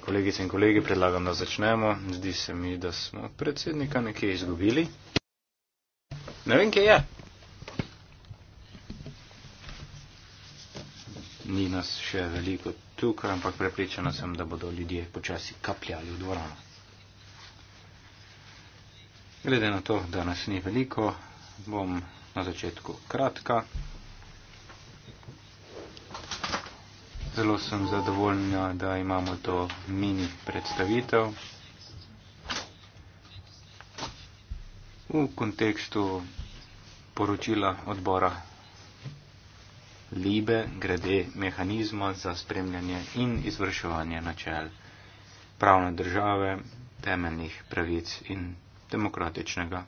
Kolegice in kolegi, predlagam, da začnemo. Zdi se mi, da smo predsednika nekje izgubili. Ne vem, kje je. Ni nas še veliko tukaj, ampak prepričana sem, da bodo ljudje počasi kapljali v dvorano. Glede na to, da nas ni veliko, bom na začetku kratka. Zelo sem zadovoljna, da imamo to mini predstavitev. V kontekstu poročila odbora Libe grede mehanizma za spremljanje in izvrševanje načel pravne države, temeljnih pravic in demokratičnega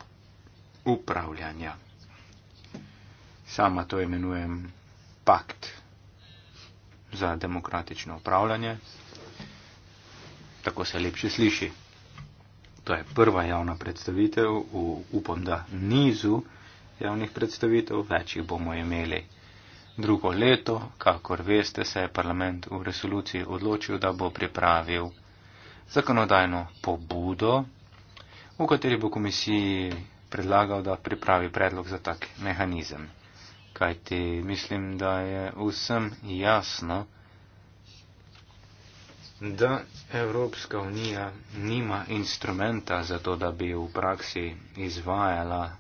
upravljanja. Sama to imenujem pakt za demokratično upravljanje. Tako se lepše sliši. To je prva javna predstavitev v upam, da nizu javnih predstavitev, več jih bomo imeli. Drugo leto, kakor veste, se je parlament v resoluciji odločil, da bo pripravil zakonodajno pobudo, v kateri bo komisiji predlagal, da pripravi predlog za tak mehanizem kajti mislim, da je vsem jasno, da Evropska unija nima instrumenta za to, da bi v praksi izvajala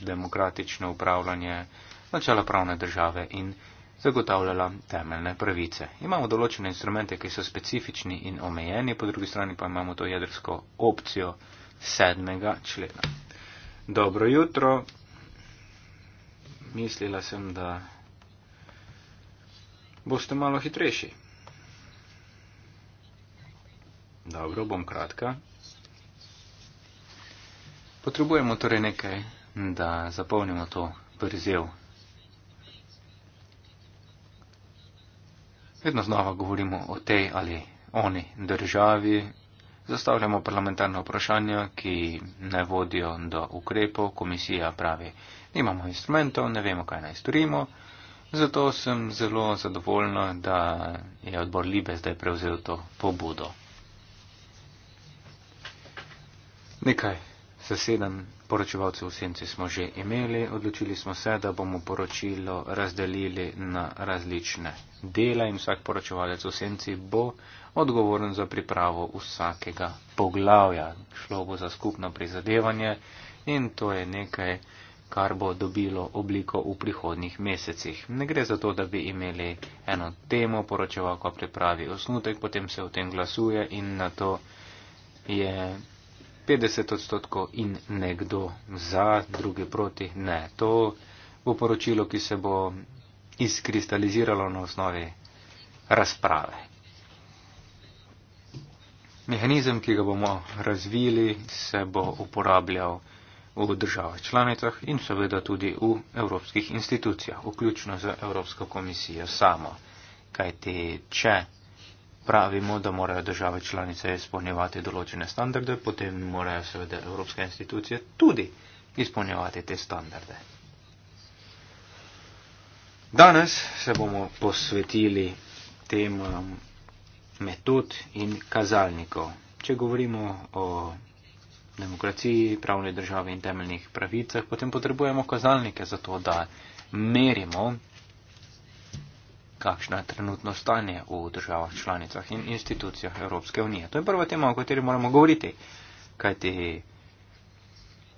demokratično upravljanje načela pravne države in zagotavljala temeljne pravice. Imamo določene instrumente, ki so specifični in omejeni, po drugi strani pa imamo to jedrsko opcijo sedmega člena. Dobro jutro mislila sem, da boste malo hitrejši. Dobro, bom kratka. Potrebujemo torej nekaj, da zapolnimo to brzel. Vedno znova govorimo o tej ali oni državi, zastavljamo parlamentarno vprašanje, ki ne vodijo do ukrepov, komisija pravi, imamo instrumentov, ne vemo, kaj naj storimo. Zato sem zelo zadovoljna, da je odbor Libe zdaj prevzel to pobudo. Nekaj zasedan poročevalcev v senci smo že imeli. Odločili smo se, da bomo poročilo razdelili na različne dele in vsak poročevalec v senci bo odgovoren za pripravo vsakega poglavja. Šlo bo za skupno prizadevanje in to je nekaj, kar bo dobilo obliko v prihodnih mesecih. Ne gre za to, da bi imeli eno temo, poročevalka pripravi osnutek, potem se o tem glasuje in na to je 50 odstotkov in nekdo za, drugi proti. Ne, to bo poročilo, ki se bo izkristaliziralo na osnovi razprave. Mehanizem, ki ga bomo razvili, se bo uporabljal v državah članicah in seveda tudi v evropskih institucijah, vključno z Evropsko komisijo samo. Kaj ti, če pravimo, da morajo države članice izpolnjevati določene standarde, potem morajo seveda evropske institucije tudi izpolnjevati te standarde. Danes se bomo posvetili temam metod in kazalnikov. Če govorimo o demokraciji, pravni državi in temeljnih pravicah, potem potrebujemo kazalnike za to, da merimo, kakšno je trenutno stanje v državah, članicah in institucijah Evropske unije. To je prva tema, o kateri moramo govoriti, kajti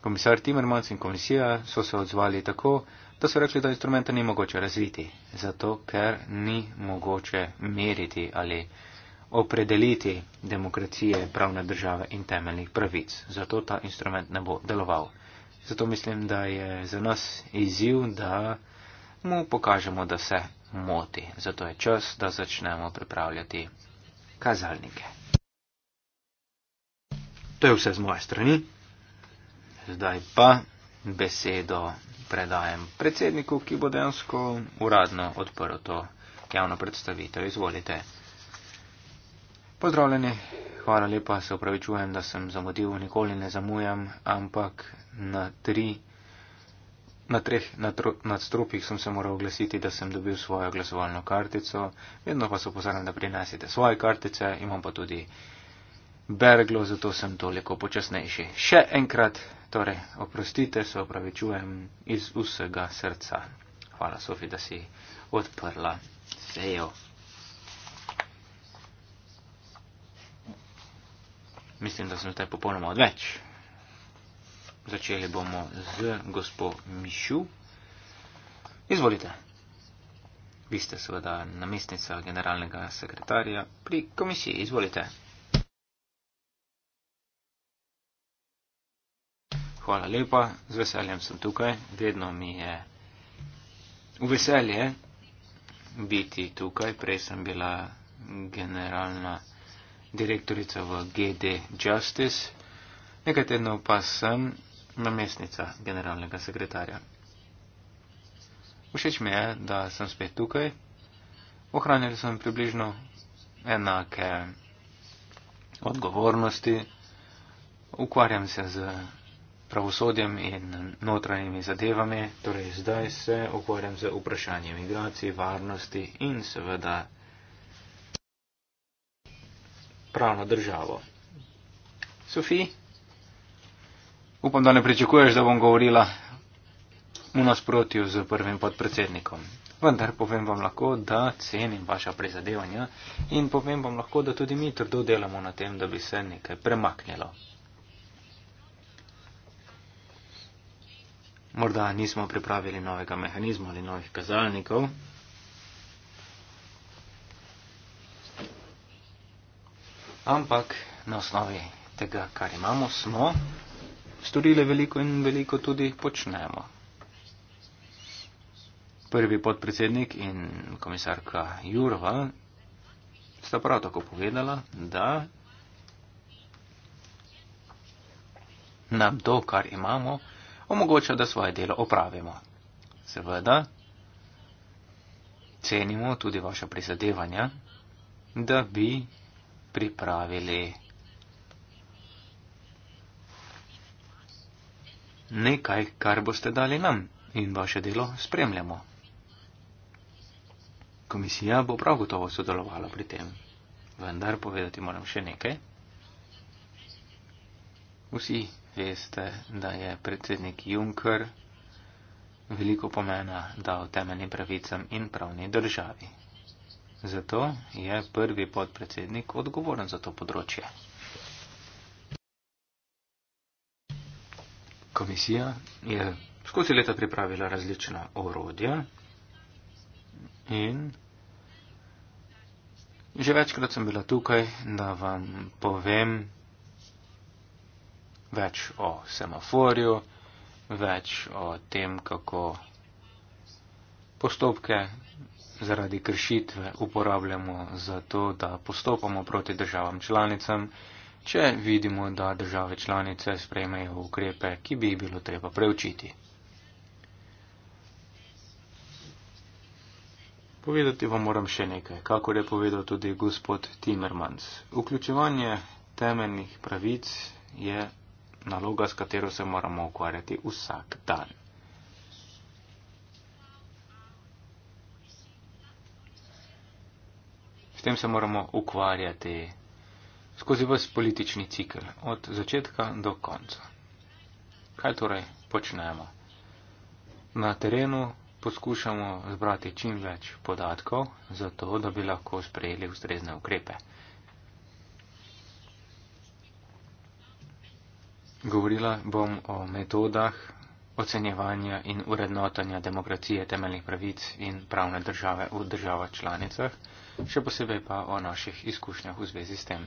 komisar Timmermans in komisija so se odzvali tako, da so rekli, da instrumenta ni mogoče razviti, zato ker ni mogoče meriti ali opredeliti demokracije, pravne države in temeljnih pravic. Zato ta instrument ne bo deloval. Zato mislim, da je za nas izziv, da mu pokažemo, da se moti. Zato je čas, da začnemo pripravljati kazalnike. To je vse z moje strani. Zdaj pa besedo predajem predsedniku, ki bo dejansko uradno odprl to javno predstavitev. Izvolite. Pozdravljeni, hvala lepa, se upravičujem, da sem zamudil, nikoli ne zamujam, ampak na tri, na treh nadstropjih sem se moral oglasiti, da sem dobil svojo glasovalno kartico. Vedno pa se pozarjam, da prinesete svoje kartice, imam pa tudi berglo, zato sem toliko počasnejši. Še enkrat, torej, oprostite, se upravičujem iz vsega srca. Hvala, Sofi, da si odprla sejo. mislim, da sem zdaj popolnoma odveč. Začeli bomo z gospod Mišu. Izvolite. Vi ste seveda namestnica generalnega sekretarja pri komisiji. Izvolite. Hvala lepa, z veseljem sem tukaj. Vedno mi je v veselje biti tukaj. Prej sem bila generalna sekretarja direktorica v GD Justice, nekaj tednov pa sem namestnica generalnega sekretarja. Všeč mi je, da sem spet tukaj. Ohranili sem približno enake odgovornosti. Ukvarjam se z pravosodjem in notranjimi zadevami, torej zdaj se ukvarjam z vprašanjem migracij, varnosti in seveda pravno državo. Sofi, upam, da ne pričakuješ, da bom govorila v nasprotju z prvim podpredsednikom. Vendar povem vam lahko, da cenim vaša prizadevanja in povem vam lahko, da tudi mi trdo delamo na tem, da bi se nekaj premaknilo. Morda nismo pripravili novega mehanizma ali novih kazalnikov, ampak na osnovi tega, kar imamo, smo storili veliko in veliko tudi počnemo. Prvi podpredsednik in komisarka Jurova sta prav tako povedala, da nam to, kar imamo, omogoča, da svoje delo opravimo. Seveda, cenimo tudi vaše prizadevanja, da bi pripravili. Nekaj, kar boste dali nam in vaše delo spremljamo. Komisija bo prav gotovo sodelovala pri tem, vendar povedati moram še nekaj. Vsi veste, da je predsednik Juncker veliko pomena dal temeljnim pravicam in pravni državi. Zato je prvi podpredsednik odgovoren za to področje. Komisija je skozi leta pripravila različna orodja in že večkrat sem bila tukaj, da vam povem več o semaforju, več o tem, kako postopke zaradi kršitve uporabljamo za to, da postopamo proti državam članicam, če vidimo, da države članice sprejmejo ukrepe, ki bi jih bilo treba preučiti. Povedati vam moram še nekaj, kako je povedal tudi gospod Timmermans. Vključevanje temeljnih pravic je naloga, s katero se moramo ukvarjati vsak dan. tem se moramo ukvarjati skozi ves politični cikl, od začetka do konca. Kaj torej počnemo? Na terenu poskušamo zbrati čim več podatkov, zato da bi lahko sprejeli ustrezne ukrepe. Govorila bom o metodah ocenjevanja in urednotanja demokracije, temeljnih pravic in pravne države v državah članicah še posebej pa o naših izkušnjah v zvezi s tem.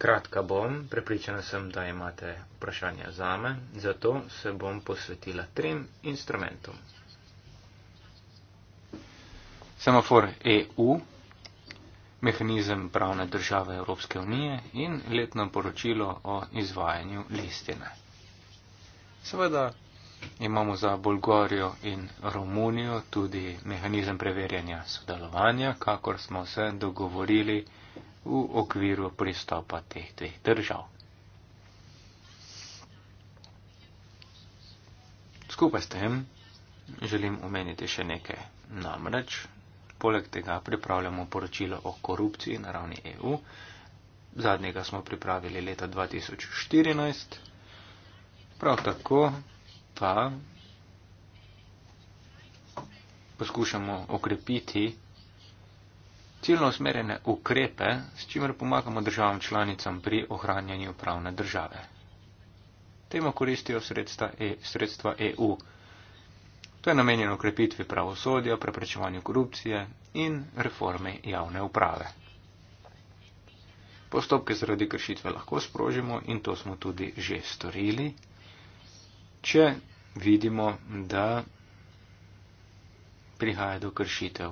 Kratka bom, prepričana sem, da imate vprašanja za me, zato se bom posvetila trem instrumentom. Semafor EU, mehanizem pravne države Evropske unije in letno poročilo o izvajanju listine. Seveda, imamo za Bolgorijo in Romunijo tudi mehanizem preverjanja sodelovanja, kakor smo se dogovorili v okviru pristopa teh dveh držav. Skupaj s tem želim omeniti še nekaj. Namreč, poleg tega pripravljamo poročilo o korupciji na ravni EU. Zadnjega smo pripravili leta 2014. Prav tako pa poskušamo okrepiti ciljno usmerjene ukrepe, s čimer pomagamo državam članicam pri ohranjanju pravne države. Temu koristijo sredstva, e, sredstva EU. To je namenjeno ukrepitvi pravosodja, preprečevanju korupcije in reformi javne uprave. Postopke zaradi kršitve lahko sprožimo in to smo tudi že storili, če vidimo, da prihaja do kršitev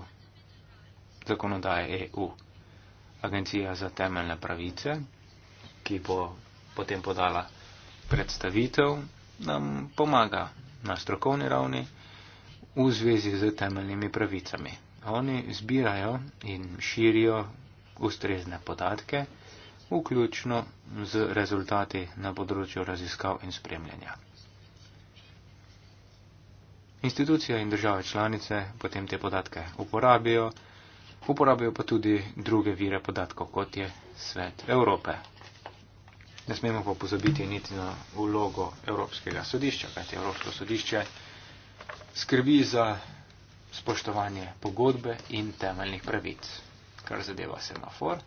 zakonodaje EU. Agencija za temeljne pravice, ki bo potem podala predstavitev, nam pomaga na strokovni ravni v zvezi z temeljnimi pravicami. Oni zbirajo in širijo ustrezne podatke, vključno z rezultati na področju raziskav in spremljanja institucije in države članice potem te podatke uporabijo, uporabijo pa tudi druge vire podatkov, kot je svet Evrope. Ne smemo pa pozabiti niti na vlogo Evropskega sodišča, kajti Evropsko sodišče skrbi za spoštovanje pogodbe in temeljnih pravic, kar zadeva semafor.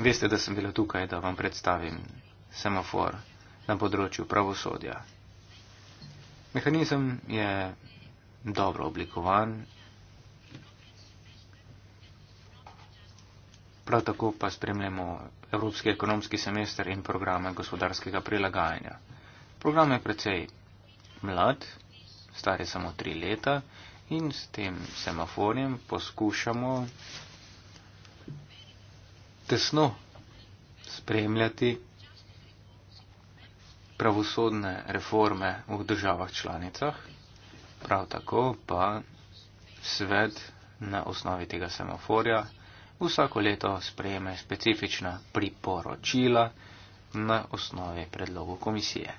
Veste, da sem bila tukaj, da vam predstavim semafor na področju pravosodja. Mehanizem je dobro oblikovan, prav tako pa spremljamo Evropski ekonomski semester in programe gospodarskega prilagajanja. Program je precej mlad, star je samo tri leta in s tem semaforjem poskušamo tesno spremljati pravosodne reforme v državah članicah, prav tako pa svet na osnovi tega semaforja vsako leto sprejeme specifična priporočila na osnovi predlogov komisije.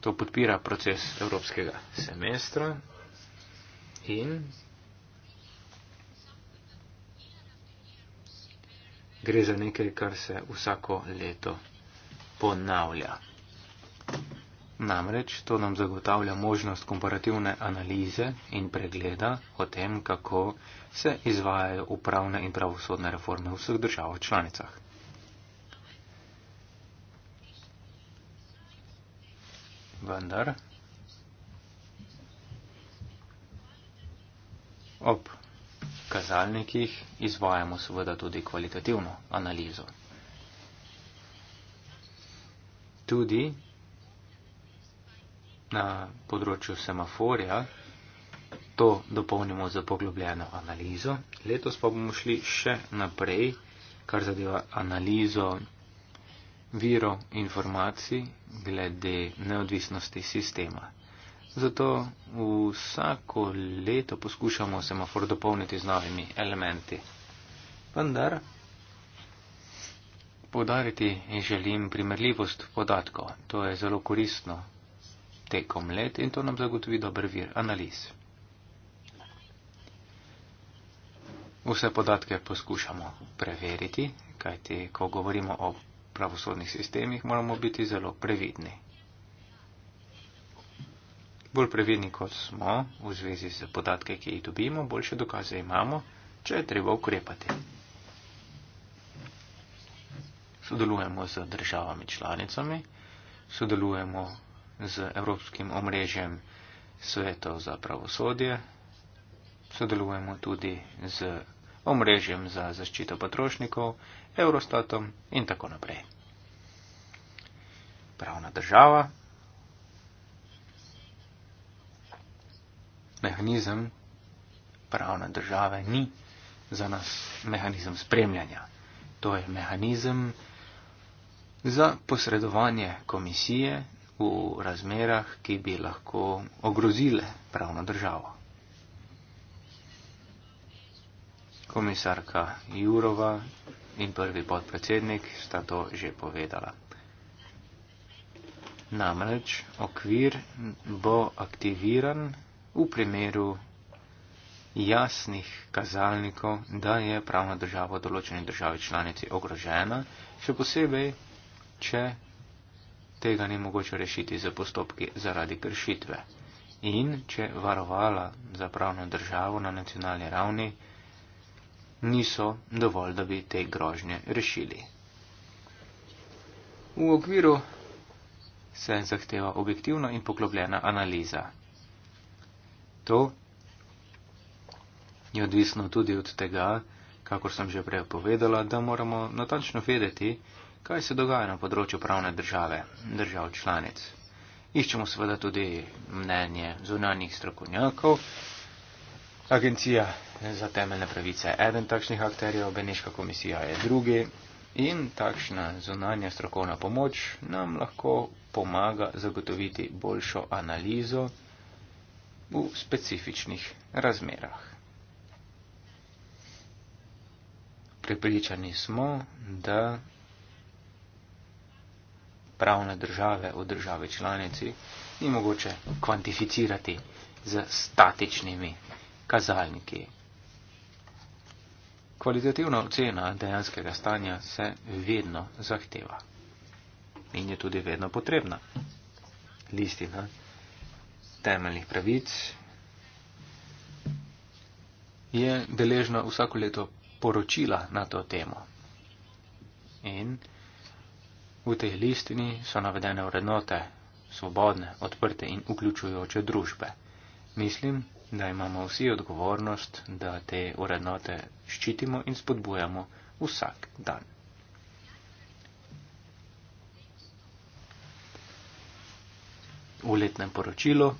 To podpira proces evropskega semestra in gre za nekaj, kar se vsako leto ponavlja. Namreč to nam zagotavlja možnost komparativne analize in pregleda o tem, kako se izvajajo upravne in pravosodne reforme v vseh državah članicah. Vendar ob kazalnikih izvajamo seveda tudi kvalitativno analizo. Tudi na področju semaforja to dopolnimo za poglobljeno analizo. Letos pa bomo šli še naprej, kar zadeva analizo viro informacij glede neodvisnosti sistema. Zato vsako leto poskušamo semafor dopolniti z novimi elementi. Vendar podariti želim primerljivost podatkov. To je zelo koristno tekom let in to nam zagotovi dober vir analiz. Vse podatke poskušamo preveriti, kajti ko govorimo o pravosodnih sistemih, moramo biti zelo previdni. Bolj previdni kot smo v zvezi z podatke, ki jih dobimo, boljše dokaze imamo, če je treba ukrepati. Sodelujemo z državami članicami, sodelujemo z Evropskim omrežjem svetov za pravosodje, sodelujemo tudi z omrežjem za zaščito potrošnikov, Eurostatom in tako naprej. Pravna država. mehanizem pravne države ni za nas mehanizem spremljanja. To je mehanizem za posredovanje komisije v razmerah, ki bi lahko ogrozile pravno državo. Komisarka Jurova in prvi podpredsednik sta to že povedala. Namreč okvir bo aktiviran v primeru jasnih kazalnikov, da je pravna država v določeni državi članici ogrožena, še posebej, če tega ni mogoče rešiti za postopki zaradi kršitve. In če varovala za pravno državo na nacionalni ravni niso dovolj, da bi te grožnje rešili. V okviru se zahteva objektivna in poglobljena analiza to je odvisno tudi od tega, kakor sem že prej povedala, da moramo natančno vedeti, kaj se dogaja na področju pravne države, držav članic. Iščemo seveda tudi mnenje zunanjih strokovnjakov. Agencija za temeljne pravice je eden takšnih akterjev, Beneška komisija je drugi in takšna zunanja strokovna pomoč nam lahko pomaga zagotoviti boljšo analizo v specifičnih razmerah. Pripričani smo, da pravne države v državi članici ni mogoče kvantificirati z statičnimi kazalniki. Kvalitativna ocena dejanskega stanja se vedno zahteva in je tudi vedno potrebna. Listina temeljnih pravic, je deležno vsako leto poročila na to temo. In v tej listini so navedene vrednote svobodne, odprte in vključujoče družbe. Mislim, da imamo vsi odgovornost, da te vrednote ščitimo in spodbujamo vsak dan. V letnem poročilu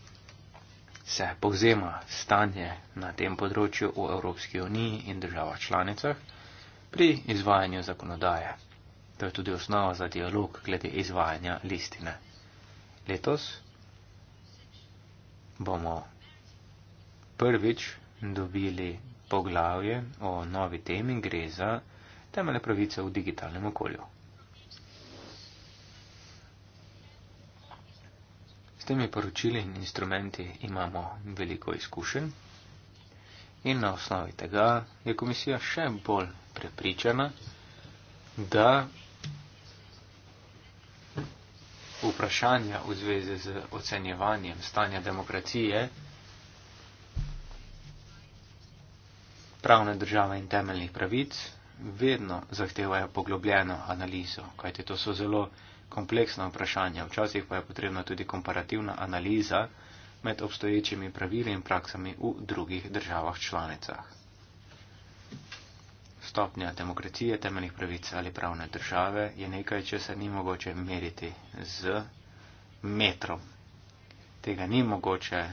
se povzema stanje na tem področju v Evropski uniji in državah članicah pri izvajanju zakonodaje. To je tudi osnova za dialog glede izvajanja listine. Letos bomo prvič dobili poglavje o novi temi, gre za temele pravice v digitalnem okolju. temi poročili in instrumenti imamo veliko izkušenj in na osnovi tega je komisija še bolj prepričana, da vprašanja v zvezi z ocenjevanjem stanja demokracije, pravne države in temeljnih pravic vedno zahtevajo poglobljeno analizo, kajte to so zelo kompleksna vprašanja, včasih pa je potrebna tudi komparativna analiza med obstoječimi pravili in praksami v drugih državah članicah. Stopnja demokracije, temeljnih pravic ali pravne države je nekaj, če se ni mogoče meriti z metrom. Tega ni mogoče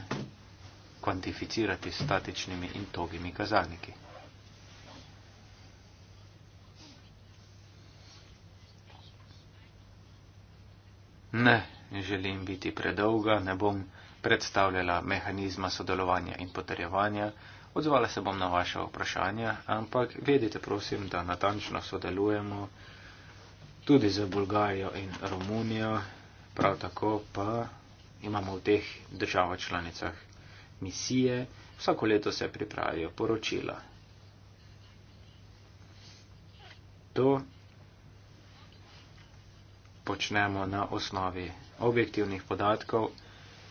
kvantificirati s statičnimi in togimi kazalniki. Ne, želim biti predolga, ne bom predstavljala mehanizma sodelovanja in potrjevanja, odzvala se bom na vaše vprašanja, ampak vedite, prosim, da natančno sodelujemo tudi z Bulgarijo in Romunijo, prav tako pa imamo v teh državah članicah misije, vsako leto se pripravijo poročila. To počnemo na osnovi objektivnih podatkov,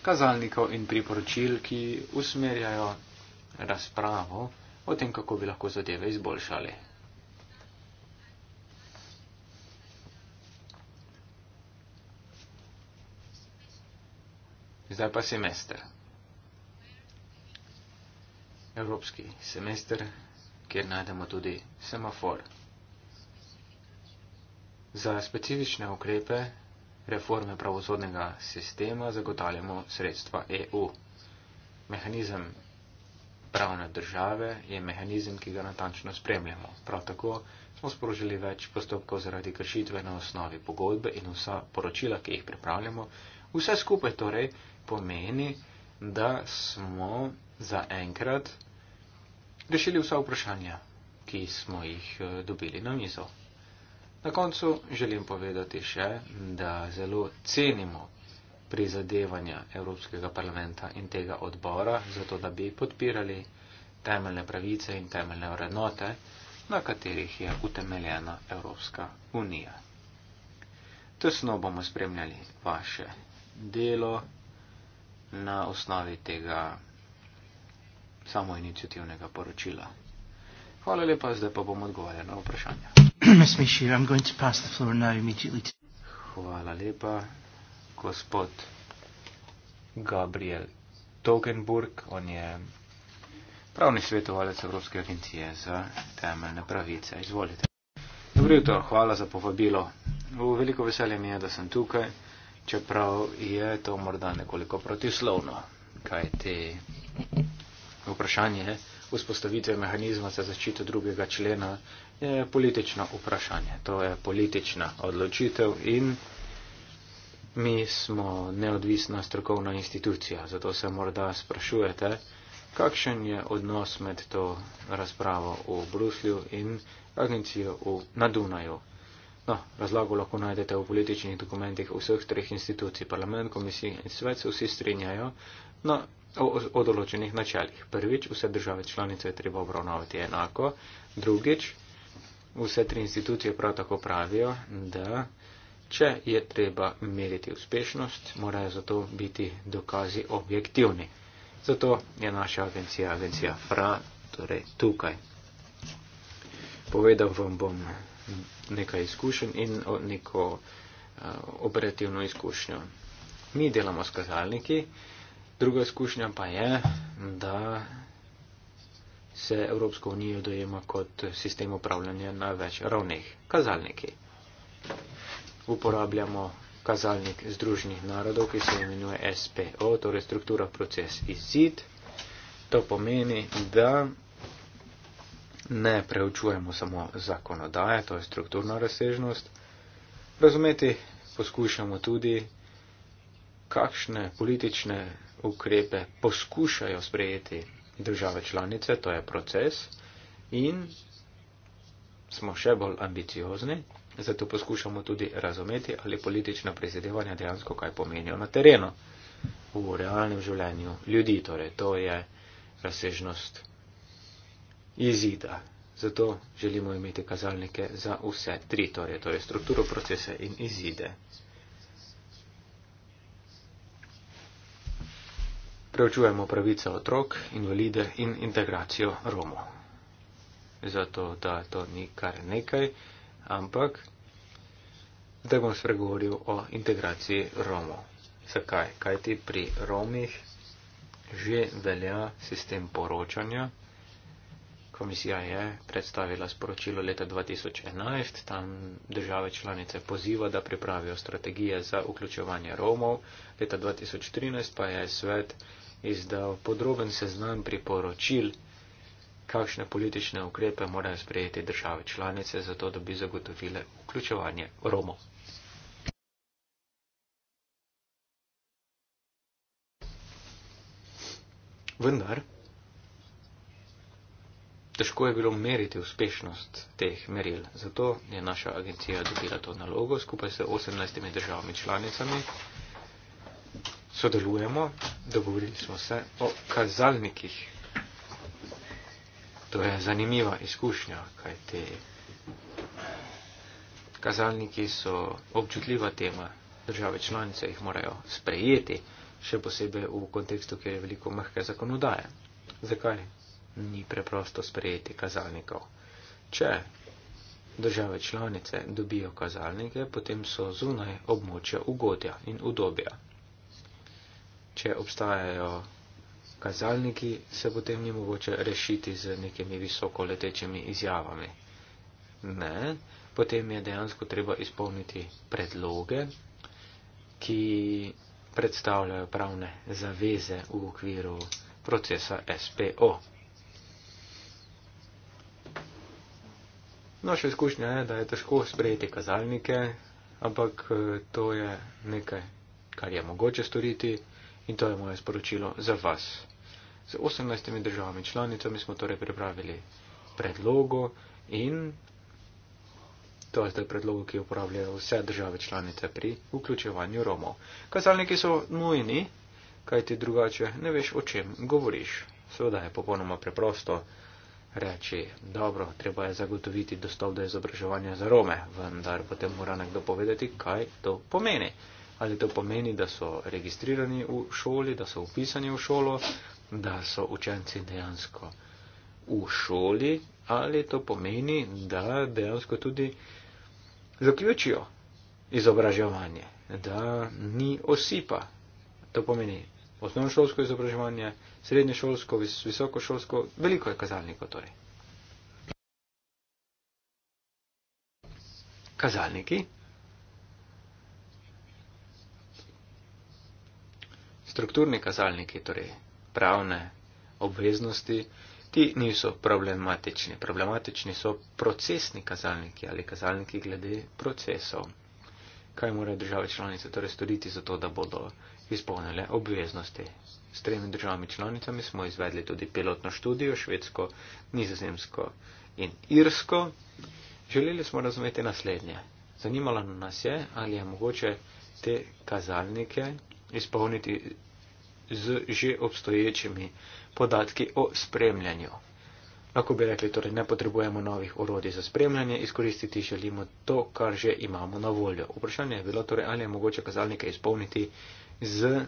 kazalnikov in priporočil, ki usmerjajo razpravo o tem, kako bi lahko zadeve izboljšali. Zdaj pa semester. Evropski semester, kjer najdemo tudi semafor. Za specifične ukrepe reforme pravosodnega sistema zagotavljamo sredstva EU. Mehanizem pravne države je mehanizem, ki ga natančno spremljamo. Prav tako smo sprožili več postopkov zaradi kršitve na osnovi pogodbe in vsa poročila, ki jih pripravljamo. Vse skupaj torej pomeni, da smo zaenkrat rešili vsa vprašanja, ki smo jih eh, dobili na mizo. Na koncu želim povedati še, da zelo cenimo prizadevanja Evropskega parlamenta in tega odbora, zato da bi podpirali temeljne pravice in temeljne vrednote, na katerih je utemeljena Evropska unija. Tesno bomo spremljali vaše delo na osnovi tega samoinicijativnega poročila. Hvala lepa, zdaj pa bom odgovarjal na vprašanje. Hvala lepa, gospod Gabriel Togenburg, on je pravni svetovalec Evropske agencije za temeljne pravice. Izvolite. Dobro jutro, hvala za povabilo. Veliko veselje mi je, da sem tukaj, čeprav je to morda nekoliko protislovno, kaj ti vprašanje je vzpostavitve mehanizma za zaščito drugega člena je politično vprašanje. To je politična odločitev in mi smo neodvisna strokovna institucija. Zato se morda sprašujete, kakšen je odnos med to razpravo v Bruslju in agencijo v, na Dunaju. No, razlago lahko najdete v političnih dokumentih vseh treh institucij, parlament, komisij in svet se vsi strinjajo, no, o, o določenih načeljih. Prvič, vse države članice je treba obravnavati enako. Drugič, vse tri institucije prav tako pravijo, da če je treba meriti uspešnost, morajo zato biti dokazi objektivni. Zato je naša agencija, agencija FRA, torej tukaj. Povedal vam bom nekaj izkušenj in neko uh, operativno izkušnjo. Mi delamo s kazalniki. Uh, Druga izkušnja pa je, da se Evropsko unijo dojema kot sistem upravljanja na več ravneh. Kazalniki. Uporabljamo kazalnik Združenih narodov, ki se imenuje SPO, torej struktura proces izid. To pomeni, da ne preučujemo samo zakonodaje, to je strukturna razsežnost. Razumeti poskušamo tudi, kakšne politične ukrepe poskušajo sprejeti države članice, to je proces in smo še bolj ambiciozni, zato poskušamo tudi razumeti, ali politična prizadevanja dejansko kaj pomenijo na terenu, v realnem življenju ljudi, torej to je razsežnost izida. Zato želimo imeti kazalnike za vse tri, torej, torej strukturo procese in izide. preučujemo pravice otrok, invalide in integracijo Romov. Zato, da to ni kar nekaj, ampak da bom spregovoril o integraciji Romov. Zakaj? Kaj ti pri Romih že velja sistem poročanja? Komisija je predstavila sporočilo leta 2011, tam države članice poziva, da pripravijo strategije za vključevanje Romov, leta 2013 pa je svet izdal podroben seznam priporočil, kakšne politične ukrepe morajo sprejeti države članice, zato da bi zagotovile vključevanje Romov. Vendar, težko je bilo meriti uspešnost teh meril, zato je naša agencija dobila to nalogo skupaj s 18 državami članicami sodelujemo, dogovorili smo se o kazalnikih. To je zanimiva izkušnja, kaj te kazalniki so občutljiva tema. Države članice jih morajo sprejeti, še posebej v kontekstu, kjer je veliko mehke zakonodaje. Zakaj ni preprosto sprejeti kazalnikov? Če države članice dobijo kazalnike, potem so zunaj območja ugodja in udobja če obstajajo kazalniki, se potem ni mogoče rešiti z nekimi visoko letečimi izjavami. Ne, potem je dejansko treba izpolniti predloge, ki predstavljajo pravne zaveze v okviru procesa SPO. Naša izkušnja je, da je težko sprejeti kazalnike, ampak eh, to je nekaj, kar je mogoče storiti. In to je moje sporočilo za vas. Z 18 državami članicami smo torej pripravili predlogo in to je zdaj predlogo, ki uporabljajo vse države članice pri vključevanju Romov. Kazalniki so nujni, kaj ti drugače ne veš, o čem govoriš. Seveda je popolnoma preprosto reči, dobro, treba je zagotoviti dostop do izobraževanja za Rome, vendar potem mora nekdo povedati, kaj to pomeni ali to pomeni, da so registrirani v šoli, da so upisani v šolo, da so učenci dejansko v šoli, ali to pomeni, da dejansko tudi zaključijo izobraževanje, da ni osipa. To pomeni osnovnošolsko izobraževanje, srednješolsko, visokošolsko, veliko je kazalnikov torej. Kazalniki, strukturni kazalniki, torej pravne obveznosti, ti niso problematični. Problematični so procesni kazalniki ali kazalniki glede procesov. Kaj morajo države članice torej storiti za to, da bodo izpolnile obveznosti? S tremi državami članicami smo izvedli tudi pilotno študijo, švedsko, nizozemsko in irsko. Želeli smo razumeti naslednje. Zanimalo nas je, ali je mogoče te kazalnike izpolniti z že obstoječimi podatki o spremljanju. Lahko bi rekli, torej ne potrebujemo novih orodij za spremljanje, izkoristiti želimo to, kar že imamo na voljo. Vprašanje je bilo torej, ali je mogoče kazalnike izpolniti z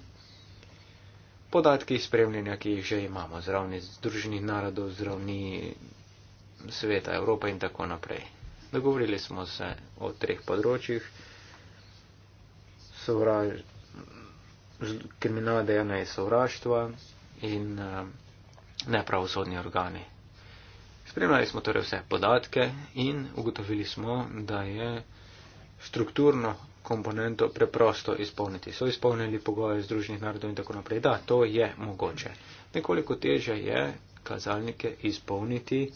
podatki spremljanja, ki jih že imamo, z ravni Združenih narodov, z ravni sveta Evropa in tako naprej. Dogovorili smo se o treh področjih, sovražnosti, kriminal dejanja je sovraštva in uh, nepravosodni organi. Spremljali smo torej vse podatke in ugotovili smo, da je strukturno komponento preprosto izpolniti. So izpolnili pogoje Združenih narodov in tako naprej. Da, to je mogoče. Nekoliko teže je kazalnike izpolniti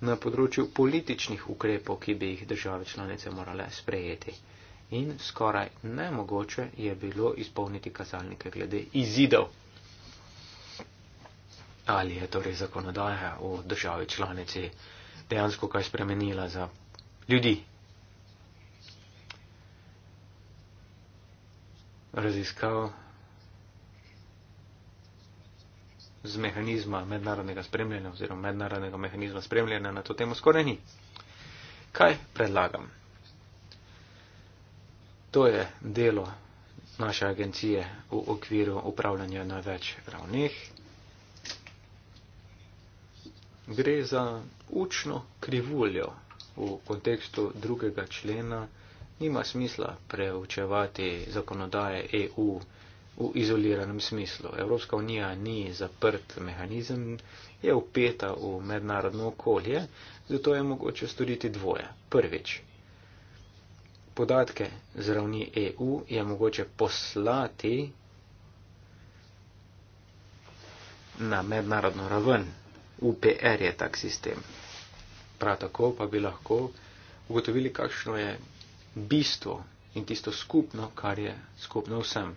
na področju političnih ukrepov, ki bi jih države članice morale sprejeti in skoraj nemogoče je bilo izpolniti kazalnike glede izidov. Ali je torej zakonodaja v državi članici dejansko kaj spremenila za ljudi? Raziskav z mehanizma mednarodnega spremljanja oziroma mednarodnega mehanizma spremljanja na to temo skoraj ni. Kaj predlagam? to je delo naše agencije v okviru upravljanja na več ravneh. Gre za učno krivuljo v kontekstu drugega člena. Nima smisla preučevati zakonodaje EU v izoliranem smislu. Evropska unija ni zaprt mehanizem, je upeta v mednarodno okolje, zato je mogoče storiti dvoje. Prvič, podatke z ravni EU je mogoče poslati na mednarodno raven. UPR je tak sistem. Prav tako pa bi lahko ugotovili, kakšno je bistvo in tisto skupno, kar je skupno vsem.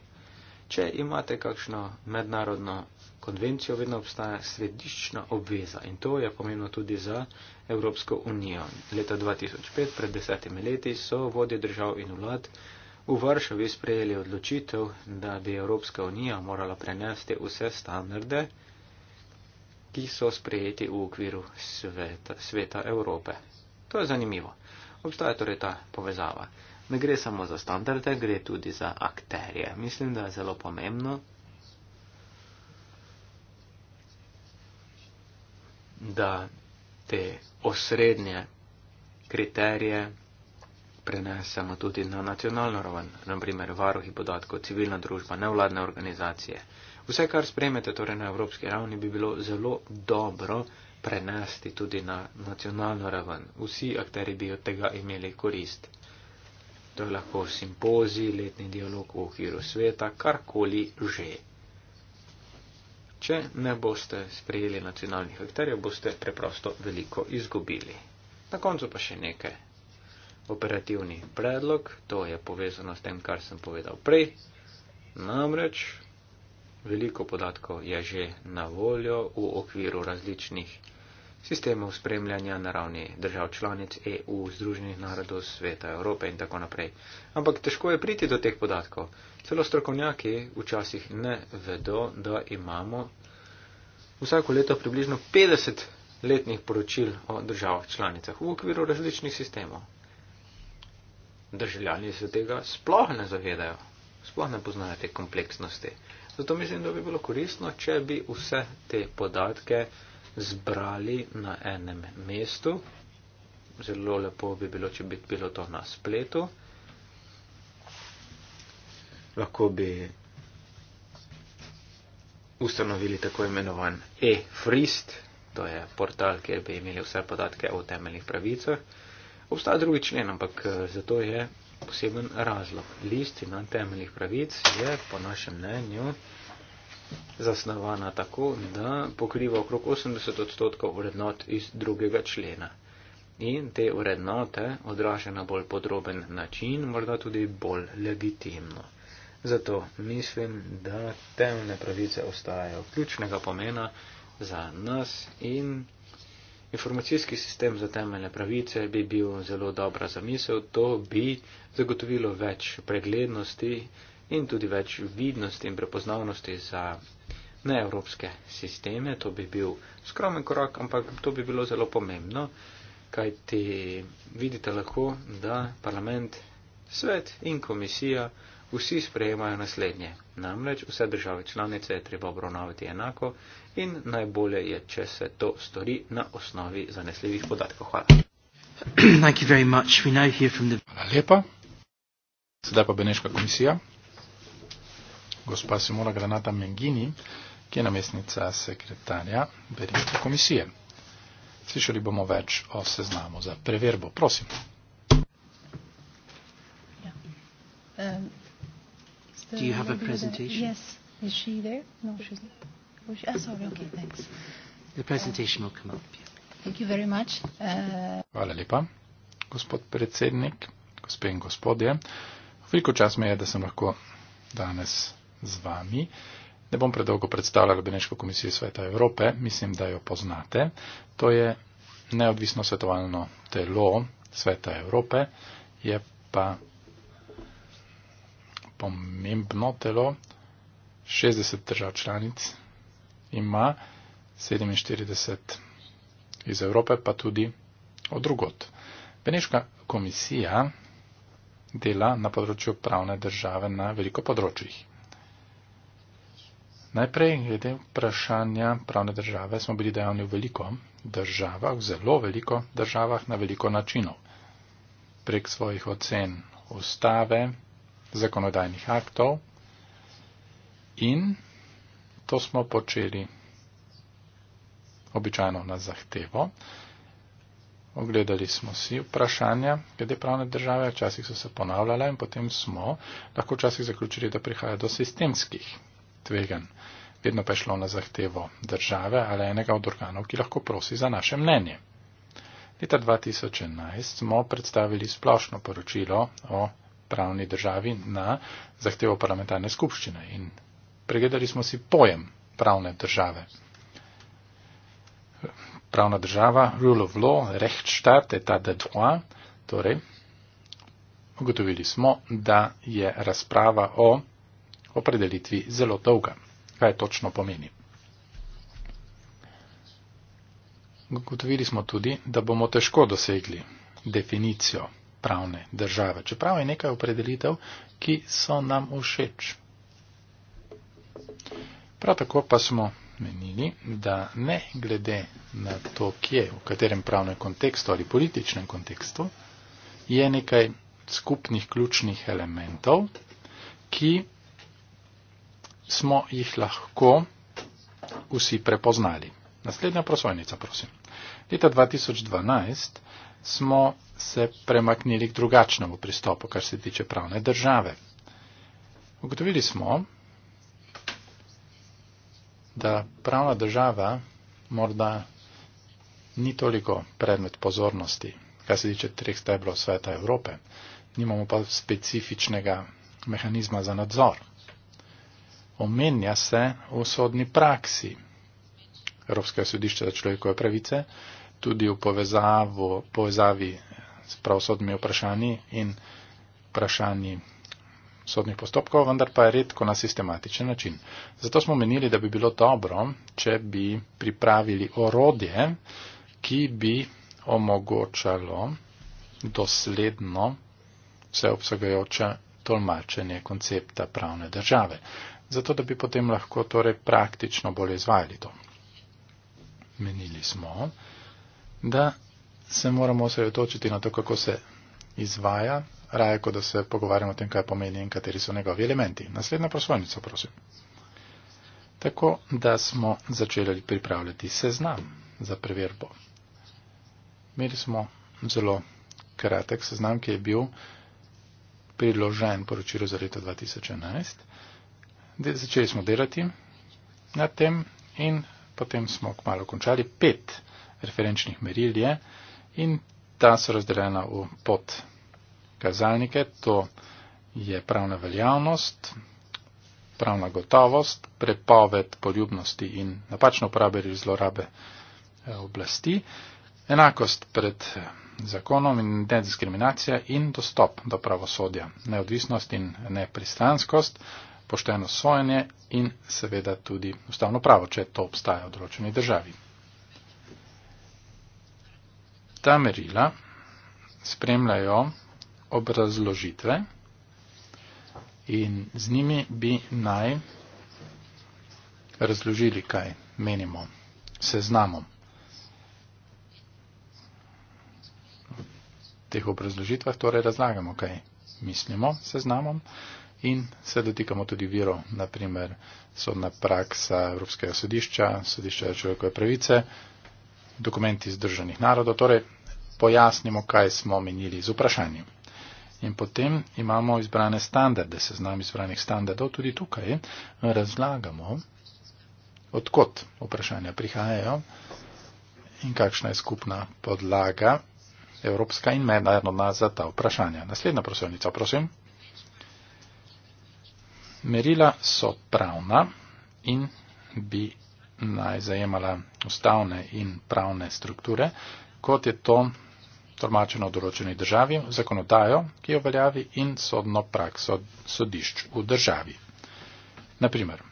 Če imate kakšno mednarodno konvencijo vedno obstaja središčna obveza in to je pomembno tudi za Evropsko unijo. Leta 2005, pred desetimi leti, so vodje držav in vlad v Varšavi sprejeli odločitev, da bi Evropska unija morala prenesti vse standarde, ki so sprejeti v okviru sveta, sveta Evrope. To je zanimivo. Obstaja torej ta povezava. Ne gre samo za standarde, gre tudi za akterje. Mislim, da je zelo pomembno, da te osrednje kriterije prenesemo tudi na nacionalno raven, naprimer varuhi podatkov, civilna družba, nevladne organizacije. Vse, kar spremete torej na evropski ravni, bi bilo zelo dobro prenesti tudi na nacionalno raven. Vsi akteri bi od tega imeli korist. To je lahko simpozij, letni dialog v okviru sveta, karkoli že. Če ne boste sprejeli nacionalnih vektorjev, boste preprosto veliko izgubili. Na koncu pa še nekaj. Operativni predlog, to je povezano s tem, kar sem povedal prej. Namreč, veliko podatkov je že na voljo v okviru različnih sistemov spremljanja na ravni držav članic EU, Združenih narodov, Sveta Evrope in tako naprej. Ampak težko je priti do teh podatkov. Celo strokovnjaki včasih ne vedo, da imamo vsako leto približno 50 letnih poročil o državah članicah v okviru različnih sistemov. Državljani se tega sploh ne zavedajo, sploh ne poznajo te kompleksnosti. Zato mislim, da bi bilo koristno, če bi vse te podatke zbrali na enem mestu. Zelo lepo bi bilo, če bi bilo to na spletu. Lahko bi ustanovili tako imenovan e-frist, to je portal, kjer bi imeli vse podatke o temeljnih pravicah. Obstaja drugi člen, ampak eh, zato je poseben razlog. Listina temeljnih pravic je po našem mnenju zasnovana tako, da pokriva okrog 80 odstotkov vrednot iz drugega člena. In te vrednote odraža na bolj podroben način, morda tudi bolj legitimno. Zato mislim, da temne pravice ostajajo ključnega pomena za nas in informacijski sistem za temeljne pravice bi bil zelo dobra zamisel, to bi zagotovilo več preglednosti in tudi več vidnosti in prepoznavnosti za neevropske sisteme. To bi bil skromen korak, ampak to bi bilo zelo pomembno, kajti vidite lahko, da parlament, svet in komisija vsi sprejemajo naslednje. Namreč vse države članice je treba obravnavati enako in najbolje je, če se to stori na osnovi zanesljivih podatkov. Hvala. Hvala lepa. Sedaj pa Beneška komisija gospa Simona Granata Mengini, ki je namestnica sekretarja Verjetne komisije. Slišali bomo več o seznamu za preverbo. Prosim. Ja. Um, Do you have a presentation? Yes. Is she there? No, she's not. Oh, she, oh, sorry. Okay, thanks. The presentation uh, will come up. Yeah. Thank you very much. Uh, Hvala lepa, gospod predsednik, gospe in gospodje. Veliko čas me je, da sem lahko danes z vami. Ne bom predolgo predstavljala Beneško komisijo Sveta Evrope, mislim, da jo poznate. To je neodvisno svetovalno telo Sveta Evrope, je pa pomembno telo. 60 držav članic ima, 47 iz Evrope, pa tudi od drugot. Beneška komisija dela na področju pravne države na veliko področjih. Najprej, glede vprašanja pravne države, smo bili dejavni v veliko državah, zelo veliko državah, na veliko načinov. Prek svojih ocen ustave, zakonodajnih aktov in to smo počeli običajno na zahtevo. Ogledali smo si vprašanja glede pravne države, včasih so se ponavljala in potem smo lahko včasih zaključili, da prihaja do sistemskih tvegan. Vedno pa je šlo na zahtevo države ali enega od organov, ki lahko prosi za naše mnenje. Leta 2011 smo predstavili splošno poročilo o pravni državi na zahtevo parlamentarne skupščine in pregledali smo si pojem pravne države. Pravna država, rule of law, rechtsstaat, etat de droit, torej, ugotovili smo, da je razprava o opredelitvi zelo dolga. Kaj točno pomeni? Gotovili smo tudi, da bomo težko dosegli definicijo pravne države, čeprav je nekaj opredelitev, ki so nam všeč. Prav tako pa smo menili, da ne glede na to, kje, v katerem pravnem kontekstu ali političnem kontekstu, je nekaj skupnih ključnih elementov, ki smo jih lahko vsi prepoznali. Naslednja prosojnica, prosim. Leta 2012 smo se premaknili k drugačnemu pristopu, kar se tiče pravne države. Ugotovili smo, da pravna država morda ni toliko predmet pozornosti, kar se tiče treh stebrov sveta Evrope. Nimamo pa specifičnega mehanizma za nadzor omenja se v sodni praksi Evropskega sodišča za človekove pravice, tudi v povezavo, povezavi s pravosodnimi vprašanji in vprašanji sodnih postopkov, vendar pa je redko na sistematičen način. Zato smo menili, da bi bilo dobro, če bi pripravili orodje, ki bi omogočalo dosledno vseobsegajoče tolmačenje koncepta pravne države zato da bi potem lahko torej praktično bolj izvajali to. Menili smo, da se moramo osredotočiti na to, kako se izvaja, raje kot da se pogovarjamo o tem, kaj pomeni in kateri so njegovi elementi. Naslednja prosvojnica, prosim. Tako, da smo začeli pripravljati seznam za preverbo. Imeli smo zelo kratek seznam, ki je bil priložen poročilu za leto 2011 začeli smo delati na tem in potem smo kmalo končali. Pet referenčnih meril je in ta so razdeljena v pod kazalnike. To je pravna veljavnost, pravna gotovost, prepoved poljubnosti in napačno uporabe ali zlorabe eh, oblasti, enakost pred eh, zakonom in nediskriminacija in dostop do pravosodja, neodvisnost in nepristranskost, pošteno sojenje in seveda tudi ustavno pravo, če to obstaja v določeni državi. Ta merila spremljajo obrazložitve in z njimi bi naj razložili, kaj menimo seznamom. V teh obrazložitvah torej razlagamo, kaj mislimo seznamom in se dotikamo tudi viro, naprimer sodna praksa Evropskega sodišča, sodišča za človekove pravice, dokumenti Združenih narodov, torej pojasnimo, kaj smo menili z vprašanjem. In potem imamo izbrane standarde, seznam izbranih standardov, tudi tukaj razlagamo, odkot vprašanja prihajajo in kakšna je skupna podlaga evropska in mednarodna za ta vprašanja. Naslednja prosilnica, prosim. Merila so pravna in bi naj zajemala ustavne in pravne strukture, kot je to tolmačeno v določeni državi, zakonodajo, ki jo veljavi in sodno prakso sodišč v državi. Naprimer,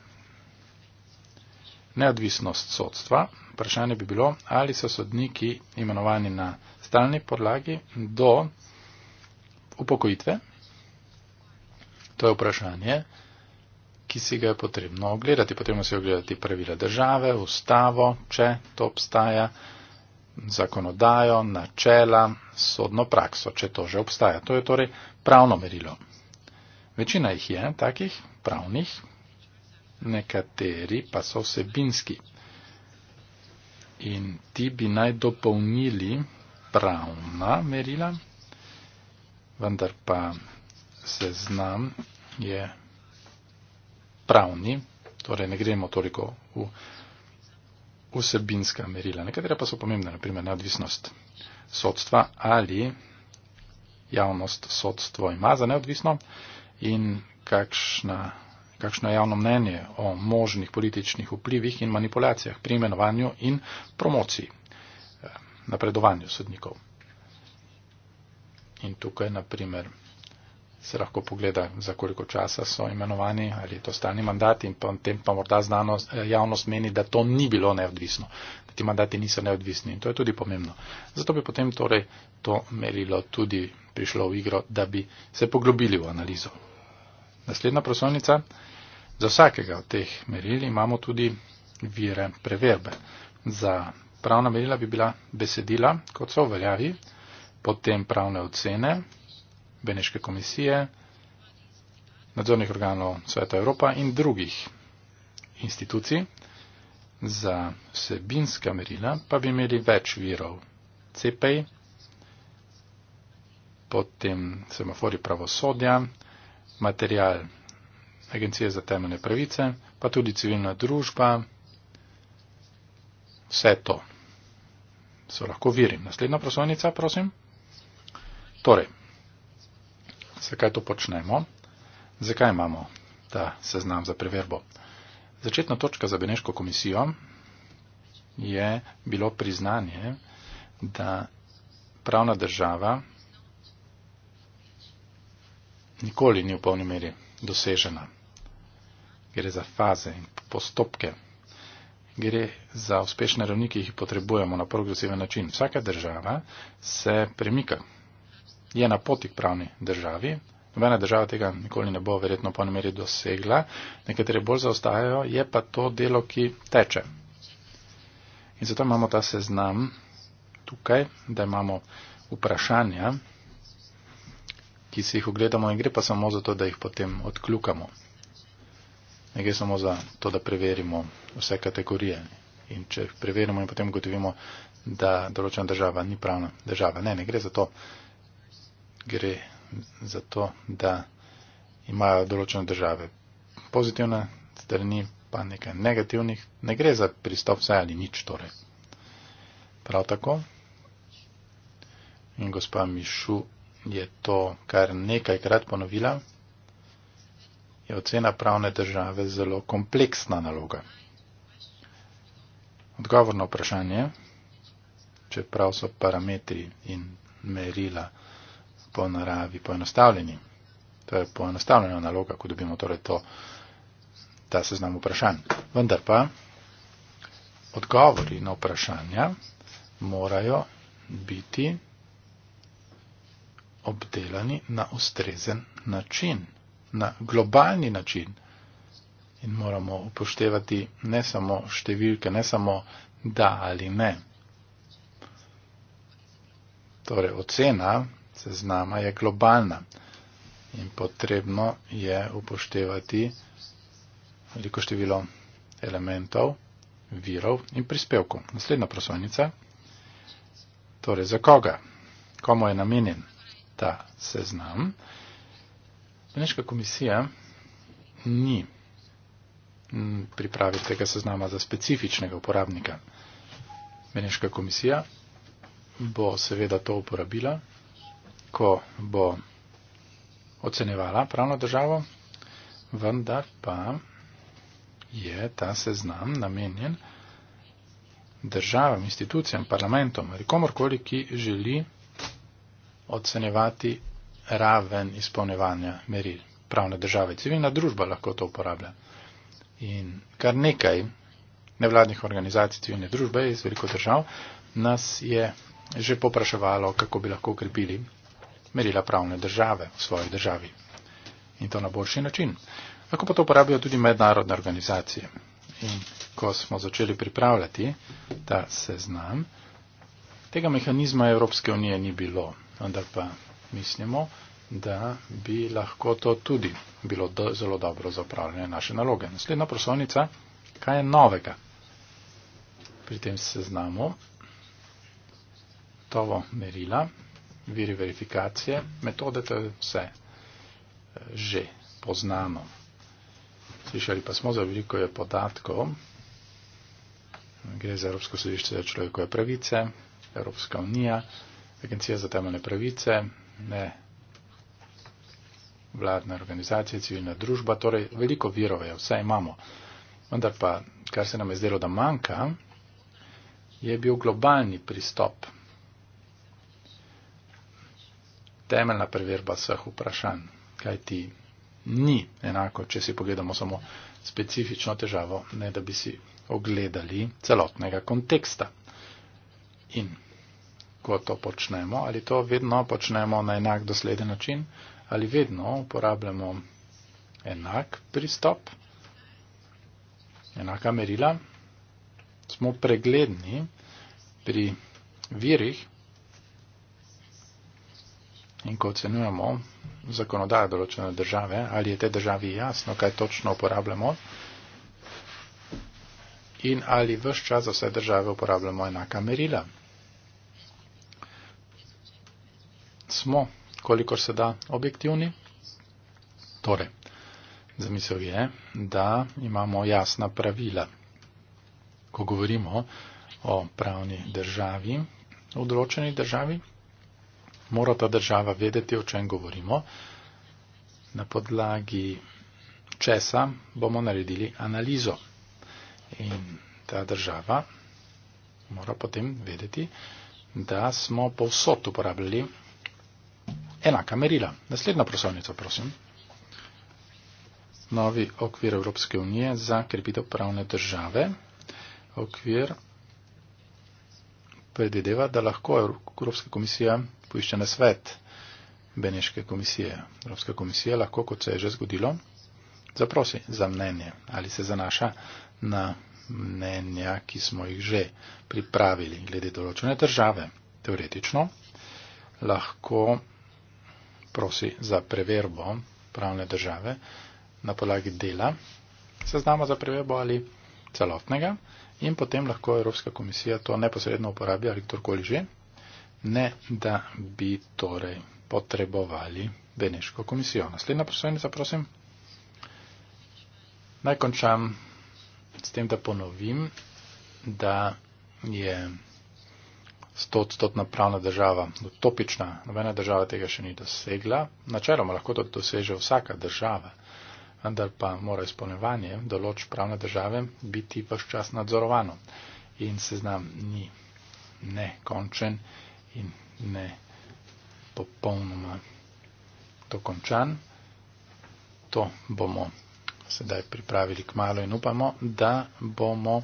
neodvisnost sodstva, vprašanje bi bilo, ali so sodniki imenovani na stalni podlagi do upokojitve. To je vprašanje, ki si ga je potrebno ogledati. Potrebno si ogledati pravila države, ustavo, če to obstaja, zakonodajo, načela, sodno prakso, če to že obstaja. To je torej pravno merilo. Večina jih je takih pravnih, nekateri pa so vsebinski. In ti bi naj dopolnili pravna merila, vendar pa seznam je pravni, torej ne gremo toliko v vsebinska merila. Nekatera pa so pomembna, naprimer neodvisnost sodstva ali javnost sodstvo ima za neodvisno in kakšna, kakšno javno mnenje o možnih političnih vplivih in manipulacijah pri imenovanju in promociji eh, napredovanju sodnikov. In tukaj, naprimer, se lahko pogleda, za koliko časa so imenovani ali to stalni mandati in potem pa morda znanost, eh, javnost meni, da to ni bilo neodvisno, da ti mandati niso neodvisni in to je tudi pomembno. Zato bi potem torej to merilo tudi prišlo v igro, da bi se poglobili v analizo. Naslednja prosovnica. Za vsakega od teh meril imamo tudi vire preverbe. Za pravna merila bi bila besedila, kot so v veljavi, potem pravne ocene, Beneške komisije, nadzornih organov Sveta Evropa in drugih institucij. Za vsebinska merila pa bi imeli več virov. CPI, potem semafori pravosodja, material Agencije za temeljne pravice, pa tudi civilna družba, vse to so lahko viri. Naslednja prosovnica, prosim. Torej, zakaj to počnemo, zakaj imamo ta seznam za preverbo. Začetna točka za Beneško komisijo je bilo priznanje, da pravna država nikoli ni v polni meri dosežena. Gre za faze in postopke. Gre za uspešne ravni, ki jih potrebujemo na progresiven način. Vsaka država se premika je na poti k pravni državi. Nobena država tega nikoli ne bo verjetno po nameri dosegla, nekatere bolj zaostajajo, je pa to delo, ki teče. In zato imamo ta seznam tukaj, da imamo vprašanja, ki si jih ogledamo in gre pa samo za to, da jih potem odkljukamo. Ne gre samo za to, da preverimo vse kategorije. In če preverimo in potem gotovimo, da določena država ni pravna država. Ne, ne gre za to, gre za to, da imajo določene države pozitivne strani, pa nekaj negativnih. Ne gre za pristop vse ali nič torej. Prav tako. In gospa Mišu je to kar nekajkrat ponovila. Je ocena pravne države zelo kompleksna naloga. Odgovor na vprašanje, čeprav so parametri in merila po naravi poenostavljeni. To je poenostavljena naloga, ko dobimo torej to, ta seznam vprašanj. Vendar pa odgovori na vprašanja morajo biti obdelani na ustrezen način, na globalni način. In moramo upoštevati ne samo številke, ne samo da ali ne. Torej, ocena seznama je globalna in potrebno je upoštevati veliko število elementov, virov in prispevkov. Naslednja prosojnica. Torej, za koga? Komu je namenjen ta seznam? Beneška komisija ni pripravi tega seznama za specifičnega uporabnika. Beneška komisija bo seveda to uporabila ko bo ocenjevala pravno državo, vendar pa je ta seznam namenjen državam, institucijam, parlamentom ali komorkoli, ki želi ocenjevati raven izpolnevanja meril pravne države. Civilna družba lahko to uporablja. In kar nekaj nevladnih organizacij civilne družbe iz veliko držav nas je že popraševalo, kako bi lahko ukrepili merila pravne države v svoji državi. In to na boljši način. Lahko pa to uporabijo tudi mednarodne organizacije. In ko smo začeli pripravljati ta seznam, tega mehanizma Evropske unije ni bilo. Vendar pa mislimo, da bi lahko to tudi bilo do, zelo dobro za upravljanje naše naloge. Naslednja prosovnica, kaj je novega pri tem seznamu? Tovo merila, viri verifikacije, metode, to je vse eh, že poznano. Slišali pa smo za veliko je podatkov, gre za Evropsko sodišče za človekove pravice, Evropska unija, Agencija za temeljne pravice, ne vladne organizacije, civilna družba, torej veliko virov je, vse imamo. Vendar pa, kar se nam je zdelo, da manjka, je bil globalni pristop temeljna preverba vseh vprašanj, kaj ti ni enako, če si pogledamo samo specifično težavo, ne da bi si ogledali celotnega konteksta. In ko to počnemo, ali to vedno počnemo na enak dosleden način, ali vedno uporabljamo enak pristop, enaka merila, smo pregledni pri virih, in ko ocenujemo zakonodajo določene države, ali je te državi jasno, kaj točno uporabljamo in ali vse čas za vse države uporabljamo enaka merila. Smo, kolikor se da, objektivni. Torej, zamisel je, da imamo jasna pravila. Ko govorimo o pravni državi, v določeni državi, mora ta država vedeti, o čem govorimo, na podlagi česa bomo naredili analizo. In ta država mora potem vedeti, da smo povsod uporabljali enaka merila. Naslednja prosovnica, prosim. Novi okvir Evropske unije za krepitev pravne države. Okvir predvideva, da lahko Evropska komisija poišče na svet Beneške komisije, Evropska komisija lahko, kot se je že zgodilo, zaprosi za mnenje ali se zanaša na mnenja, ki smo jih že pripravili glede določene države. Teoretično lahko prosi za preverbo pravne države na podlagi dela, seznama za preverbo ali celotnega in potem lahko Evropska komisija to neposredno uporablja ali kdorkoli že ne da bi torej potrebovali Beneško komisijo. Naslednja poslovnica, prosim. Naj končam s tem, da ponovim, da je stotstotna pravna država utopična, nobena država tega še ni dosegla. Načeloma lahko to doseže vsaka država, vendar pa mora izpolnevanje določ pravne države biti vse čas nadzorovano. In seznam ni nekončen. končen in ne popolnoma dokončan. To bomo sedaj pripravili k malo in upamo, da bomo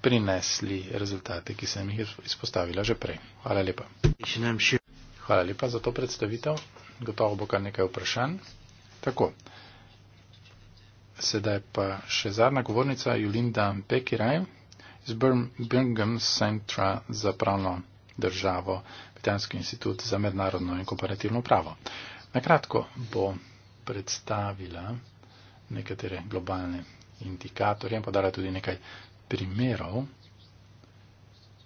prinesli rezultate, ki sem jih izpostavila že prej. Hvala lepa. Hvala lepa za to predstavitev. Gotovo bo kar nekaj vprašanj. Tako. Sedaj pa še zadnja govornica, Julinda Pekiraj iz Birmingham Centra za pravno državo, Britanski institut za mednarodno in komparativno pravo. Nakratko bo predstavila nekatere globalne indikatorje in podala tudi nekaj primerov,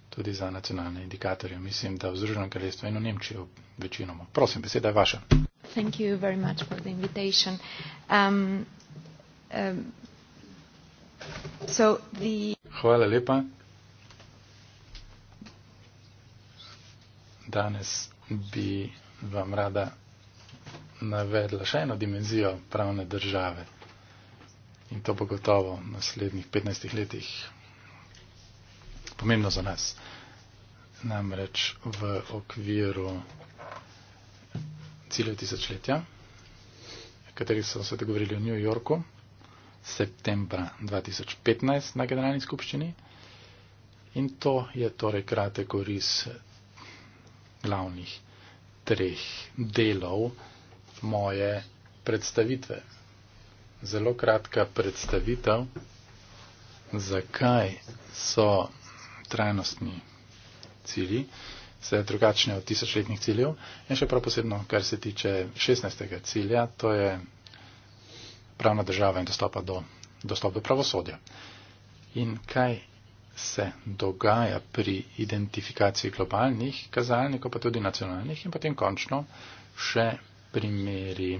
tudi za nacionalne indikatorje. Mislim, da v Združenem kraljestvu in v Nemčiji večinoma. Prosim, beseda je vaša. Thank you very much for the invitation. Um, um, so the... Hvala lepa. danes bi vam rada navedla še eno dimenzijo pravne države. In to bo gotovo v naslednjih 15 letih pomembno za nas. Namreč v okviru ciljev tisočletja, kateri so se dogovorili v New Yorku, septembra 2015 na generalni skupščini. In to je torej kratek oris glavnih treh delov moje predstavitve. Zelo kratka predstavitev, zakaj so trajnostni cilji, se drugačne od tisočletnih ciljev in še prav posebno, kar se tiče 16. cilja, to je pravna država in dostop do, dostop do pravosodja. In kaj se dogaja pri identifikaciji globalnih kazalnikov, pa tudi nacionalnih in potem končno še primeri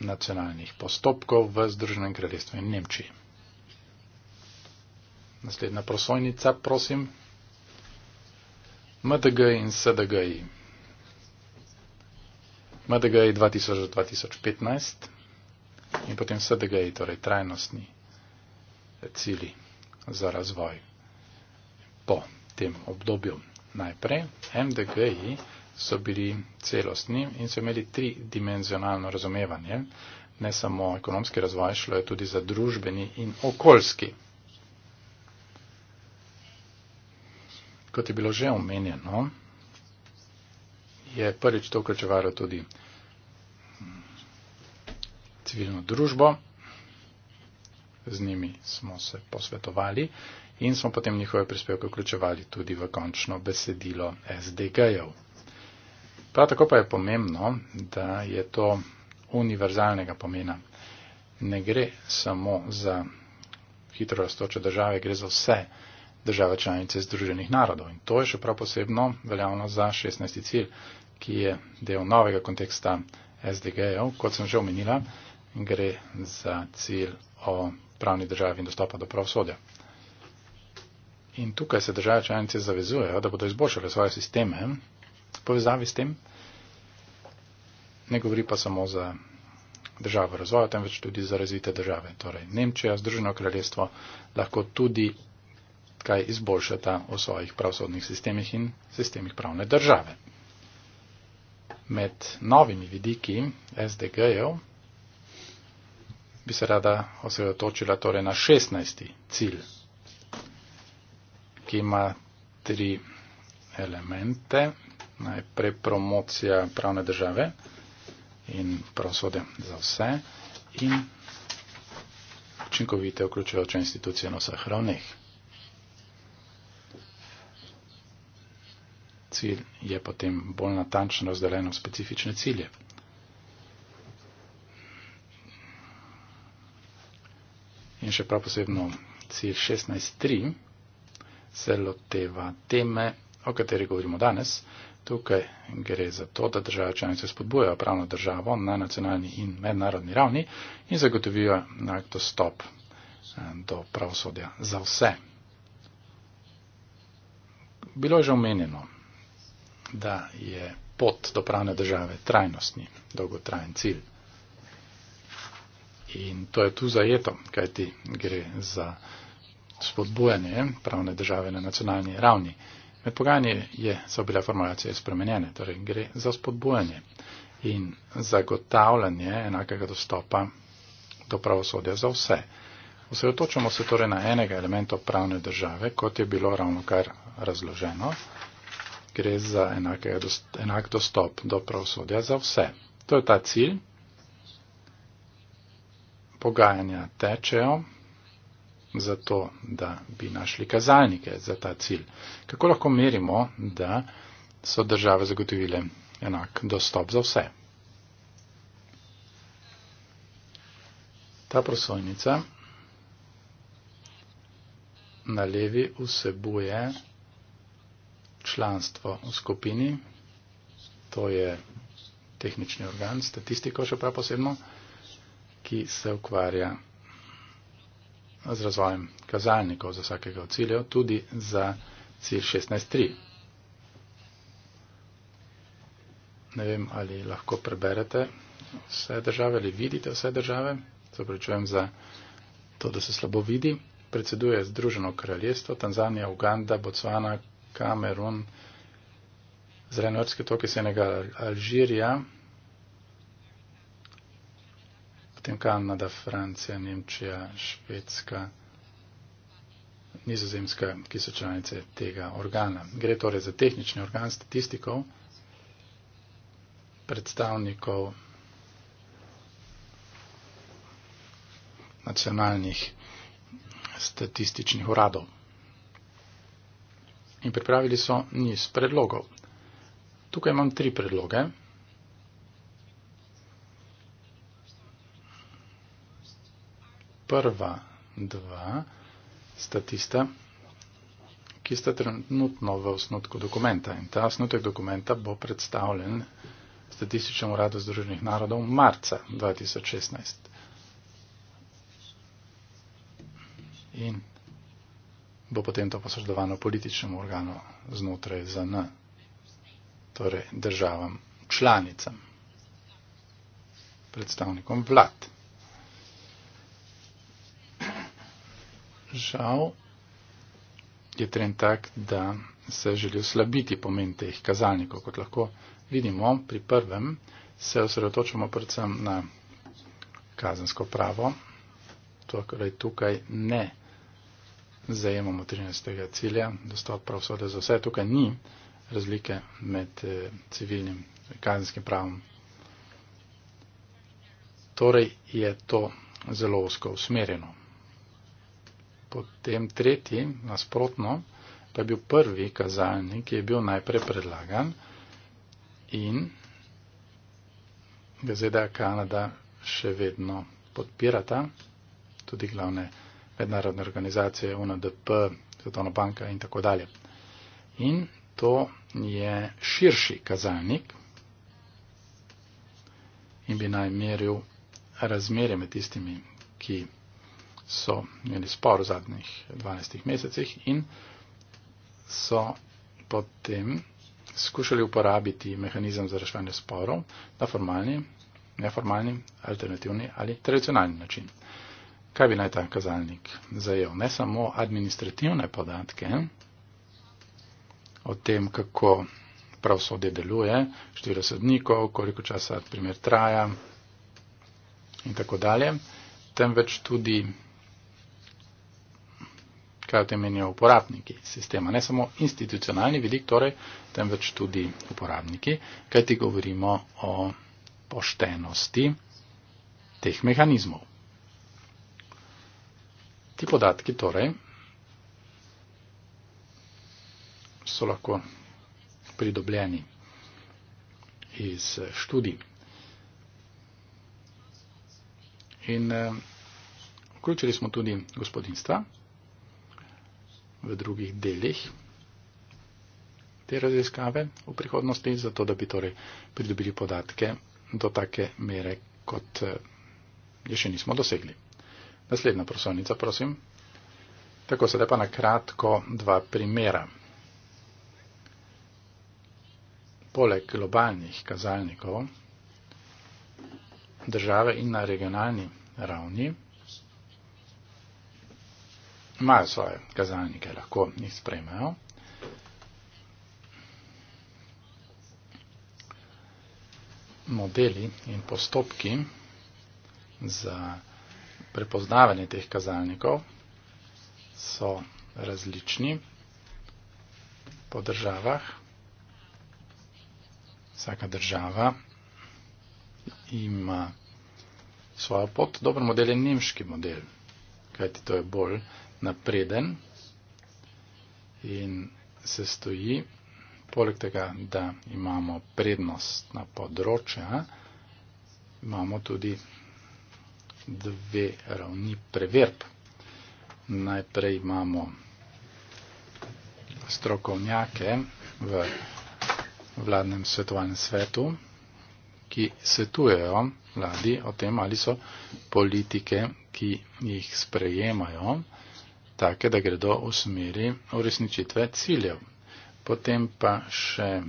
nacionalnih postopkov v Združenem kraljestvu in Nemčiji. Naslednja prosojnica, prosim. MDG in SDG. MDG 2000-2015 in potem SDG, torej trajnostni 2015-2020 cili za razvoj po tem obdobju. Najprej MDG-ji so bili celostni in so imeli tridimenzionalno razumevanje, ne samo ekonomski razvoj, šlo je tudi za družbeni in okoljski. Kot je bilo že omenjeno, je prvič to vključevalo tudi civilno družbo, z njimi smo se posvetovali in smo potem njihove prispevke vključevali tudi v končno besedilo SDG-jev. Prav tako pa je pomembno, da je to univerzalnega pomena. Ne gre samo za hitro raztoče države, gre za vse države članice Združenih narodov. In to je še prav posebno veljavno za 16. cilj, ki je del novega konteksta SDG-jev. Kot sem že omenila, gre za cilj o pravni državi in dostopa do pravosodja. In tukaj se države članice zavezujejo, da bodo izboljšale svoje sisteme v povezavi s tem. Ne govori pa samo za države razvoja, temveč tudi za razvite države. Torej Nemčija, Združeno kraljestvo lahko tudi kaj izboljšata v svojih pravosodnih sistemih in sistemih pravne države. Med novimi vidiki SDG-jev bi se rada osredotočila torej na 16. cilj, ki ima tri elemente. Najprej promocija pravne države in pravosodja za vse in učinkovite vključujoče institucije na vseh ravneh. Cilj je potem bolj natančno razdeljen v specifične cilje. in še prav posebno cilj 16.3 se loteva teme, o kateri govorimo danes. Tukaj gre za to, da države članice spodbujajo pravno državo na nacionalni in mednarodni ravni in zagotovijo enak dostop eh, do pravosodja za vse. Bilo je že omenjeno, da je pot do pravne države trajnostni, dolgotrajen cilj. In to je tu zajeto, kajti gre za spodbujanje pravne države na nacionalni ravni. Med pogajanje je, so bile formulacije spremenjene, torej gre za spodbujanje in zagotavljanje enakega dostopa do pravosodja za vse. Osredotočamo se torej na enega elementa pravne države, kot je bilo ravno kar razloženo. Gre za enak dostop do pravosodja za vse. To je ta cilj, pogajanja tečejo za to, da bi našli kazalnike za ta cilj. Kako lahko merimo, da so države zagotovile enak dostop za vse? Ta prosojnica na levi vsebuje članstvo v skupini, to je tehnični organ, statistiko še prav posebno, ki se ukvarja z razvojem kazalnikov za vsakega od ciljev, tudi za cilj 16.3. Ne vem, ali lahko preberete vse države ali vidite vse države. Zaprečujem za to, da se slabo vidi. Predseduje Združeno kraljestvo Tanzanija, Uganda, Botswana, Kamerun, Zrenorske toke Senegal, Alžirija. potem Kanada, Francija, Nemčija, Švedska, Nizozemska, ki so članice tega organa. Gre torej za tehnični organ statistikov, predstavnikov nacionalnih statističnih uradov. In pripravili so niz predlogov. Tukaj imam tri predloge. prva dva sta tista, ki sta trenutno v osnutku dokumenta. In ta osnutek dokumenta bo predstavljen Statističnemu uradu Združenih narodov marca 2016. In bo potem to posredovano političnemu organu znotraj ZN, torej državam članicam, predstavnikom vlad. žal je trend tak, da se želi oslabiti pomen teh kazalnikov, kot lahko vidimo pri prvem, se osredotočamo predvsem na kazensko pravo, torej tukaj ne zajemamo 13. cilja, dostop pravosodja za vse, tukaj ni razlike med eh, civilnim kazenskim pravom. Torej je to zelo usko usmerjeno potem tretji, nasprotno, pa je bil prvi kazalnik, ki je bil najprej predlagan in ga ZDA Kanada še vedno podpirata, tudi glavne mednarodne organizacije, UNDP, Svetovna banka in tako dalje. In to je širši kazalnik in bi naj meril razmerje med tistimi, ki so imeli spor v zadnjih 12 mesecih in so potem skušali uporabiti mehanizem za reševanje sporov na formalni, neformalni, alternativni ali tradicionalni način. Kaj bi naj ta kazalnik zajel? Ne samo administrativne podatke o tem, kako pravosodje deluje, število sodnikov, koliko časa primer traja in tako dalje, temveč tudi kar temenijo uporabniki sistema. Ne samo institucionalni vidik, torej, temveč tudi uporabniki, kaj ti govorimo o poštenosti teh mehanizmov. Ti podatki torej so lahko pridobljeni iz študij. In eh, vključili smo tudi gospodinstva, v drugih delih te raziskave v prihodnosti, zato da bi torej pridobili podatke do take mere, kot eh, je še nismo dosegli. Naslednja prosovnica, prosim. Tako se da pa na kratko dva primera. Poleg globalnih kazalnikov države in na regionalni ravni imajo svoje kazalnike, lahko jih spremajo. Modeli in postopki za prepoznavanje teh kazalnikov so različni po državah. Vsaka država ima svojo pot. Dober model je nemški model, kajti to je bolj napreden in se stoji, poleg tega, da imamo prednost na področja, imamo tudi dve ravni preverb. Najprej imamo strokovnjake v vladnem svetovalnem svetu, ki svetujejo vladi o tem, ali so politike, ki jih sprejemajo, take, da gredo v smeri uresničitve ciljev. Potem pa še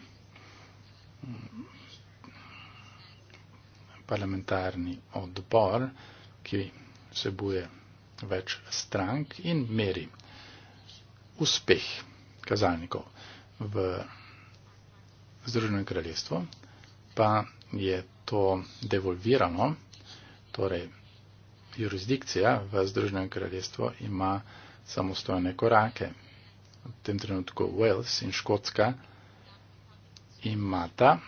parlamentarni odbor, ki vsebuje več strank in meri uspeh kazalnikov v Združenem kraljestvu, pa je to devolvirano, torej jurisdikcija v Združenem kraljestvu ima samostojne korake. V tem trenutku Wales in Škotska imata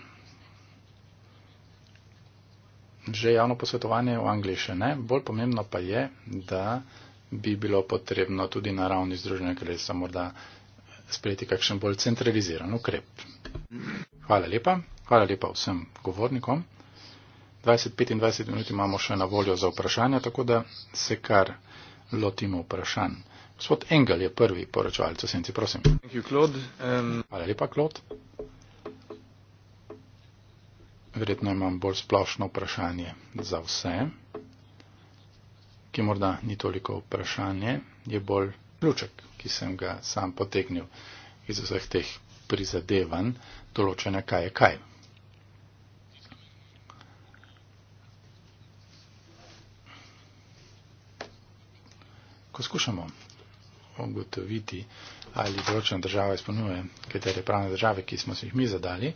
že javno posvetovanje v angliščini, ne? bolj pomembno pa je, da bi bilo potrebno tudi na ravni združenja kraljestva morda sprejeti kakšen bolj centraliziran ukrep. Hvala lepa, hvala lepa vsem govornikom. 25-25 minut imamo še na voljo za vprašanja, tako da se kar lotimo vprašanj. Gospod Engel je prvi poročevalec v senci, prosim. You, um... Hvala lepa, Klod. Verjetno imam bolj splošno vprašanje za vse, ki morda ni toliko vprašanje, je bolj ključek, ki sem ga sam potegnil iz vseh teh prizadevanj, določena kaj je kaj. Ko skušamo ugotoviti, ali določena država izpolnjuje kriterije pravne države, ki smo si jih mi zadali,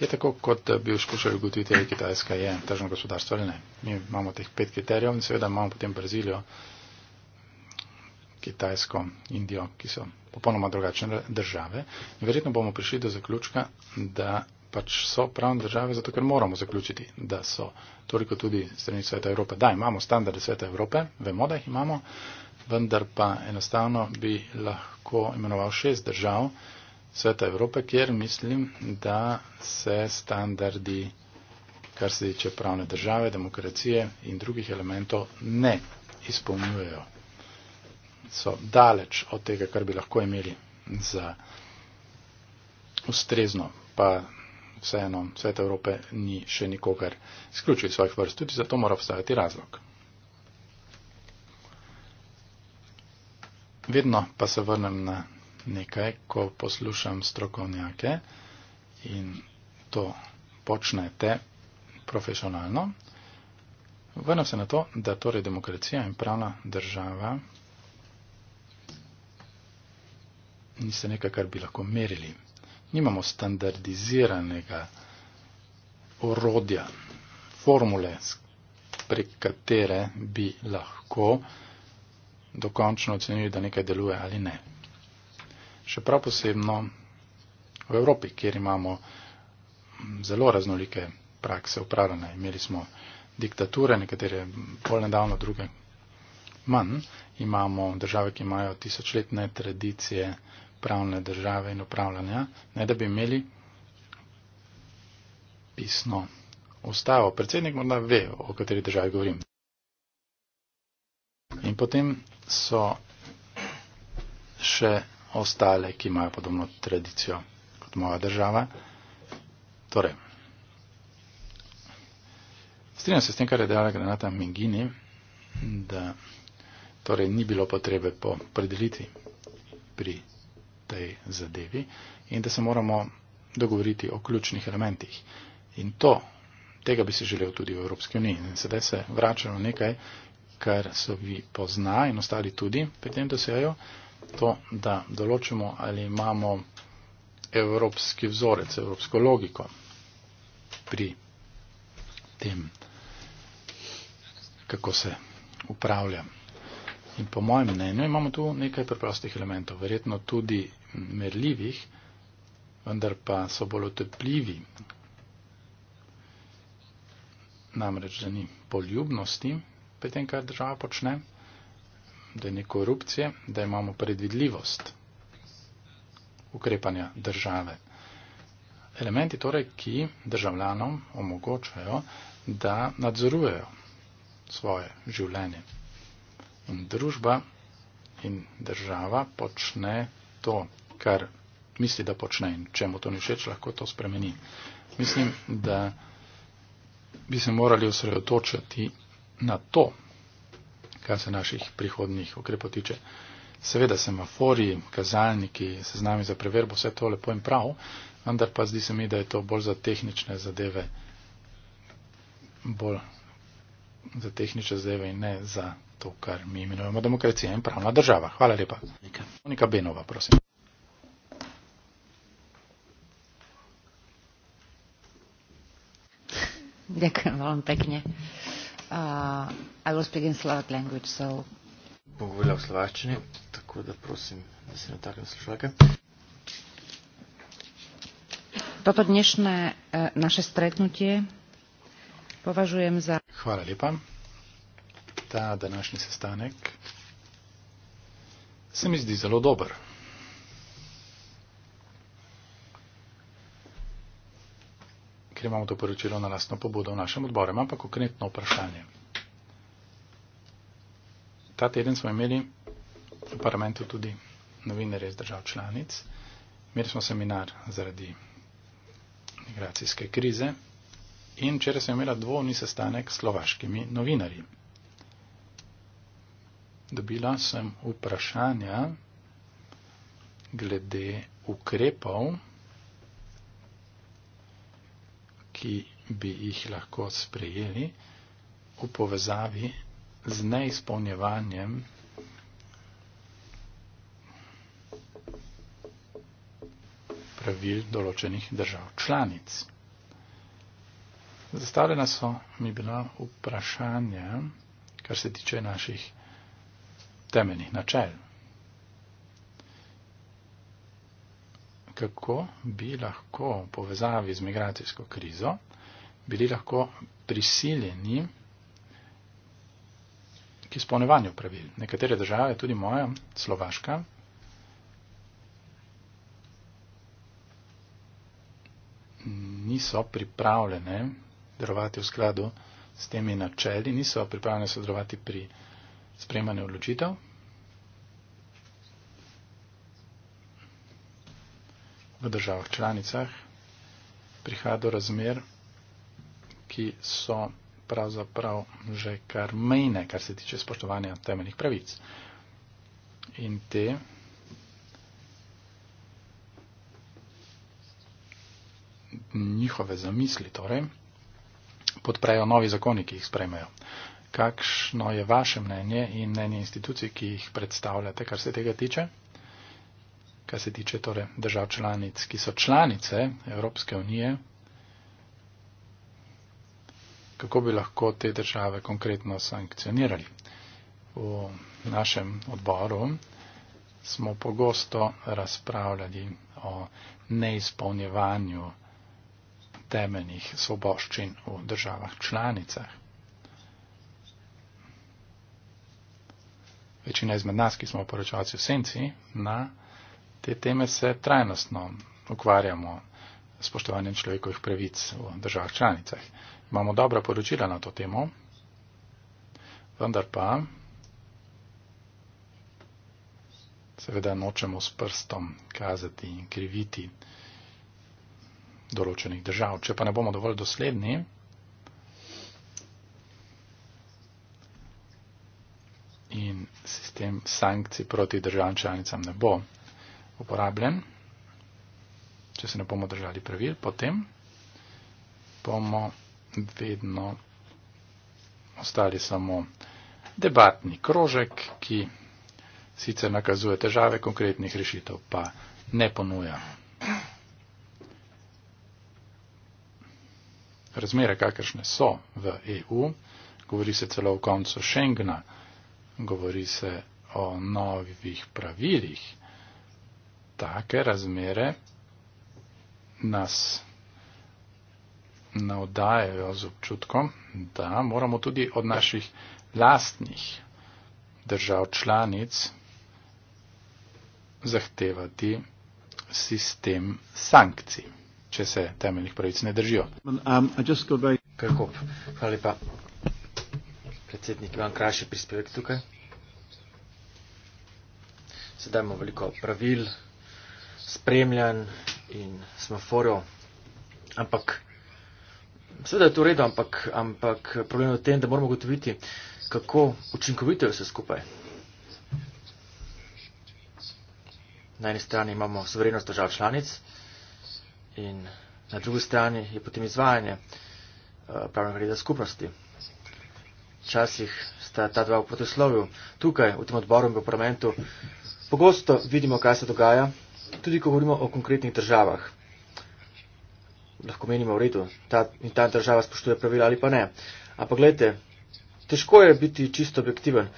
je tako, kot bi skušali ugotoviti, ali Kitajska je tržno gospodarstvo ali ne. Mi imamo teh pet kriterijev in seveda imamo potem Brazilijo, Kitajsko, Indijo, ki so popolnoma drugačne države. In verjetno bomo prišli do zaključka, da pač so pravne države, zato ker moramo zaključiti, da so. Toliko tudi strani Sveta Evrope. Da, imamo standarde Sveta Evrope, vemo, da jih imamo vendar pa enostavno bi lahko imenoval šest držav Sveta Evrope, kjer mislim, da se standardi, kar se tiče pravne države, demokracije in drugih elementov, ne izpolnjujejo. So daleč od tega, kar bi lahko imeli za ustrezno, pa vseeno Sveta Evrope ni še nikogar izključil iz svojih vrst. Tudi zato mora obstajati razlog. Vedno pa se vrnem na nekaj, ko poslušam strokovnjake in to počnete profesionalno. Vrnem se na to, da torej demokracija in pravna država niste nekaj, kar bi lahko merili. Nimamo standardiziranega orodja, formule, prek katere bi lahko dokončno ocenili, da nekaj deluje ali ne. Še prav posebno v Evropi, kjer imamo mm, zelo raznolike prakse upravljene. Imeli smo diktature, nekatere bolj nedavno, druge manj. Imamo države, ki imajo tisočletne tradicije pravne države in upravljanja, ne da bi imeli pisno ustavo. Predsednik morda ve, o kateri državi govorim. In potem so še ostale, ki imajo podobno tradicijo kot moja država. Torej, strinjam se s tem, kar je dejala Granata Mingini, da torej ni bilo potrebe po predeliti pri tej zadevi in da se moramo dogovoriti o ključnih elementih. In to, tega bi se želel tudi v Evropski uniji. In sedaj se vračamo nekaj, kar so vi pozna in ostali tudi pri tem dosejo, to, da določimo, ali imamo evropski vzorec, evropsko logiko pri tem, kako se upravlja. In po mojem mnenju imamo tu nekaj preprostih elementov, verjetno tudi merljivih, vendar pa so bolj otepljivi. Namreč, da ni poljubnosti, pri tem, kar država počne, da ni korupcije, da imamo predvidljivost ukrepanja države. Elementi torej, ki državljanom omogočajo, da nadzorujejo svoje življenje. In družba in država počne to, kar misli, da počne in če mu to ni všeč, lahko to spremeni. Mislim, da bi se morali osredotočiti na to, kar se naših prihodnih okrepov tiče. Seveda semaforiji, kazalniki, seznami za preverbo, vse to lepo in prav, vendar pa zdi se mi, da je to bolj za tehnične zadeve, bolj za tehnične zadeve in ne za to, kar mi imenujemo demokracija in pravna država. Hvala lepa. Monika Benova, prosim. Ďakujem veľmi pekne uh, I will speak in Slovak language, so. Bom govorila v slovaščini, tako da prosim, da si nataknem slušalke. Toto dnešné uh, naše stretnutie považujem za... Hvala lepa. Ta današnji sestanek se mi zdi zelo dober. imamo to poročilo na lastno pobudo v našem odboru. Imam pa konkretno vprašanje. Ta teden smo imeli v parlamentu tudi novinarje iz držav članic. Imeli smo seminar zaradi migracijske krize in včeraj sem imela dvojni sestanek s slovaškimi novinarji. Dobila sem vprašanja glede ukrepov, ki bi jih lahko sprejeli v povezavi z neizpolnjevanjem pravil določenih držav članic. Zastavljena so mi bila vprašanja, kar se tiče naših temeljnih načel. kako bi lahko v povezavi z migracijsko krizo bili lahko prisiljeni k izpolnevanju pravil. Nekatere države, tudi moja, Slovaška, niso pripravljene darovati v skladu s temi načeli, niso pripravljene sodelovati pri sprejmanju odločitev, v državah članicah prihaja do razmer, ki so pravzaprav že kar mejne, kar se tiče spoštovanja temeljnih pravic. In te njihove zamisli torej, podprejo novi zakoni, ki jih sprejmejo. Kakšno je vaše mnenje in mnenje institucij, ki jih predstavljate, kar se tega tiče? kar se tiče torej držav članic, ki so članice Evropske unije, kako bi lahko te države konkretno sankcionirali. V našem odboru smo pogosto razpravljali o neizpolnjevanju temeljnih svoboščin v državah članicah. Večina izmed nas, ki smo poročalci v senci, na te teme se trajnostno ukvarjamo s poštovanjem človekovih pravic v državah članicah. Imamo dobra poročila na to temo, vendar pa seveda nočemo s prstom kazati in kriviti določenih držav. Če pa ne bomo dovolj dosledni, in sistem sankcij proti državam članicam ne bo uporabljen, če se ne bomo držali pravil, potem bomo vedno ostali samo debatni krožek, ki sicer nakazuje težave konkretnih rešitev, pa ne ponuja. Razmere, kakršne so v EU, govori se celo o koncu Schengna, govori se o novih pravilih, take razmere nas navdajajo z občutkom, da moramo tudi od naših lastnih držav članic zahtevati sistem sankcij, če se temeljnih pravic ne držijo. Um, um, Krkop, hvala lepa. Predsednik Ivan Kraši prispevek tukaj. Sedaj imamo veliko pravil, spremljan in smo foro. Ampak, seveda je to redo, ampak, ampak problem je v tem, da moramo gotoviti, kako učinkovito je vse skupaj. Na eni strani imamo soverenost držav članic in na drugi strani je potem izvajanje eh, pravnega reda skupnosti. Včasih sta ta dva v protislovju. Tukaj, v tem odboru in v parlamentu, pogosto vidimo, kaj se dogaja, tudi ko govorimo o konkretnih državah. Lahko menimo v redu, ta in ta država spoštuje pravila ali pa ne. Ampak gledajte, težko je biti čisto objektiven,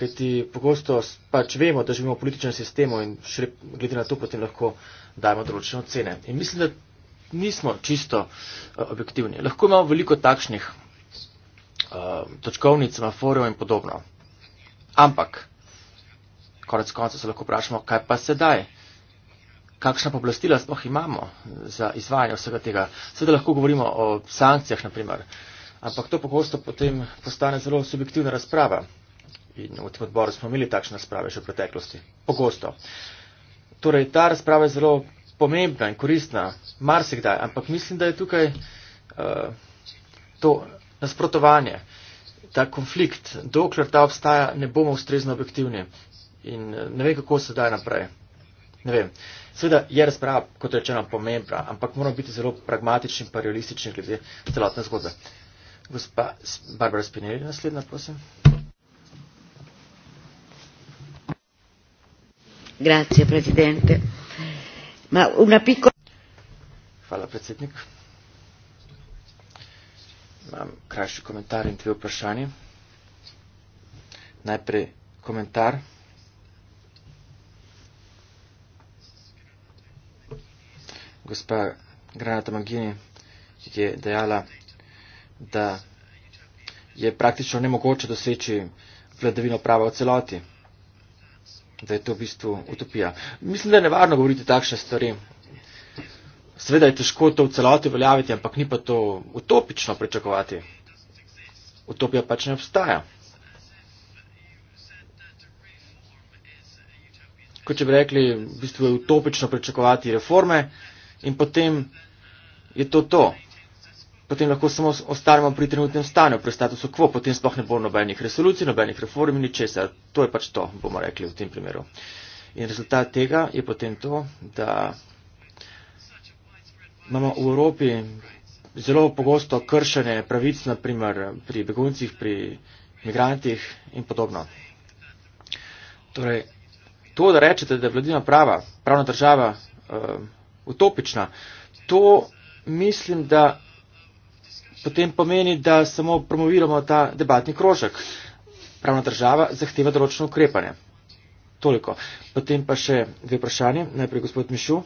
kajti pogosto pač vemo, da živimo v političnem sistemu in še glede na to potem lahko dajemo določene ocene. In mislim, da nismo čisto uh, objektivni. Lahko imamo veliko takšnih uh, točkovnic, maforjev in podobno. Ampak, konec konca se lahko vprašamo, kaj pa sedaj kakšna poblastila sploh imamo za izvajanje vsega tega. Sedaj lahko govorimo o sankcijah, naprimer, ampak to pogosto potem postane zelo subjektivna razprava. In v tem odboru smo imeli takšne razprave že v preteklosti. Pogosto. Torej, ta razprava je zelo pomembna in koristna, marsikdaj, ampak mislim, da je tukaj uh, to nasprotovanje, ta konflikt, dokler ta obstaja, ne bomo ustrezno objektivni. In eh, ne vem, kako se daj naprej. Ne vem. Uh, Seveda je razprava, kot rečeno, pomembna, ampak moramo biti zelo pragmatični in realistični glede celotne zgodbe. Gospa Barbara Spinelli, naslednja, prosim. Grazie, predsednik. Ma una piccola. Hvala, predsednik. Imam krajši komentar in dve vprašanje. Najprej komentar. gospa Granata Magini je dejala, da je praktično nemogoče doseči vladavino prava v celoti. Da je to v bistvu utopija. Mislim, da je nevarno govoriti takšne stvari. Sveda je težko to v celoti veljaviti, ampak ni pa to utopično pričakovati. Utopija pač ne obstaja. Kot če bi rekli, v bistvu je utopično pričakovati reforme, in potem je to to. Potem lahko samo ostanemo pri trenutnem stanju, pri statusu quo, potem sploh ne bo nobenih resolucij, nobenih reform in ničesar. To je pač to, bomo rekli v tem primeru. In rezultat tega je potem to, da imamo v Evropi zelo pogosto kršene pravic, naprimer pri beguncih, pri migrantih in podobno. Torej, to, da rečete, da je vladina prava, pravna država, uh, utopična. To mislim, da potem pomeni, da samo promoviramo ta debatni krožek. Pravna država zahteva določeno ukrepanje. Toliko. Potem pa še dve vprašanje. Najprej gospod Mišu.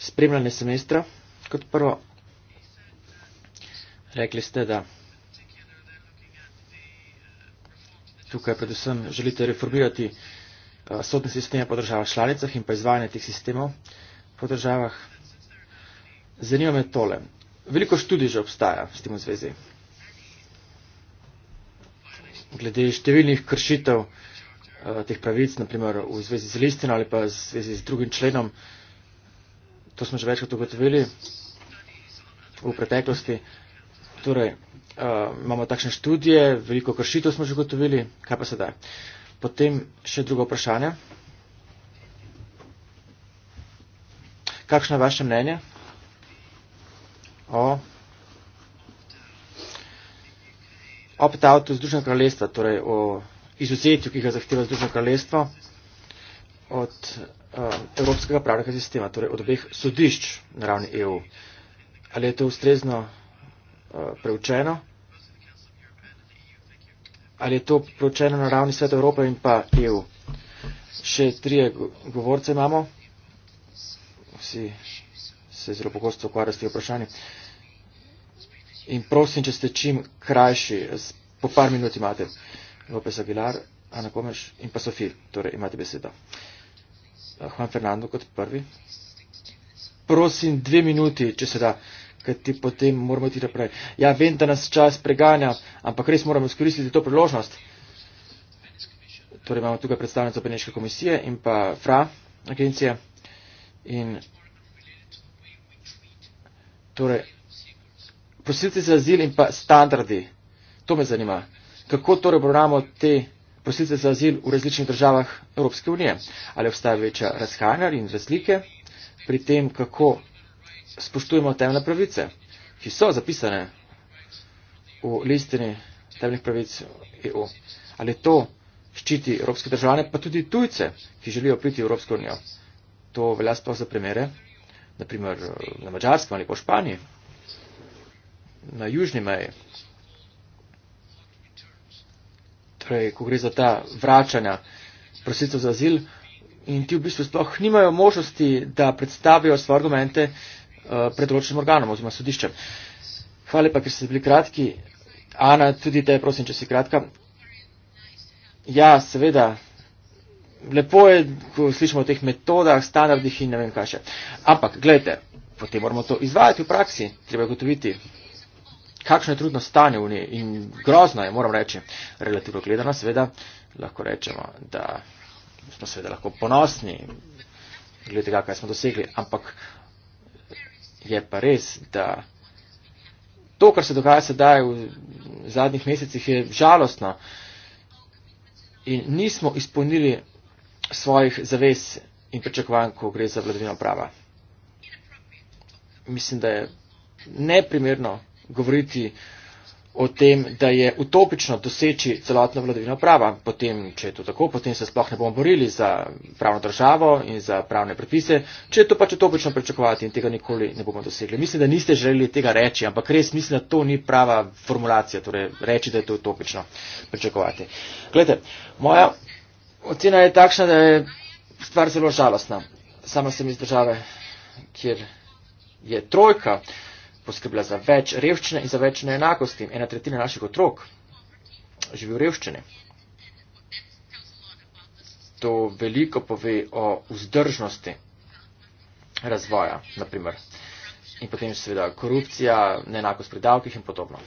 Spremljanje semestra. Kot prvo, rekli ste, da tukaj predvsem želite reformirati uh, Eh, sodne sisteme po državah članicah in pa izvajanje teh sistemov po državah. Zanima me tole. Veliko študij že obstaja s tem v zvezi. Glede številnih kršitev uh, teh pravic, naprimer v zvezi z listino ali pa v zvezi z drugim členom, to smo že večkrat ugotovili v preteklosti. Torej, uh, imamo takšne študije, veliko kršitev smo že ugotovili, kaj pa sedaj? Uh, Potem še drugo vprašanje. Kakšno je vaše mnenje o opt-outu Združenega kraljestva, torej o izuzetju, ki ga zahteva Združeno kraljestvo od uh, evropskega pravnega sistema, torej od obeh sodišč na ravni EU? Ali je to ustrezno uh, preučeno? ali je to poročeno na ravni Sveta Evrope in pa EU. Še trije govorce imamo. Vsi se zelo pogosto ukvarjajo s tem vprašanjem. In prosim, če ste čim krajši, po par minut imate. Lopes Aguilar, Ana Komeš in pa Sofi, torej imate besedo. Juan Fernando kot prvi. Prosim, dve minuti, če se da ker ti potem moramo iti naprej. Ja, vem, da nas čas preganja, ampak res moramo izkoristiti to priložnost. Torej imamo tukaj predstavnico Beneške komisije in pa FRA agencije. In torej, prosilci za azil in pa standardi, to me zanima. Kako torej obravnavamo te prosilce za azil v različnih državah Evropske unije? Ali obstaja večja razhajanja in razlike pri tem, kako spoštujemo temne pravice, ki so zapisane v listini temnih pravic EU. Ali to ščiti evropske državljane, pa tudi tujce, ki želijo priti v Evropsko unijo. To velja sploh za primere, naprimer na Mačarskem ali po Španiji, na južni meji. Torej, ko gre za ta vračanja prosilcev za azil in ti v bistvu sploh nimajo možnosti, da predstavijo svoje argumente, Eh, pred določenim organom oziroma sodiščem. Hvala lepa, ker ste bili kratki. Ana, tudi te, prosim, če si kratka. Ja, seveda. Lepo je, ko slišimo o teh metodah, standardih in ne vem kaj še. Ampak, gledajte, potem moramo to izvajati v praksi, treba je gotoviti, kakšno je trudno stanje v njej in grozno je, moram reči, relativno gledano, seveda, lahko rečemo, da smo seveda lahko ponosni, gledajte, kaj smo dosegli, ampak je pa res, da to, kar se dogaja sedaj v zadnjih mesecih, je žalostno in nismo izpolnili svojih zavez in pričakovanj, ko gre za vladavino prava. Mislim, da je neprimerno govoriti o tem, da je utopično doseči celotno vladavino prava. Potem, če je to tako, potem se sploh ne bomo borili za pravno državo in za pravne predpise. Če je to pač utopično pričakovati in tega nikoli ne bomo dosegli. Mislim, da niste želeli tega reči, ampak res mislim, da to ni prava formulacija, torej reči, da je to utopično pričakovati. Glede, moja ocena je takšna, da je stvar zelo žalostna. Sama sem iz države, kjer je trojka poskrbila za več revščine in za več neenakosti. Ena tretjina naših otrok živi v revščini. To veliko pove o vzdržnosti razvoja, naprimer. In potem seveda korupcija, neenakost pri davkih in podobno.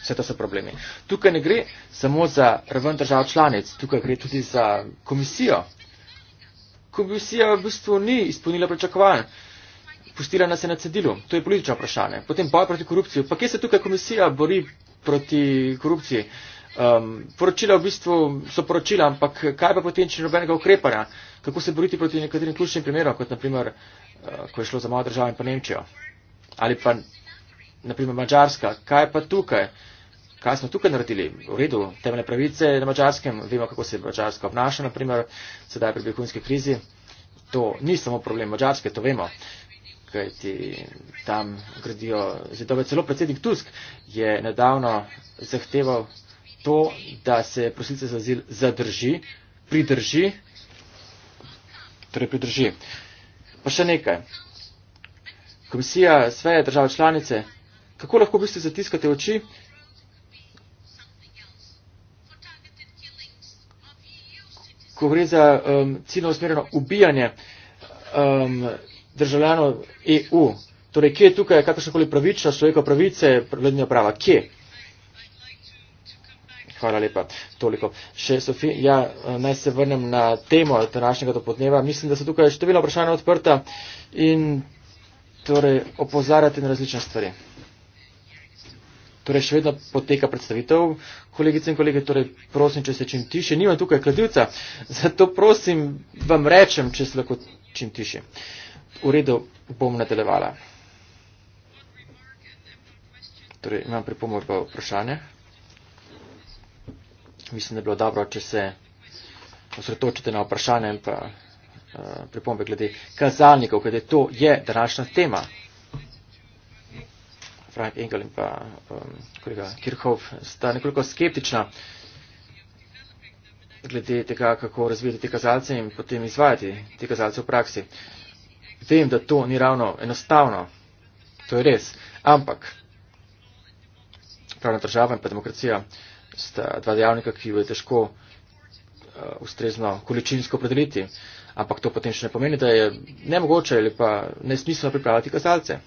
Vse to so problemi. Tukaj ne gre samo za raven držav članic, tukaj gre tudi za komisijo. Komisija v bistvu ni izpolnila pričakovanj pustila nas je na cedilu. To je politično vprašanje. Potem boj proti korupciji. Pa kje se tukaj komisija bori proti korupciji? Um, poročila v bistvu so poročila, ampak kaj pa potem, če ni nobenega ukrepanja? Kako se boriti proti nekaterim ključnim primerom, kot naprimer, uh, ko je šlo za malo državo in pa Nemčijo? Ali pa naprimer Mačarska? Kaj pa tukaj? Kaj smo tukaj naredili? V redu, temeljne pravice na Mačarskem, vemo, kako se Mačarska obnaša, naprimer, sedaj pri begunski krizi. To ni samo problem Mačarske, to vemo. Uh, kajti tam gradijo zidove. Celo predsednik Tusk je nedavno zahteval to, da se prosilce za zil zadrži, pridrži, torej pridrži. Pa še nekaj. Komisija, sve države članice, kako lahko v bistvu zatiskate oči? ko gre za um, ciljno usmerjeno ubijanje um, državljanov EU. Torej, kje je tukaj kakršnakoli pravična človeka pravice, vladnja prava? Kje? Hvala lepa. Toliko. Še Sofi, ja, naj se vrnem na temo današnjega dopodneva. Mislim, da so tukaj številna vprašanja odprta in torej, opozarjate na različne stvari. Torej, še vedno poteka predstavitev, kolegice in kolege, torej, prosim, če se čim tiše. Nima tukaj kladivca, zato prosim, vam rečem, če se lahko čim tiše. Uh, V redu bom nadaljevala. Torej, imam pripomoč pa vprašanje. Mislim, da je bilo dobro, če se osredotočite na vprašanje in pa uh, pripombe glede kazalnikov, glede to je današnja tema. Frank Engel in pa um, kolega Kirchhoff sta nekoliko skeptična glede tega, kako razvijati te kazalce in potem izvajati te kazalce v praksi vem, da to ni ravno enostavno. To je res. Ampak pravna država in pa demokracija sta dva dejavnika, ki jo je težko uh, ustrezno količinsko predeliti. Ampak to potem še ne pomeni, da je nemogoče ali pa nesmiselno pripravljati kazalce.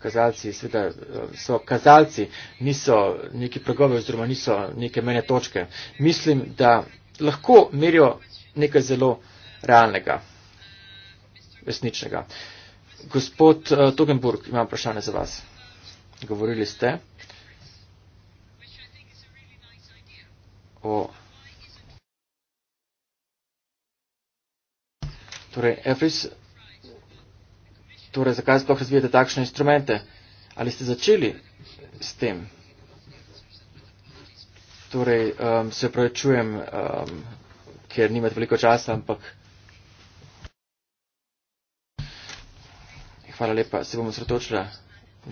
Kazalci, sveda, uh, so kazalci, niso neki pregovi oziroma niso neke mene točke. Mislim, da lahko merijo nekaj zelo realnega resničnega. Gospod eh, Togenburg, imam vprašanje za vas. Govorili ste o. Torej, EFRIS, torej, zakaj sploh razvijate takšne instrumente? Ali ste začeli s tem? Torej, um, se pravi, čujem, um, ker nimate veliko časa, ampak Hvala lepa. Se bomo sretočila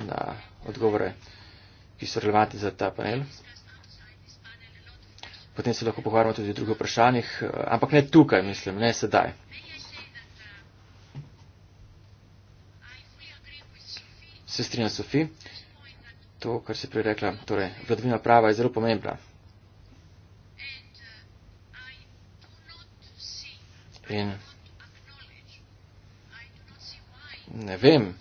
na odgovore, ki so relevantni za ta panel. Potem se lahko pogovarjamo tudi o drugih vprašanjih, eh, ampak ne tukaj, mislim, ne sedaj. Se strinja Sofi, to, kar si prej rekla, torej vladavina prava je zelo pomembna. In Ne vem.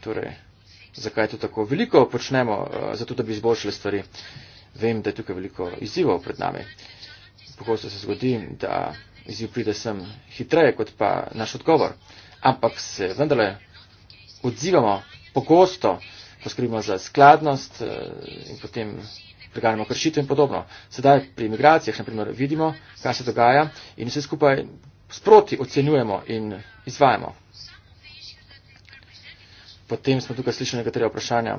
Torej, zakaj to tako veliko počnemo, eh, zato da bi izboljšali stvari. Vem, da je tukaj veliko izzivov pred nami. Pogosto se zgodi, da izziv pride sem hitreje kot pa naš odgovor. Ampak se vendarle odzivamo pogosto, poskrbimo za skladnost eh, in potem preganjamo kršitve in podobno. Sedaj pri imigracijah, naprimer, vidimo, kaj se dogaja in vse skupaj sproti ocenjujemo in izvajamo. Potem smo tukaj slišali nekatere vprašanja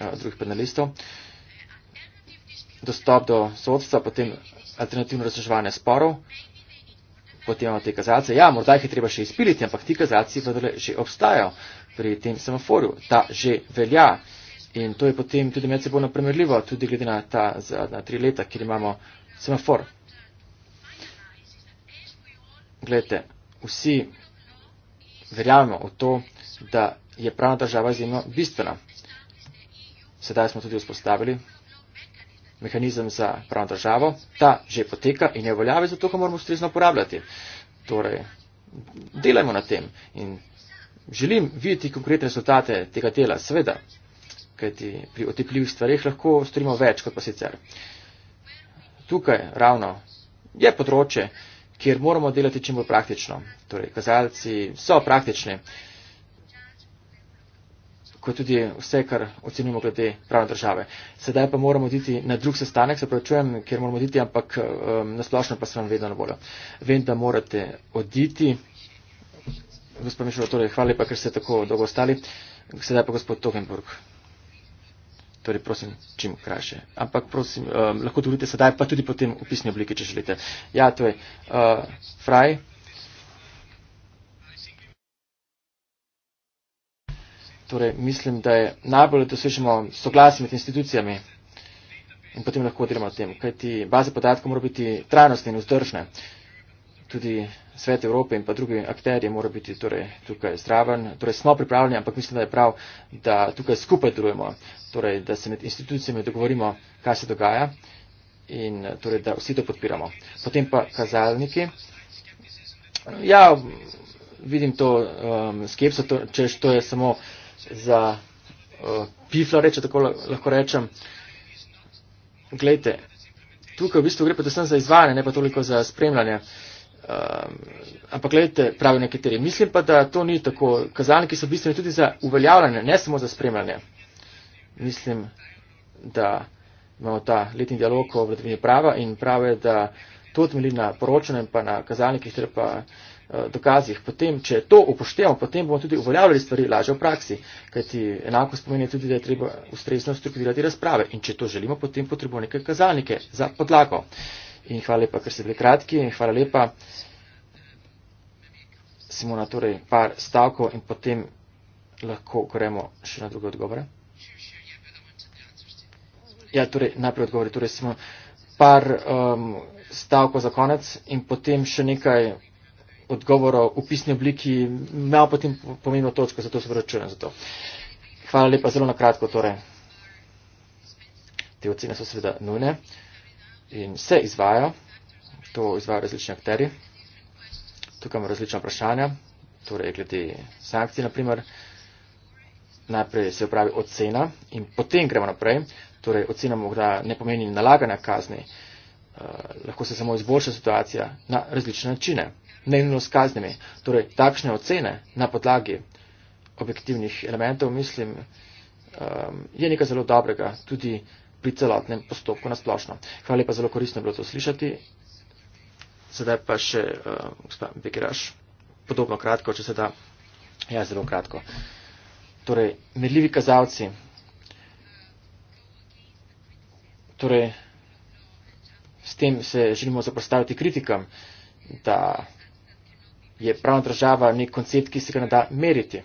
eh, drugih panelistov. Dostop do sodstva, potem alternativno razreševanje sporov, potem imamo te kazalce. Ja, morda jih je treba še izpiliti, ampak ti kazalci že obstajajo pri tem semaforju, ta že velja. In to je potem tudi medsebojno primerljivo, tudi glede na ta zadnja tri leta, kjer imamo semafor gledajte, vsi verjamemo v to, da je pravna država izjemno bistvena. Sedaj smo tudi vzpostavili mehanizem za pravno državo. Ta že poteka in je veljavi, zato ga moramo ustrezno uporabljati. Torej, delajmo na tem in želim videti konkretne rezultate tega dela, seveda, kajti pri otepljivih stvarih lahko storimo več kot pa sicer. Tukaj ravno je področje, kjer moramo delati čim bolj praktično. Torej, kazalci so praktični, kot tudi vse, kar ocenimo glede pravne države. Sedaj pa moramo oditi na drug sestanek, se pravčujem, kjer moramo oditi, ampak um, nasplošno pa se vam vedno na voljo. Vem, da morate oditi. Gospod Mišel, torej, hvala lepa, ker ste tako dolgo ostali. Sedaj pa gospod Togenburg torej prosim, čim krajše. Ampak prosim, um, lahko dovolite sedaj, pa tudi potem v pisni obliki, če želite. Ja, to torej, je uh, fraj. Torej, mislim, da je najbolje, da dosežemo soglasje med institucijami in potem lahko delamo o tem, kajti baze podatkov morajo biti trajnostne in vzdržne. Uh, tudi svet Evrope in pa drugi akterje mora biti torej, tukaj zraven. Torej smo pripravljeni, ampak mislim, da je prav, da tukaj skupaj delujemo, torej, da se med institucijami dogovorimo, kaj se dogaja in torej, da vsi to podpiramo. Potem pa kazalniki. Ja, vidim to um, skepso, to, če to je samo za uh, pifla, reče tako lahko rečem. Glejte, tukaj v bistvu gre predvsem za izvajanje, ne pa toliko za spremljanje. Uh, Um, ampak gledajte, pravi nekateri. Mislim pa, da to ni tako. Kazalniki so bistveni tudi za uveljavljanje, ne samo za spremljanje. Mislim, da imamo ta letni dialog o vladavini prava in prave, da to temelji na poročanem pa na kazalnikih ter pa uh, dokazih. Potem, če to upoštevamo, potem bomo tudi uveljavljali stvari lažje v praksi, kajti enako spomeni tudi, da je treba ustrezno strukturirati razprave. In če to želimo, potem potrebujemo neke kazalnike za podlago. Uh, in hvala lepa, ker ste bili kratki in hvala lepa. Simona, torej par stavkov in potem lahko gremo še na druge odgovore. Ja, torej najprej odgovori. Torej smo par um, stavkov za konec in potem še nekaj odgovorov v pisni obliki, malo potem pomembno točko, zato se vračujem za to. Hvala lepa, zelo na kratko torej. Te ocene so seveda nujne. Uh, in se izvaja, to izvajo različni akteri. Tukaj imamo različna vprašanja, torej glede sankcij, naprimer. Najprej se upravi ocena in potem gremo naprej. Torej, ocena morda ne pomeni nalaganja kazni, e, lahko se samo izboljša situacija na različne načine, ne nujno s kaznimi. Torej, takšne ocene na podlagi objektivnih elementov, mislim, e, je nekaj zelo dobrega. Tudi pri celotnem postopku na splošno. Hvala lepa, zelo koristno je bilo to slišati. Sedaj pa še, eh, gospod uh, Begiraš, podobno kratko, če se da. Ja, zelo kratko. Torej, merljivi kazalci. Torej, s tem se želimo zapostaviti kritikam, da je pravna država nek koncept, ki se ga ne da meriti.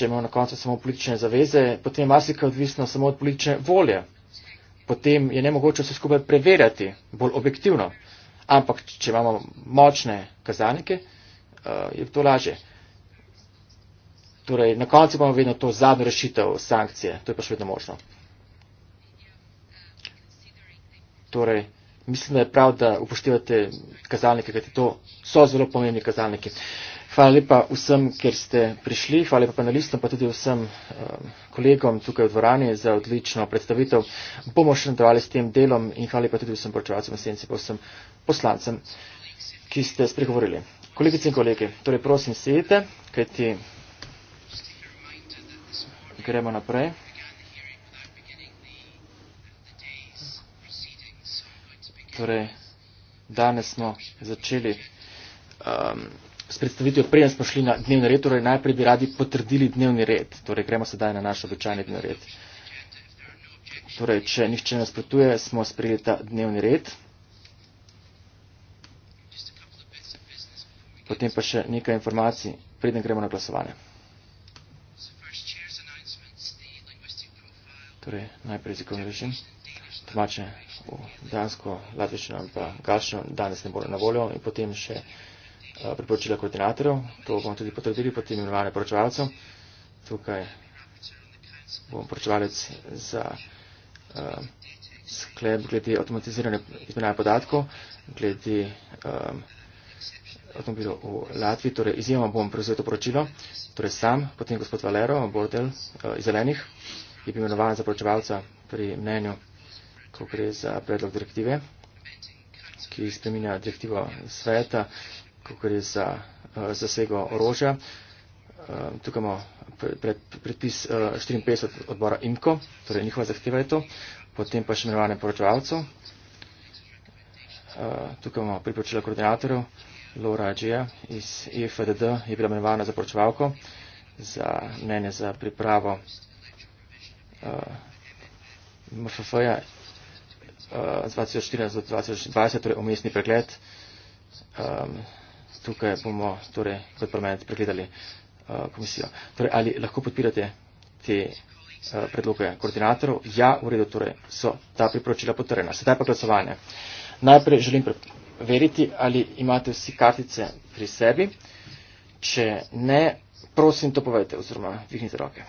če imamo na koncu samo politične zaveze, potem marsikaj odvisno samo od politične volje. Potem je ne mogoče vse skupaj preverjati bolj objektivno. Ampak, če imamo močne kazalnike, eh, je to laže. Torej, na koncu imamo vedno to zadnjo rešitev sankcije, to je pa še vedno možno. Torej, mislim, da je prav, da upoštevate kazalnike, kajti to so zelo pomembni kazalniki. Uh, Hvala lepa vsem, ker ste prišli, hvala lepa panelistom, pa tudi vsem eh, kolegom tukaj v dvorani za odlično predstavitev. Bomo še nadaljevali s tem delom in hvala lepa tudi vsem poročevalcem in senci, pa vsem poslancem, ki ste spregovorili. Kolegice in kolege, torej prosim, sedite, kajti gremo naprej. Torej, danes smo začeli. Um, s predstavitvijo, preden smo šli na dnevni red, torej najprej bi radi potrdili dnevni red. Torej, gremo sedaj na naš običajni dnevni red. Torej, če nihče nas pretuje, smo sprejeli ta dnevni red. Potem pa še nekaj informacij, preden gremo na glasovanje. Torej, najprej jezikovni režim. Tomače v dansko, latvično in pa galščino danes ne bodo na voljo in potem še. Eh, priporočila koordinatorov, to bomo tudi potrdili potem imenovane poročevalcev. Tukaj bom poročevalec za uh, sklep glede avtomatizirane izmenjave podatkov, glede um, avtomobilov v Latviji, torej izjemno bom prevzel to poročilo, torej sam, potem gospod Valero, bordel uh, iz zelenih, je bil imenovan za poročevalca pri mnenju, ko gre za predlog direktive, ki spreminja direktivo sveta ko gre za uh, zasego orožja. Uh, tukaj imamo pred, predpis uh, eh, 54 odbora IMKO, torej njihova zahteva je to, potem pa še imenovanje poročevalcev. Uh, tukaj imamo priporočila koordinatorjev, Laura Džija iz IFDD je bila imenovana za poročevalko, za mnenje za pripravo uh, MFF-ja. Uh, 2014 do 2020, torej omestni pregled. Um, tukaj bomo torej, kot parlament pregledali uh, komisijo. Torej, ali lahko podpirate te uh, predloge koordinatorov? Ja, v redu, torej so ta priporočila potrjena. Sedaj pa glasovanje. Najprej želim veriti, ali imate vsi kartice pri sebi. Če ne, prosim, to povedete oziroma dvignite roke.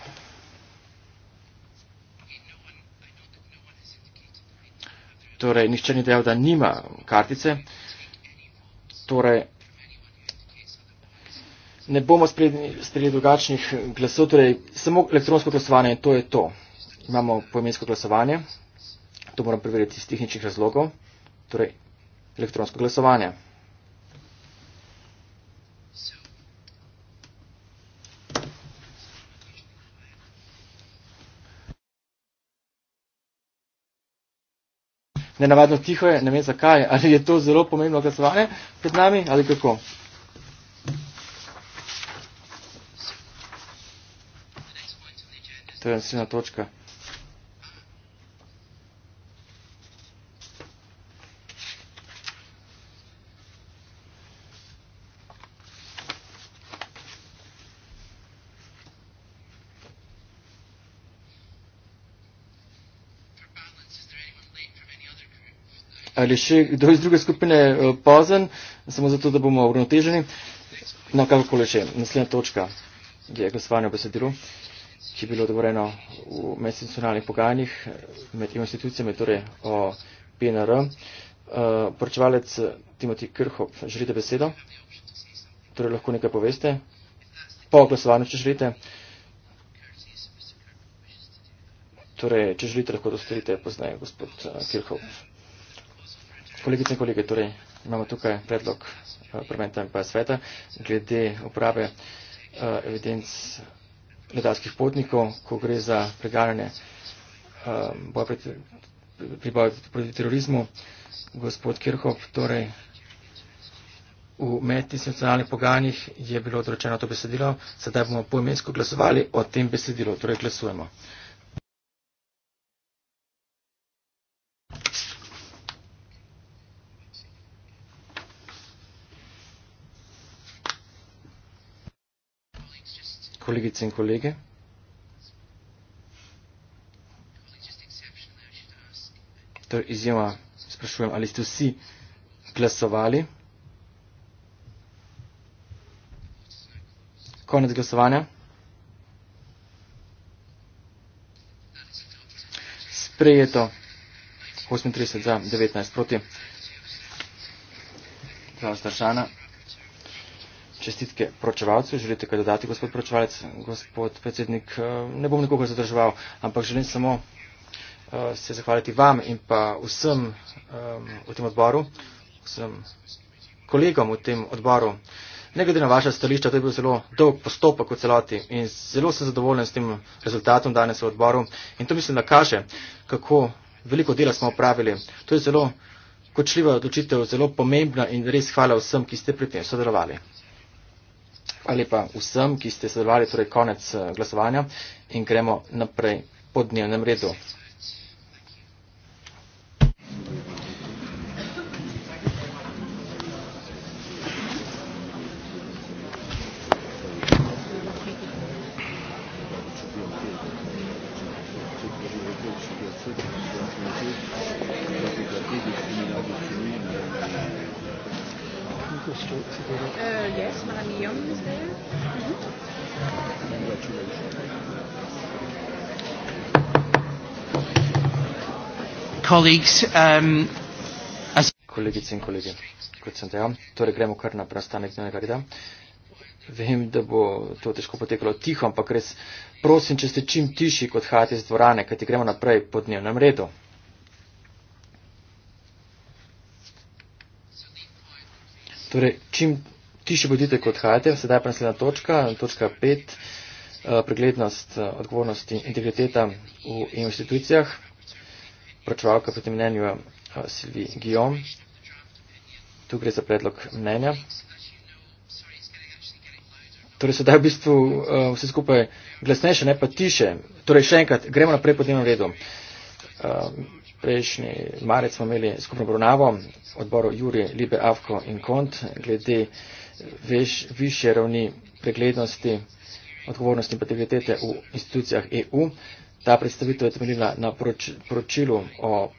Torej, nihče ni dejal, da nima kartice. Torej, ne bomo sprejeli drugačnih glasov, torej samo elektronsko glasovanje, to je to. Imamo poimensko glasovanje, to moram preveriti iz tehničnih razlogov, torej elektronsko glasovanje. Nenavadno tiho je, ne vem zakaj, ali je to zelo pomembno glasovanje pred nami ali kako. To je naslednja točka. Ali še kdo iz druge skupine eh, pozen, samo zato, da bomo uravnoteženi. No, kakorkoli še, naslednja točka, gdje je gospodarno besedilo ki je bilo dogovoreno v medinstitucionalnih pogajanjih med institucijami, torej o PNR. Eh, poročevalec Timothy Kirchhoff, želite besedo? Torej lahko nekaj poveste? Po glasovanju, če želite. Torej, če želite, lahko to storite poznaje, gospod eh, Kirchhoff. Kolegice in kolege, torej imamo tukaj predlog eh, parlamenta in pa sveta glede uprave evidenc letalskih potnikov, ko gre za preganjanje um, boja pri boju proti terorizmu. Gospod Kirchhoff, torej v medinstitucionalnih pogajanjih je bilo odročeno to besedilo, sedaj bomo poimensko glasovali o tem besedilu, torej glasujemo. kolegice in kolege. To je izjema, sprašujem, ali ste vsi glasovali? Konec glasovanja. Sprejeto 38 za 19 proti. Zdravstvo, Šana čestitke pročevalcu. Želite kaj dodati, gospod pročevalec, gospod predsednik? Eh, ne bom nikogar zadrževal, ampak želim samo eh, se zahvaliti vam in pa vsem ehm, v tem odboru, vsem kolegom v tem odboru. Ne glede na vaše stališče, to je bil zelo dolg postopek v celoti in zelo sem zadovoljen s tem rezultatom danes v odboru in to mislim, da kaže, kako veliko dela smo opravili. To je zelo kočljiva odločitev, zelo pomembna in res hvala vsem, ki ste pri tem sodelovali ali pa vsem, ki ste sodelovali, torej konec eh, glasovanja in gremo naprej po dnevnem redu. Um, Kolegice in kolege, kot sem dejal, torej gremo kar na prastanek dnevnega reda. Vem, da bo to težko potekalo tiho, ampak res prosim, če ste čim tišji, kot hajate iz dvorane, kajti gremo naprej po dnevnem redu. Torej, čim tiše bodite, kot hajate, sedaj pa naslednja točka, točka 5, eh, preglednost, eh, odgovornost in integriteta v institucijah pročevalka proti mnenju eh, Silvi Guillaume. Tu gre za predlog mnenja. Torej sedaj v bistvu uh, vse skupaj glasnejše, ne pa tiše. Torej še enkrat, gremo naprej po dnevnem redu. Uh, prejšnji marec smo imeli skupno obravnavo odboru Juri, Libe, Avko in Kont glede veš, više ravni preglednosti, odgovornosti in integritete v institucijah EU. Ta predstavitev je temeljila na proč, pročilu o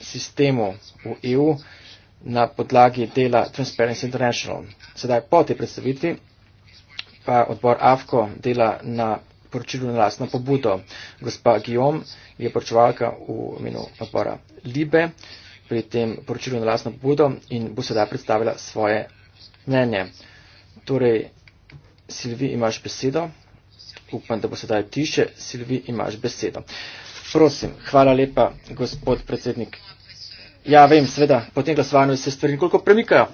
sistemu v EU na podlagi dela Transparency International. Sedaj po tej predstavitvi pa odbor AFKO dela na poročilu na lastno pobudo. Gospa Guillaume je poročevalka v imenu odbora Libe pri tem poročilu na lastno pobudo in bo sedaj predstavila svoje mnenje. Torej, Silvi, imaš besedo upam, da bo sedaj tiše. Silvi, imaš besedo. Prosim, hvala lepa, gospod predsednik. Ja, vem, sveda, po tem glasovanju se stvari nekoliko premikajo.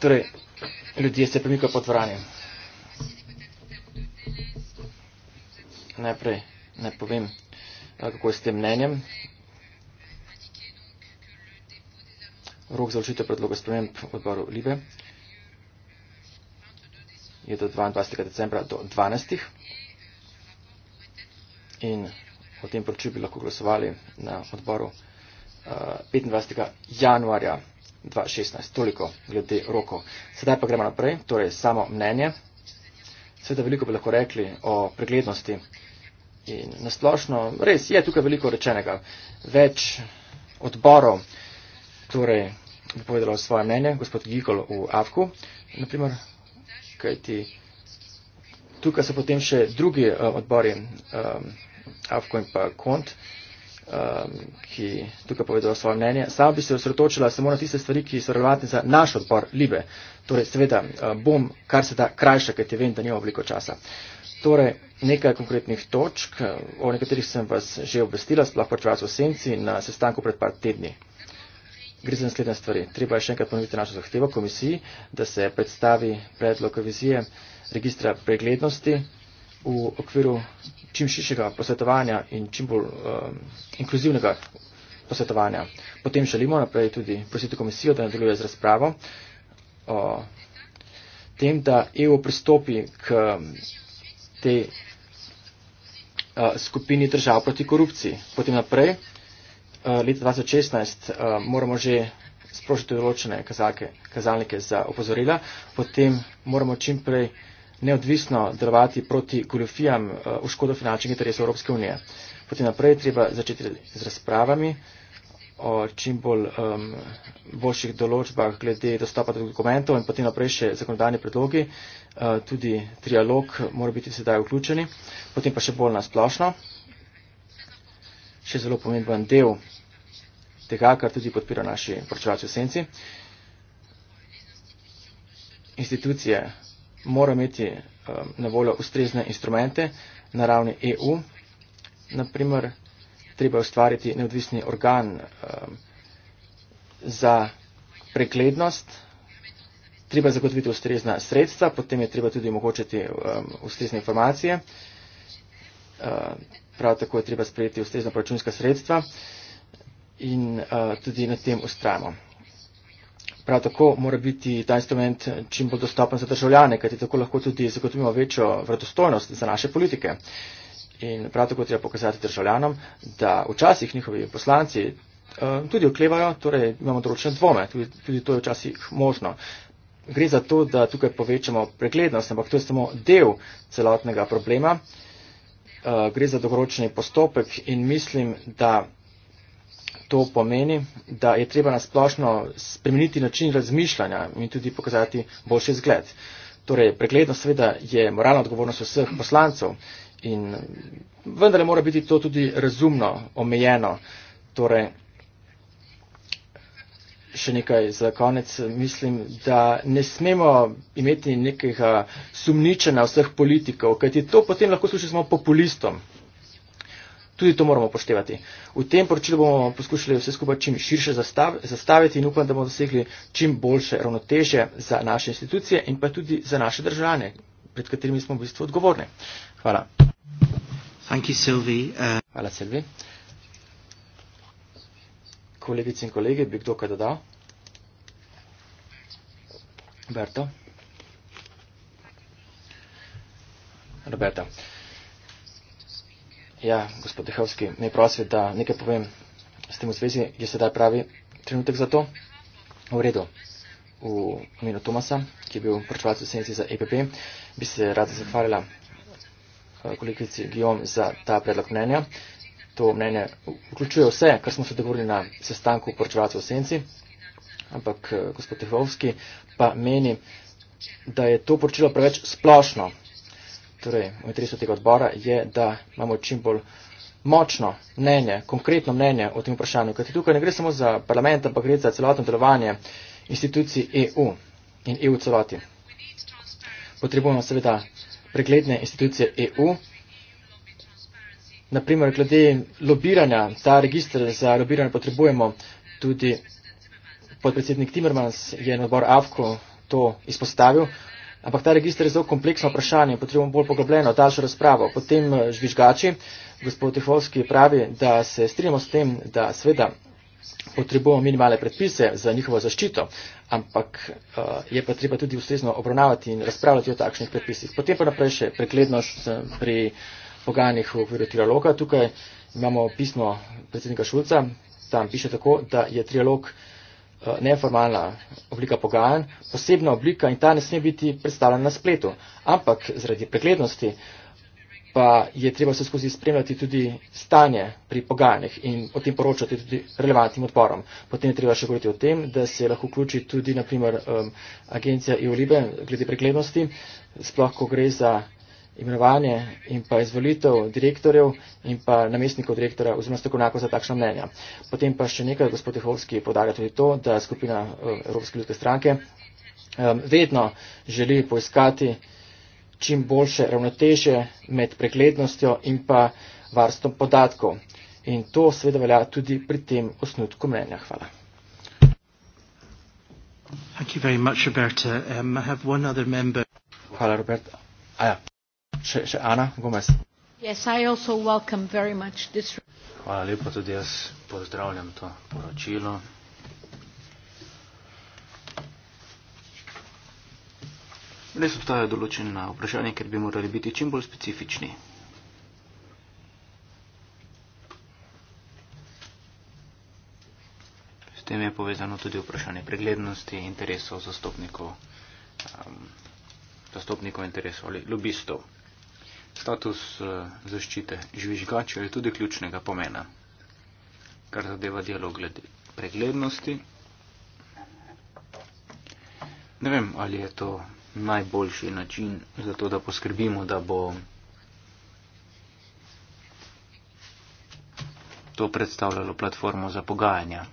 Torej, ljudje se premikajo pod vranjem. Najprej ne povem, kako je s tem mnenjem. Rok za očitev predloga sprememb odboru Libe je do 22. decembra do 12 in o tem poročilu bi lahko glasovali na odboru 25. Eh, januarja 2016. Toliko glede rokov. Sedaj pa gremo naprej, torej samo mnenje. Sveda veliko bi lahko rekli o preglednosti in nasplošno res je tukaj veliko rečenega. Več odborov torej, bi povedalo svoje mnenje, gospod Gigol v Avku, naprimer, kajti tukaj so potem še drugi uh, odbori. Um, Afko in pa Kont, um, ki tukaj povedo svoje mnenje. Sam bi se osredotočila samo na tiste stvari, ki so relevantne za naš odpor Libe. Torej, seveda uh, bom kar se da krajša, kajte vem, da nima veliko časa. Torej, nekaj konkretnih točk, uh, o nekaterih sem vas že obvestila, sploh pač vas v senci na sestanku pred par tedni. Gre za naslednje stvari. Treba je še enkrat ponoviti našo zahtevo komisiji, da se predstavi predlog revizije registra preglednosti v okviru čim širšega posvetovanja in čim bolj um, inkluzivnega posvetovanja. Potem želimo naprej tudi prositi komisijo, da nadaljuje z razpravo o tem, da EU pristopi k um, tej uh, skupini držav proti korupciji. Potem naprej, uh, leta 2016, uh, moramo že sprožiti določene kazalke, kazalnike za opozorila, potem moramo čim prej neodvisno delovati proti goljofijam eh, v škodo finančnih interesov Evropske unije. Potem naprej treba začeti z razpravami o čim bolj um, boljših določbah glede dostopa do dokumentov in potem naprej še zakonodajne predlogi, uh, tudi trialog mora biti sedaj vključeni, potem pa še bolj nasplošno. Še zelo pomemben del tega, kar tudi podpira naši poročevalci v senci. Institucije mora imeti um, na voljo ustrezne instrumente na ravni EU. Naprimer, treba ustvariti neodvisni organ um, za preglednost, treba zagotoviti ustrezna sredstva, potem je treba tudi omogočiti um, ustrezne informacije. Prav tako je treba sprejeti ustrezna proračunska sredstva in uh, tudi na tem ustrajamo. Prav tako mora biti ta instrument čim bolj dostopen za državljane, kajti tako lahko tudi zagotovimo večjo vredostojnost za naše politike. In prav tako treba pokazati državljanom, da včasih njihovi poslanci eh, tudi oklevajo, torej imamo določene dvome, tudi, tudi to je včasih možno. Gre za to, da tukaj povečamo preglednost, ampak to je samo del celotnega problema. Eh, gre za dogoročni postopek in mislim, da to pomeni, da je treba nasplošno spremeniti način razmišljanja in tudi pokazati boljši zgled. Torej, pregledno seveda je moralna odgovornost vseh poslancev in vendar mora biti to tudi razumno omejeno. Torej, še nekaj za konec. Mislim, da ne smemo imeti nekega sumničenja vseh politikov, kajti to potem lahko služi samo populistom. Tudi to moramo poštevati. V tem poročilu bomo poskušali vse skupaj čim širše zastav, zastaviti in upam, da bomo dosegli čim boljše ravnoteže za naše institucije in pa tudi za naše državljane, pred katerimi smo v bistvu odgovorni. Hvala. You, Sylvie. Uh... Hvala, Silvi. Kolegice in kolege, bi kdo kaj dodal? Roberto. Roberto. Ja, gospod Dehovski, naj prosim, da nekaj povem s tem v zvezi. Je sedaj pravi trenutek za to? V redu. V imenu Tomasa, ki je bil pročevalc v senci za EPP, bi se rada zahvalila eh, kolegici Gijom za ta predlog mnenja. To mnenje vključuje vse, kar smo se dogovorili na sestanku pročevalcev v senci, ampak eh, gospod Dehovski pa meni, da je to poročilo preveč splošno torej v interesu tega odbora, je, da imamo čim bolj močno mnenje, konkretno mnenje o tem vprašanju. Kajti tukaj ne gre samo za parlament, ampak gre za celotno delovanje institucij EU in EU celoti. Potrebujemo seveda pregledne institucije EU. Naprimer, glede lobiranja, ta registr za lobiranje potrebujemo tudi podpredsednik Timmermans je na odbor AFKO to izpostavil. Ampak ta registr je zelo kompleksno vprašanje, potrebujemo bolj poglobljeno, daljšo razpravo. Potem eh, žvižgači, gospod Tifolski pravi, da se strinjamo s tem, da sveda potrebujemo minimalne predpise za njihovo zaščito, ampak eh, je pa treba tudi ustrezno obravnavati in razpravljati o takšnih predpisih. Potem pa naprej še preglednost pri pogajanjih v okviru triloga. Tukaj imamo pismo predsednika Šulca, tam piše tako, da je trilog. Eh, neformalna oblika pogajanj, posebna oblika in ta ne sme biti predstavljena na spletu. Ampak zaradi preglednosti pa je treba se skozi spremljati tudi stanje pri pogajanjih in o tem poročati tudi relevantnim odporom. Potem je treba še govoriti o tem, da se lahko vključi tudi naprimer agencija EULIBE glede preglednosti, sploh ko gre za imenovanje in pa izvolitev direktorjev in pa namestnikov direktora oziroma strokovnjakov za takšna mnenja. Potem pa še nekaj, gospod Jehovski podarja tudi to, da skupina eh, Evropske ljudske stranke vedno želi poiskati čim boljše ravnoteže med preglednostjo in pa varstvom podatkov. In to seveda velja tudi pri tem osnutku mnenja. Hvala. Thank you very much, Roberta. Um, I have one other member. Hello, Roberta. Ah, yeah še, še Ana Gomez. Yes, this... Hvala lepa, tudi jaz pozdravljam to poročilo. Res obstajajo določena vprašanja, ker bi morali biti čim bolj specifični. S tem je povezano tudi vprašanje preglednosti interesov zastopnikov, um, zastopnikov interesov ali lobistov. Status eh, zaščite žvižgača je tudi ključnega pomena, kar zadeva dialog glede preglednosti. Ne vem, ali je to najboljši način za to, da poskrbimo, da bo to predstavljalo platformo za pogajanja.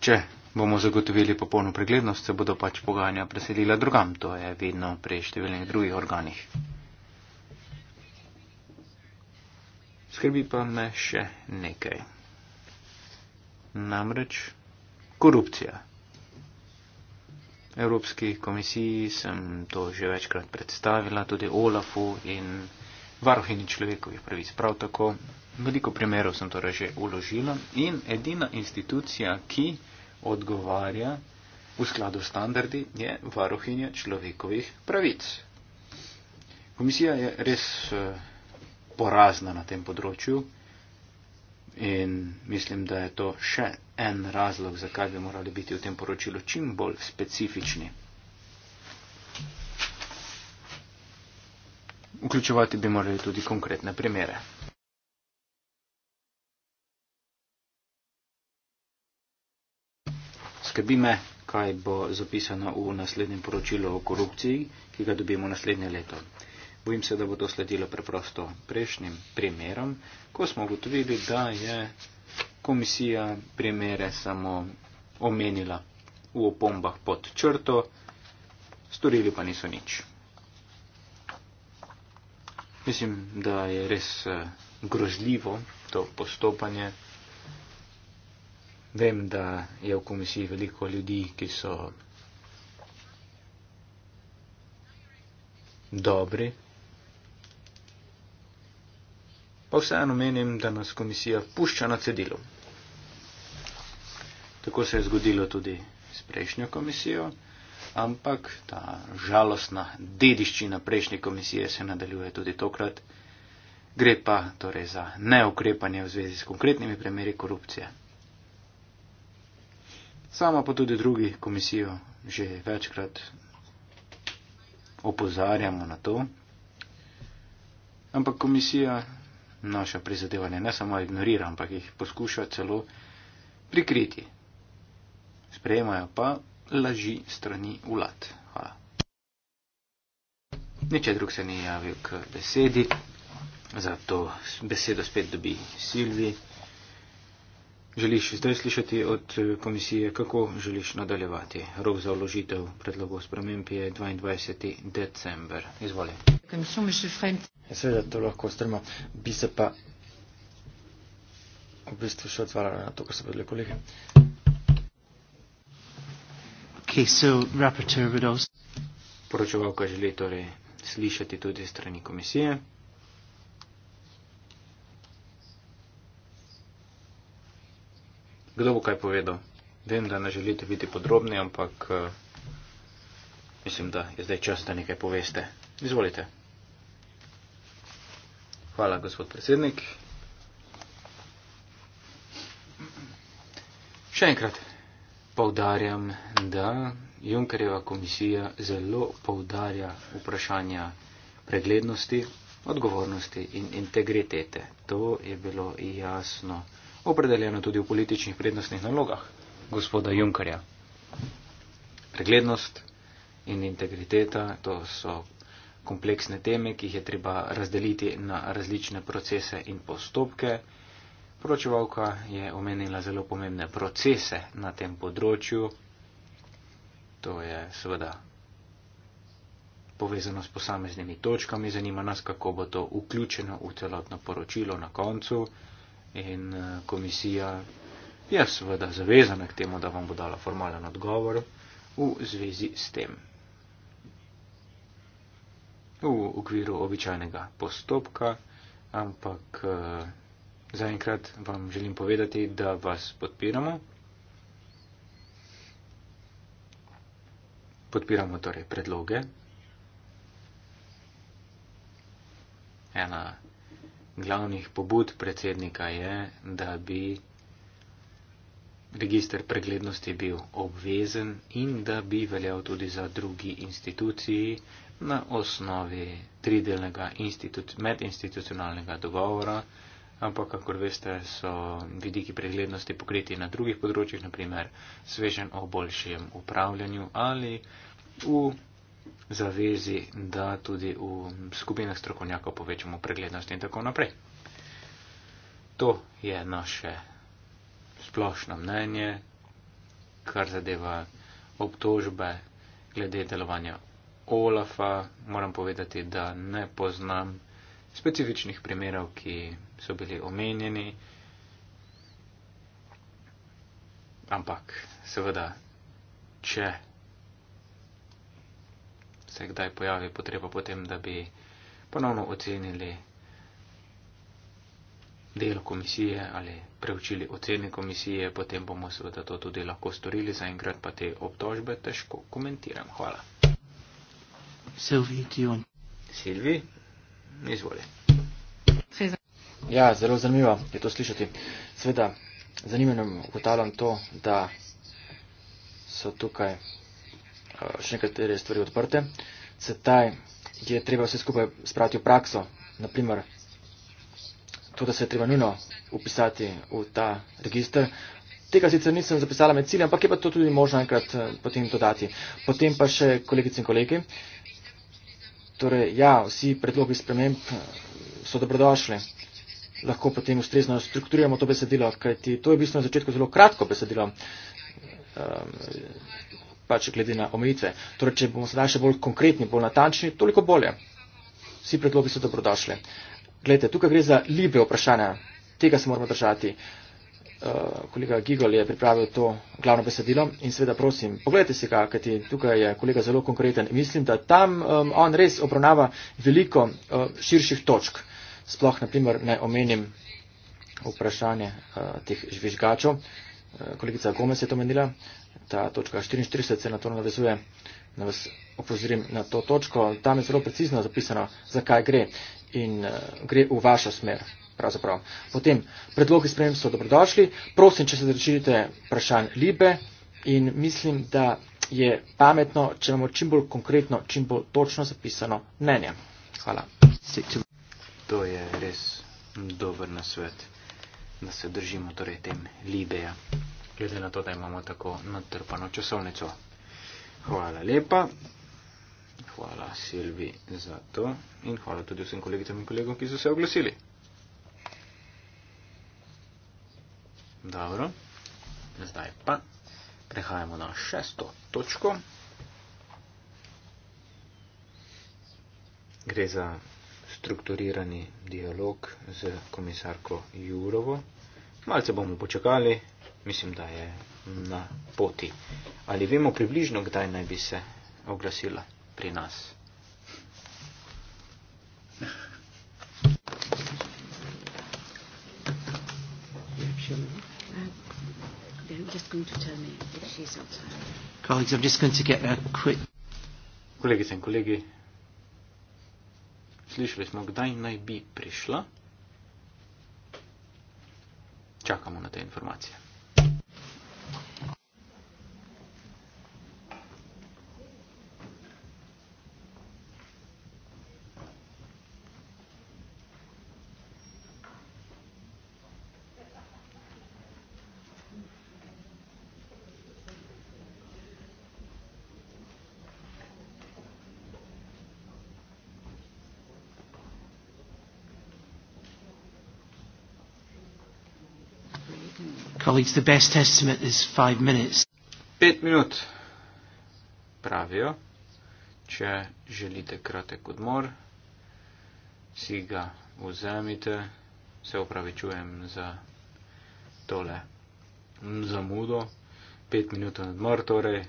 Če bomo zagotovili popolno preglednost, se bodo pač pogajanja preselila drugam. To je vidno pri številnih drugih organih. Skrbi pa me še nekaj. Namreč korupcija. Evropski komisiji sem to že večkrat predstavila, tudi Olafu in varuhini človekovih pravic. Prav tako veliko primerov sem torej že uložila in edina institucija, ki odgovarja v skladu s standardi, je varohinja človekovih pravic. Komisija je res eh, porazna na tem področju in mislim, da je to še en razlog, zakaj bi morali biti v tem poročilu čim bolj specifični. Vključevati bi morali tudi konkretne primere. skrbi me, kaj bo zapisano v naslednjem poročilu o korupciji, ki ga dobimo naslednje leto. Bojim se, da bo to sledilo preprosto prejšnjim primerom, ko smo ugotovili, da je komisija primere samo omenila v opombah pod črto, storili pa niso nič. Mislim, da je res eh, grozljivo to postopanje. Vem, da je v komisiji veliko ljudi, ki so dobri, pa vseeno menim, da nas komisija pušča na cedilu. Tako se je zgodilo tudi s prejšnjo komisijo, ampak ta žalostna dediščina prejšnje komisije se nadaljuje tudi tokrat. Gre pa torej za neukrepanje v zvezi s konkretnimi primeri korupcije. Sama pa tudi drugi komisijo že večkrat opozarjamo na to. Ampak komisija naša prizadevanja ne samo ignorira, ampak jih poskuša celo prikriti. Sprejemajo pa laži strani vlad. Hvala. Niče drug se ni javil k besedi, zato besedo spet dobi Silvi. Želiš zdaj slišati od eh, komisije, kako želiš nadaljevati? Rok za vložitev predlogov sprememb je 22. december. Izvoli. Ja, seveda to lahko strma. Bi se pa v bistvu še odzvala na to, kar so vedeli kolege. Okay, so rapporteur would also... Poročevalka želi torej slišati tudi strani komisije. Kdo bo kaj povedal? Vem, da ne želite biti podrobni, ampak uh, mislim, da je zdaj čas, da nekaj poveste. Izvolite. Hvala, gospod predsednik. Še enkrat povdarjam, da Junkerjeva komisija zelo povdarja vprašanja preglednosti, odgovornosti in integritete. To je bilo jasno opredeljeno tudi v političnih prednostnih nalogah gospoda Junkarja. Preglednost in integriteta, to so kompleksne teme, ki jih je treba razdeliti na različne procese in postopke. Poročevalka je omenila zelo pomembne procese na tem področju. To je seveda povezano s posameznimi točkami. Zanima nas, kako bo to vključeno v celotno poročilo na koncu in eh, komisija je seveda zavezana k temu, da vam bo dala formalen odgovor v zvezi s tem. V okviru običajnega postopka, ampak eh, zaenkrat vam želim povedati, da vas podpiramo. Podpiramo torej predloge. Ena glavnih pobud predsednika je, da bi registr preglednosti bil obvezen in da bi veljal tudi za drugi instituciji na osnovi tridelnega institut, medinstitucionalnega dogovora, ampak, kako veste, so vidiki preglednosti pokriti na drugih področjih, naprimer svežen o boljšem upravljanju ali v zavezi, da tudi v skupinah strokovnjakov povečamo preglednost in tako naprej. To je naše splošno mnenje, kar zadeva obtožbe glede delovanja Olafa. Moram povedati, da ne poznam specifičnih primerov, ki so bili omenjeni, ampak seveda, če se kdaj pojavi potreba potem, da bi ponovno ocenili delo komisije ali preučili ocene komisije, potem bomo seveda to tudi lahko storili, zaenkrat pa te obtožbe težko komentiram. Hvala. Silvi, izvoli. Ja, zelo zanimivo je to slišati. Sveda, zanimivo je ugotavljam to, da so tukaj Eh, še nekatere stvari odprte. Sedaj je treba vse skupaj spraviti v prakso, naprimer to, da se je treba nujno upisati v ta registr. Tega sicer nisem zapisala med cilje, ampak je pa to tudi možno enkrat eh, potem dodati. Potem pa še kolegice in kolegi. Torej, ja, vsi predlogi sprememb eh, so dobrodošli. Lahko potem ustrezno strukturiramo to besedilo, kajti to je v bistvu na začetku zelo kratko besedilo. Um, pač glede na omejitve. Torej, če bomo sedaj še bolj konkretni, bolj natančni, toliko bolje. Vsi predlogi so dobrodošli. Glede, tukaj gre za libe vprašanja. Tega se moramo držati. Uh, kolega Gigol je pripravil to glavno besedilo in seveda prosim, pogledajte si ga, kajti tukaj je kolega zelo konkreten. Mislim, da tam um, on res obravnava veliko uh, širših točk. Sploh, naprimer, ne omenim vprašanje uh, teh žvižgačov. Uh, kolegica Gomez je to menila. Uh, ta točka 44 se na to navezuje. Na vas opozorim na to točko. Tam je zelo precizno zapisano, zakaj gre in uh, gre v vašo smer. Pravzaprav. Potem, predlogi sprejem so dobrodošli. Prosim, če se zrečite vprašanj Libe in mislim, da je pametno, če imamo čim bolj konkretno, čim bolj točno zapisano mnenje. Hvala. To je res dober nasvet, da se držimo torej tem Libeja glede na to, da imamo tako natrpano časovnico. Hvala lepa. Hvala Silvi za to in hvala tudi vsem kolegicam in kolegom, ki so se oglasili. Dobro, zdaj pa prehajamo na šesto točko. Gre za strukturirani dialog z komisarko Jurovo. Malce bomo počakali, mislim, da je na poti. Ali vemo približno, kdaj naj bi se oglasila pri nas? Kolegice in kolegi, slišali smo, kdaj naj bi prišla. Čakamo na te informacije. colleagues, the best estimate is five minutes. Pet minut, pravijo, če želite kratek odmor, si ga vzemite, se upravičujem za tole zamudo, pet minut odmor torej,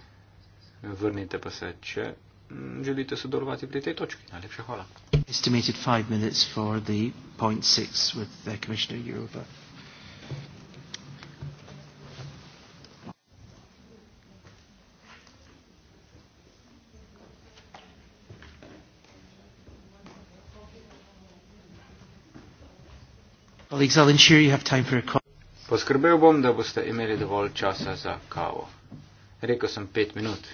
vrnite pa se, če mm, želite sodelovati pri tej točki. Najlepša hvala. Estimated five minutes for the point six with the Commissioner Europa. colleagues, I'll ensure you have time for a call. Poskrbel bom, da boste imeli dovolj časa za kavo. Rekel sem pet minut.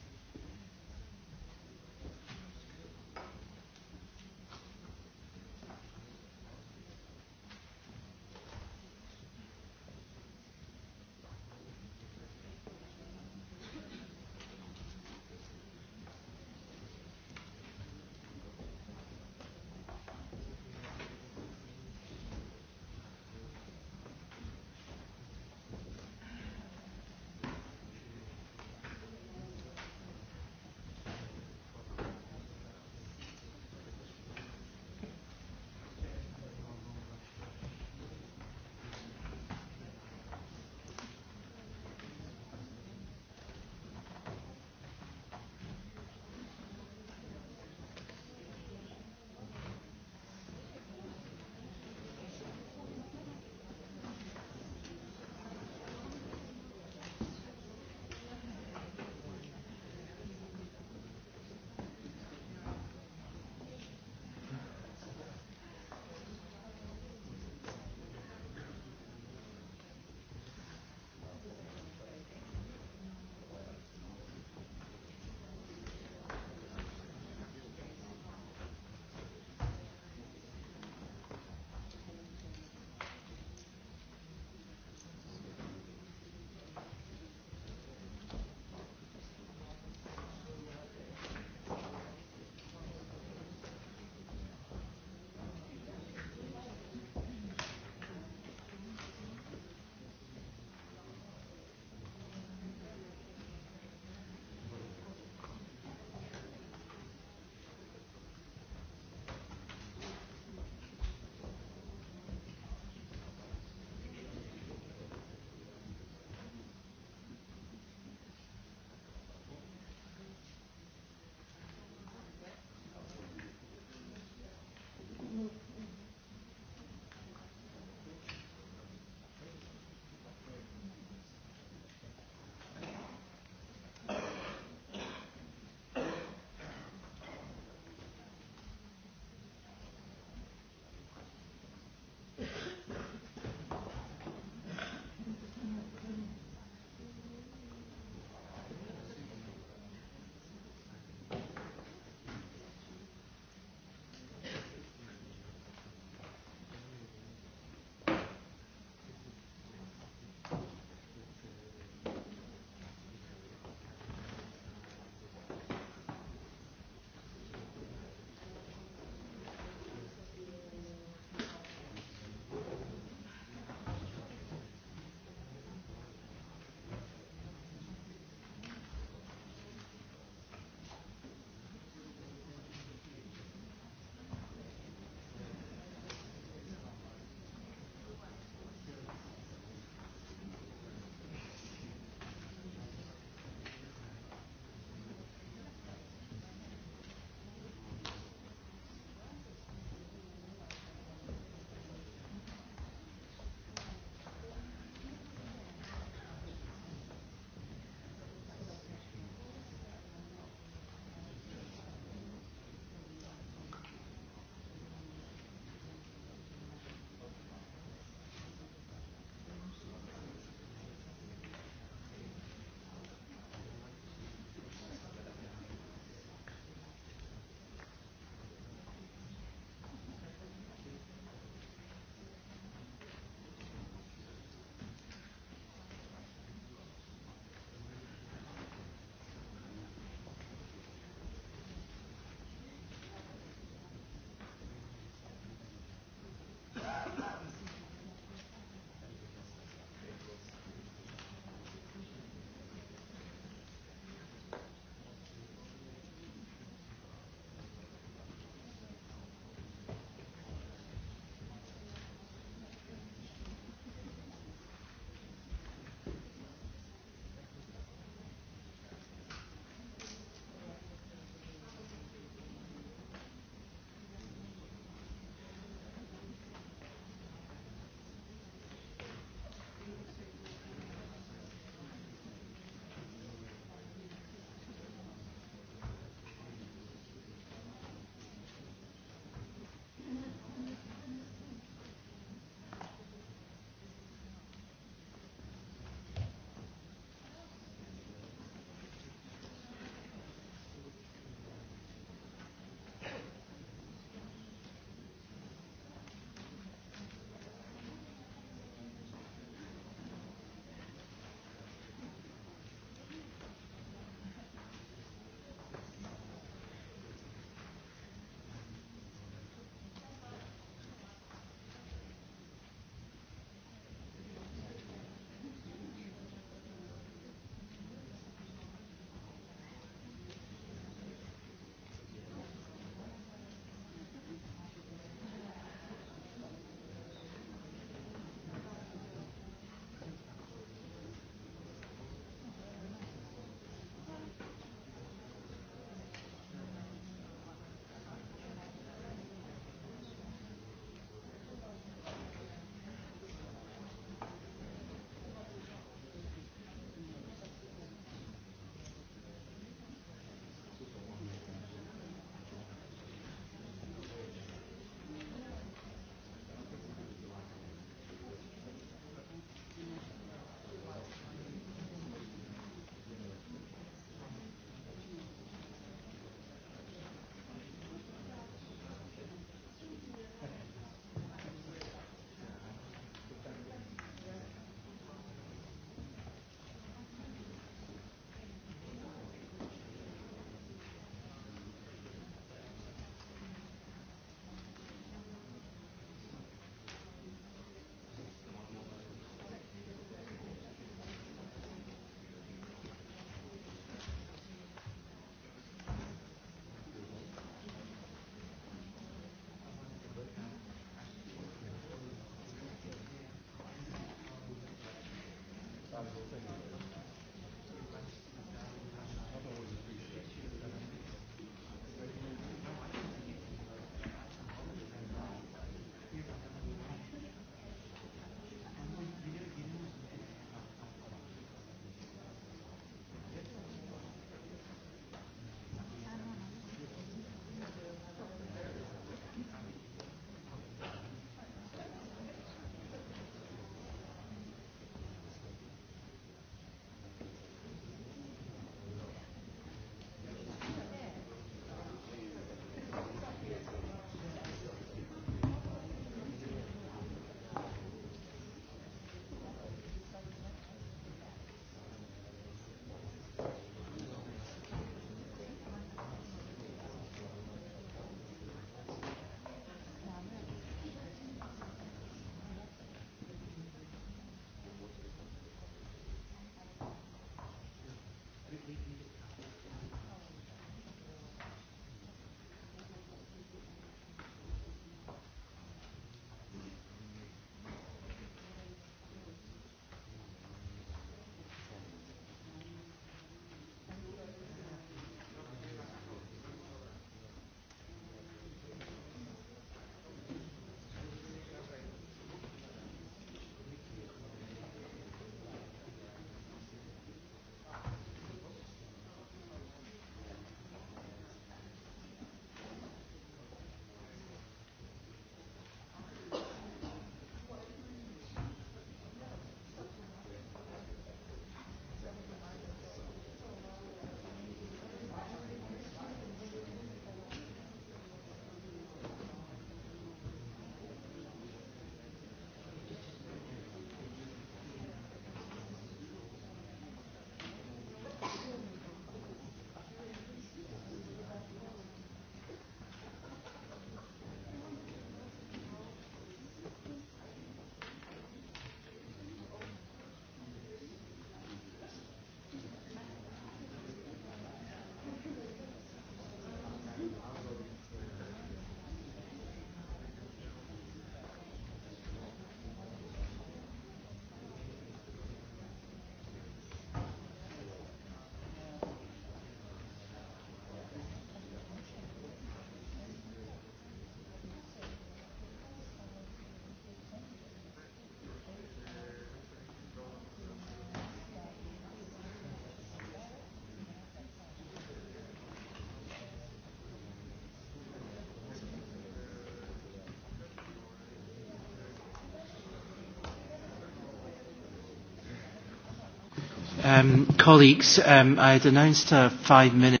Um, colleagues, um, I had announced a five minute.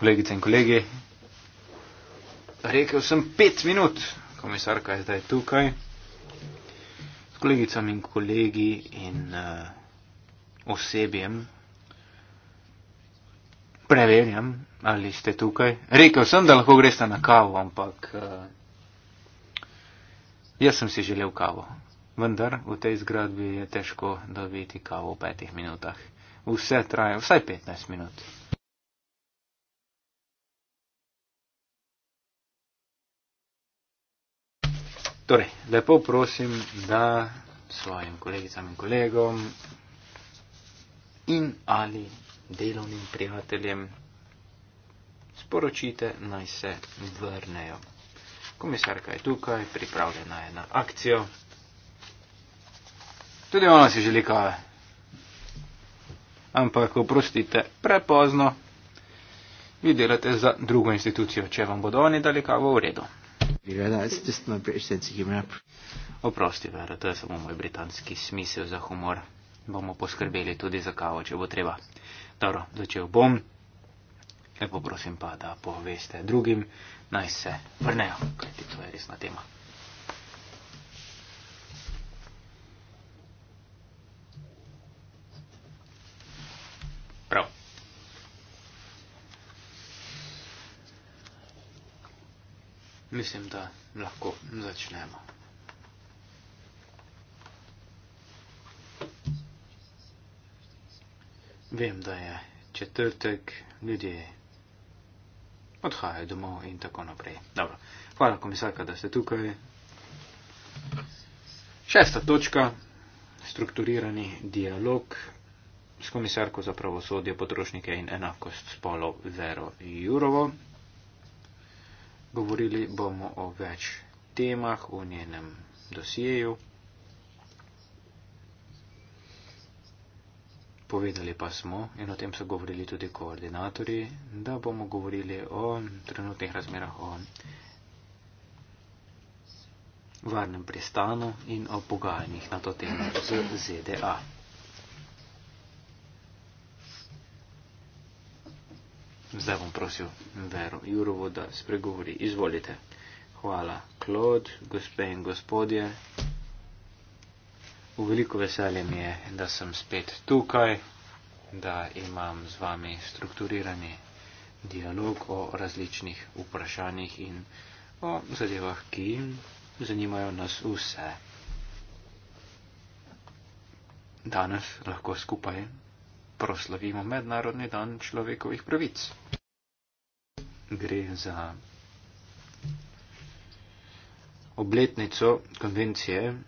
Kolegice in kolegi, rekel sem pet minut, komisarka je zdaj tukaj. S kolegicam in kolegi in uh, osebjem preverjam, ali ste tukaj. Rekel sem, da lahko greste na kavo, ampak uh, jaz sem si želel kavo vendar v tej zgradbi je težko dobiti kavo v petih minutah. Vse traja vsaj 15 minut. Torej, lepo prosim, da svojim kolegicam in kolegom in ali delovnim prijateljem sporočite, naj se vrnejo. Komisarka je tukaj, pripravljena je na akcijo. Tudi ona si želi kave. Ampak, oprostite, prepozno. Vi delate za drugo institucijo, če vam bodo oni dali kavo v redu. Oprosti, vera, to je samo moj britanski smisel za humor. Bomo poskrbeli tudi za kavo, če bo treba. Dobro, začel bom. Lepo prosim pa, da poveste drugim, naj se vrnejo, kajti to je resna tema. mislim, da lahko začnemo. Vem, da je četrtek, ljudje odhajajo domov in tako naprej. Dobro. Hvala, komisarka, da ste tukaj. Šesta točka. Strukturirani dialog s komisarko za pravosodje, potrošnike in enakost spolov Vero Jurovo govorili bomo o več temah v njenem dosijeju. Povedali pa smo, in o tem so govorili tudi koordinatori, da bomo govorili o trenutnih razmerah, o varnem pristanu in o pogajanjih na to temo z ZDA. Zdaj bom prosil Vero Jurovo, da spregovori. Izvolite. Hvala, Klod, gospe in gospodje. V veliko veselje mi je, da sem spet tukaj, da imam z vami strukturirani dialog o različnih vprašanjih in o zadevah, ki zanimajo nas vse. Danes lahko skupaj proslavimo Mednarodni dan človekovih pravic. Gre za obletnico konvencije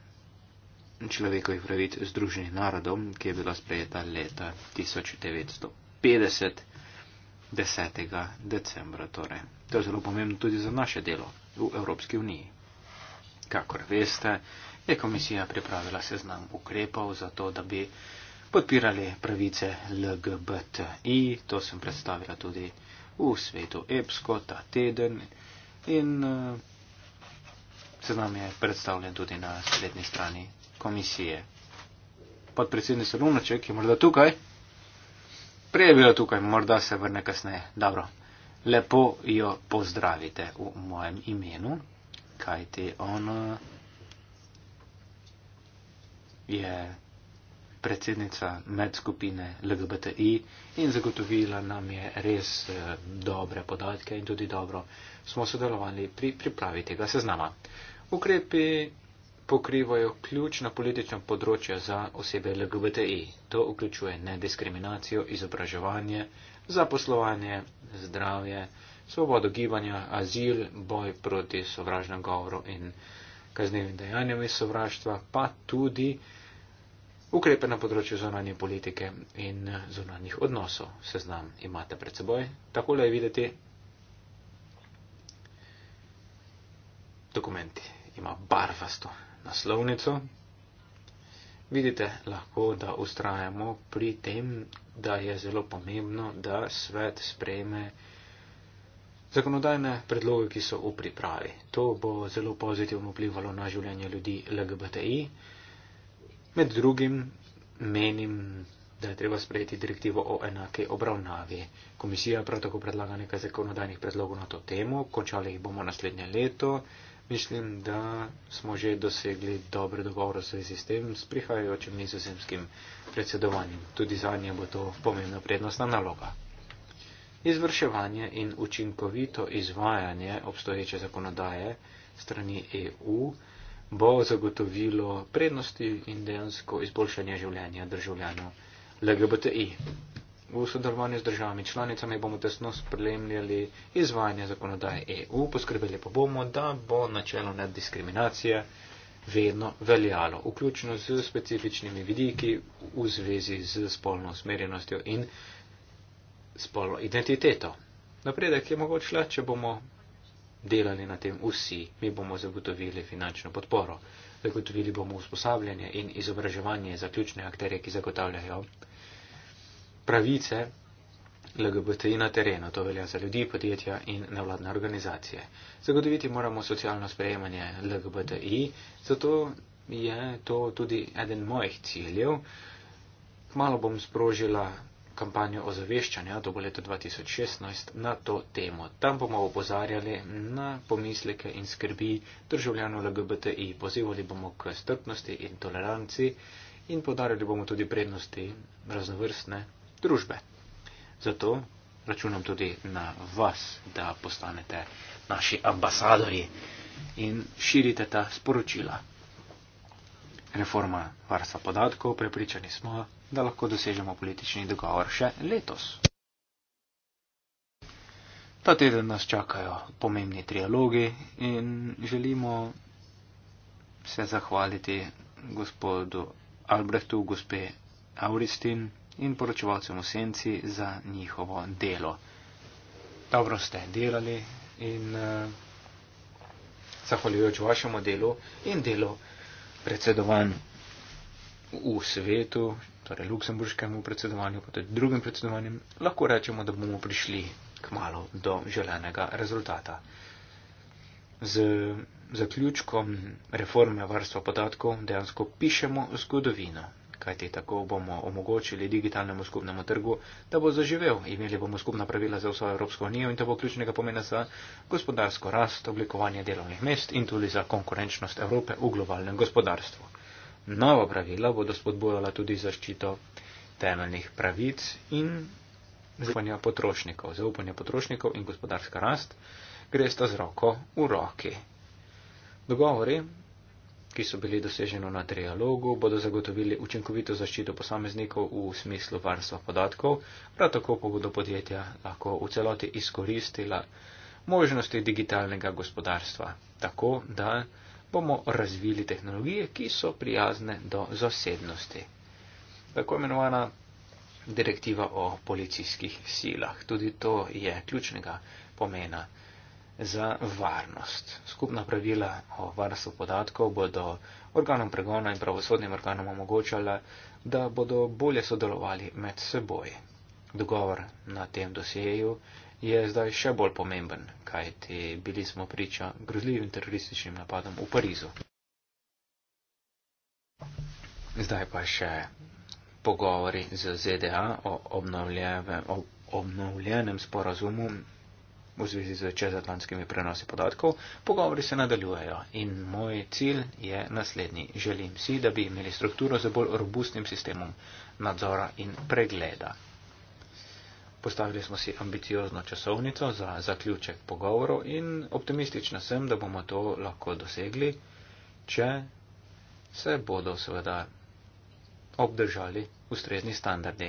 človekovih pravic Združenih narodov, ki je bila sprejeta leta 1950, 10. decembra. Torej. To je zelo pomembno tudi za naše delo v Evropski uniji. Kakor veste, je komisija pripravila seznam ukrepov za to, da bi podpirali pravice LGBTI, to sem predstavila tudi v svetu EPSKO ta teden in eh, seznam je predstavljen tudi na srednji strani komisije. Podpredsednik Salunoček je morda tukaj, prej je bila tukaj, morda se vrne kasneje. Dobro, lepo jo pozdravite v mojem imenu, kajti ona je. Yeah predsednica medskupine LGBTI in zagotovila nam je res eh, dobre podatke in tudi dobro smo sodelovali pri pripravi tega seznama. Ukrepi pokrivajo ključna politična področja za osebe LGBTI. To vključuje nediskriminacijo, izobraževanje, zaposlovanje, zdravje, svobodo gibanja, azil, boj proti sovražnemu govoru in kaznevim dejanjem iz sovraštva, pa tudi ukrepe na področju zonanje politike in zonanjih odnosov. Seznam imate pred seboj. Takole je videti. Dokumenti ima barvasto naslovnico. Vidite lahko, da ustrajamo pri tem, da je zelo pomembno, da svet sprejme zakonodajne predloge, ki so v pripravi. To bo zelo pozitivno vplivalo na življenje ljudi LGBTI. Med drugim menim, da je treba sprejeti direktivo o enake obravnavi. Komisija prav tako predlaga nekaj zakonodajnih predlogov na to temo, končali jih bomo naslednje leto. Mislim, da smo že dosegli dobre dogovore v zvezi s tem, s prihajajočim nizozemskim predsedovanjem. Tudi za nje bo to pomembna prednostna naloga. Izvrševanje in učinkovito izvajanje obstoječe zakonodaje strani EU bo zagotovilo prednosti in dejansko izboljšanje življenja državljanov LGBTI. V sodelovanju z državami članicami bomo tesno spremljali izvajanje zakonodaje EU, poskrbeli pa bomo, da bo načelo nediskriminacije vedno veljalo, vključno z specifičnimi vidiki v zvezi z spolno usmerjenostjo in spolno identiteto. Napredek je mogoče le, če bomo delali na tem vsi, mi bomo zagotovili finančno podporo, zagotovili bomo usposabljanje in izobraževanje za ključne akterje, ki zagotavljajo pravice LGBTI na terenu, to velja za ljudi, podjetja in nevladne organizacije. Zagotoviti moramo socialno sprejemanje LGBTI, zato je to tudi eden mojih ciljev. Malo bom sprožila kampanjo ozaveščanja do leta 2016 na to temo. Tam bomo opozarjali na pomisleke in skrbi državljanov LGBTI, pozivali bomo k strpnosti in toleranci in podarili bomo tudi prednosti raznovrstne družbe. Zato računam tudi na vas, da postanete naši ambasadori in širite ta sporočila. Reforma varstva podatkov, prepričani smo, da lahko dosežemo politični dogovor še letos. Ta teden nas čakajo pomembni trialogi in želimo se zahvaliti gospodu Albrehtu, gospe Auristin in poročevalcem v Senci za njihovo delo. Dobro ste delali in eh, zahvaljujoč vašemu delu in delu predsedovanj v svetu torej luksemburškemu predsedovanju, pa tudi drugim predsedovanjem, lahko rečemo, da bomo prišli k malo do želenega rezultata. Z zaključkom reforme varstva podatkov dejansko pišemo zgodovino, kajti tako bomo omogočili digitalnemu skupnemu trgu, da bo zaživel, imeli bomo skupna pravila za vso Evropsko unijo in to bo ključnega pomena za gospodarsko rast, oblikovanje delovnih mest in tudi za konkurenčnost Evrope v globalnem gospodarstvu. Nova pravila bodo spodbojala tudi zaščito temeljnih pravic in zaupanja potrošnikov. Zaupanje potrošnikov in gospodarska rast gre sta z roko v roki. Dogovori, ki so bili doseženi na trialogu, bodo zagotovili učinkovito zaščito posameznikov v smislu varstva podatkov, prav tako pa bodo podjetja lahko v celoti izkoristila možnosti digitalnega gospodarstva, tako da bomo razvili tehnologije, ki so prijazne do zasednosti. Tako imenovana direktiva o policijskih silah. Tudi to je ključnega pomena za varnost. Skupna pravila o varstvu podatkov bodo organom pregona in pravosodnim organom omogočala, da bodo bolje sodelovali med seboj. Dogovor na tem dosjeju je zdaj še bolj pomemben, kajti bili smo priča grozljivim terorističnim napadom v Parizu. Zdaj pa še pogovori z ZDA o obnovljenem sporazumu v zvezi z čezatlantskimi prenosi podatkov. Pogovori se nadaljujejo in moj cilj je naslednji. Želim si, da bi imeli strukturo za bolj robustnim sistemom nadzora in pregleda. Postavili smo si ambiciozno časovnico za zaključek pogovorov in optimistična sem, da bomo to lahko dosegli, če se bodo seveda obdržali ustrezni standardi.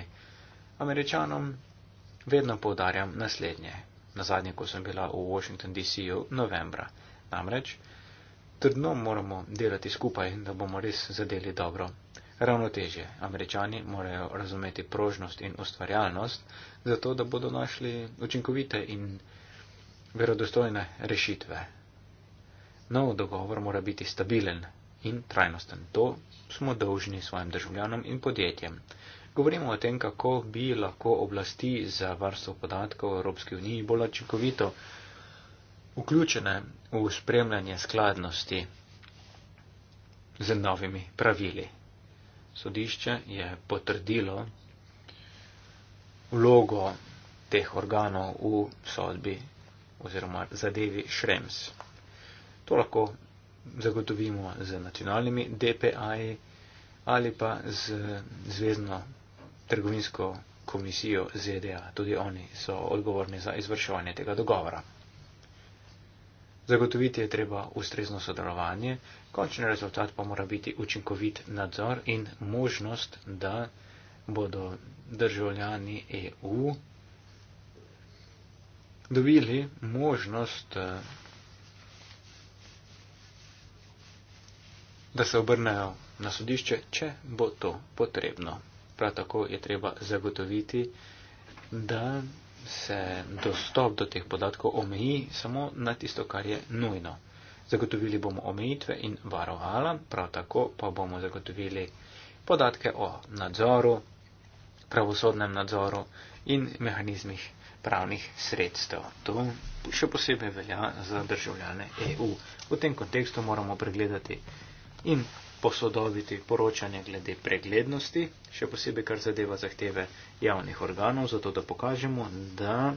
Američanom vedno povdarjam naslednje. Na zadnje, ko sem bila v Washington DC-ju novembra. Namreč, trdno moramo delati skupaj, da bomo res zadeli dobro ravnotežje. Američani morajo razumeti prožnost in ustvarjalnost, zato da bodo našli učinkovite in verodostojne rešitve. Nov dogovor mora biti stabilen in trajnosten. To smo dolžni svojim državljanom in podjetjem. Govorimo o tem, kako bi lahko oblasti za varstvo podatkov v Evropski uniji bolj učinkovito vključene v spremljanje skladnosti z novimi pravili sodišče je potrdilo vlogo teh organov v sodbi oziroma zadevi Šrems. To lahko zagotovimo z nacionalnimi DPI ali pa z Zvezdno trgovinsko komisijo ZDA. Tudi oni so odgovorni za izvrševanje tega dogovora. Zagotoviti je treba ustrezno sodelovanje, končni rezultat pa mora biti učinkovit nadzor in možnost, da bodo državljani EU dobili možnost, eh, da se obrnejo na sodišče, če bo to potrebno. Prav tako je treba zagotoviti, da se dostop do teh podatkov omeji samo na tisto, kar je nujno. Zagotovili bomo omejitve in varovala, prav tako pa bomo zagotovili podatke o nadzoru, pravosodnem nadzoru in mehanizmih pravnih sredstev. To še posebej velja za državljane EU. V tem kontekstu moramo pregledati in posodobiti poročanje glede preglednosti, še posebej kar zadeva zahteve javnih organov, zato da pokažemo, da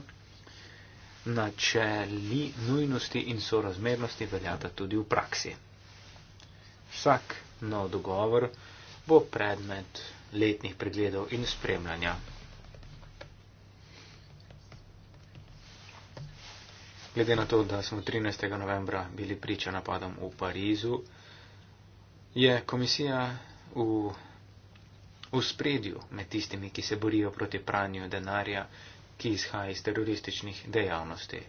načeli nujnosti in sorazmernosti veljata tudi v praksi. Vsak nov dogovor bo predmet letnih pregledov in spremljanja. Glede na to, da smo 13. novembra bili priča napadom v Parizu, je komisija v, v spredju med tistimi, ki se borijo proti pranju denarja, ki izhaja iz terorističnih dejavnosti.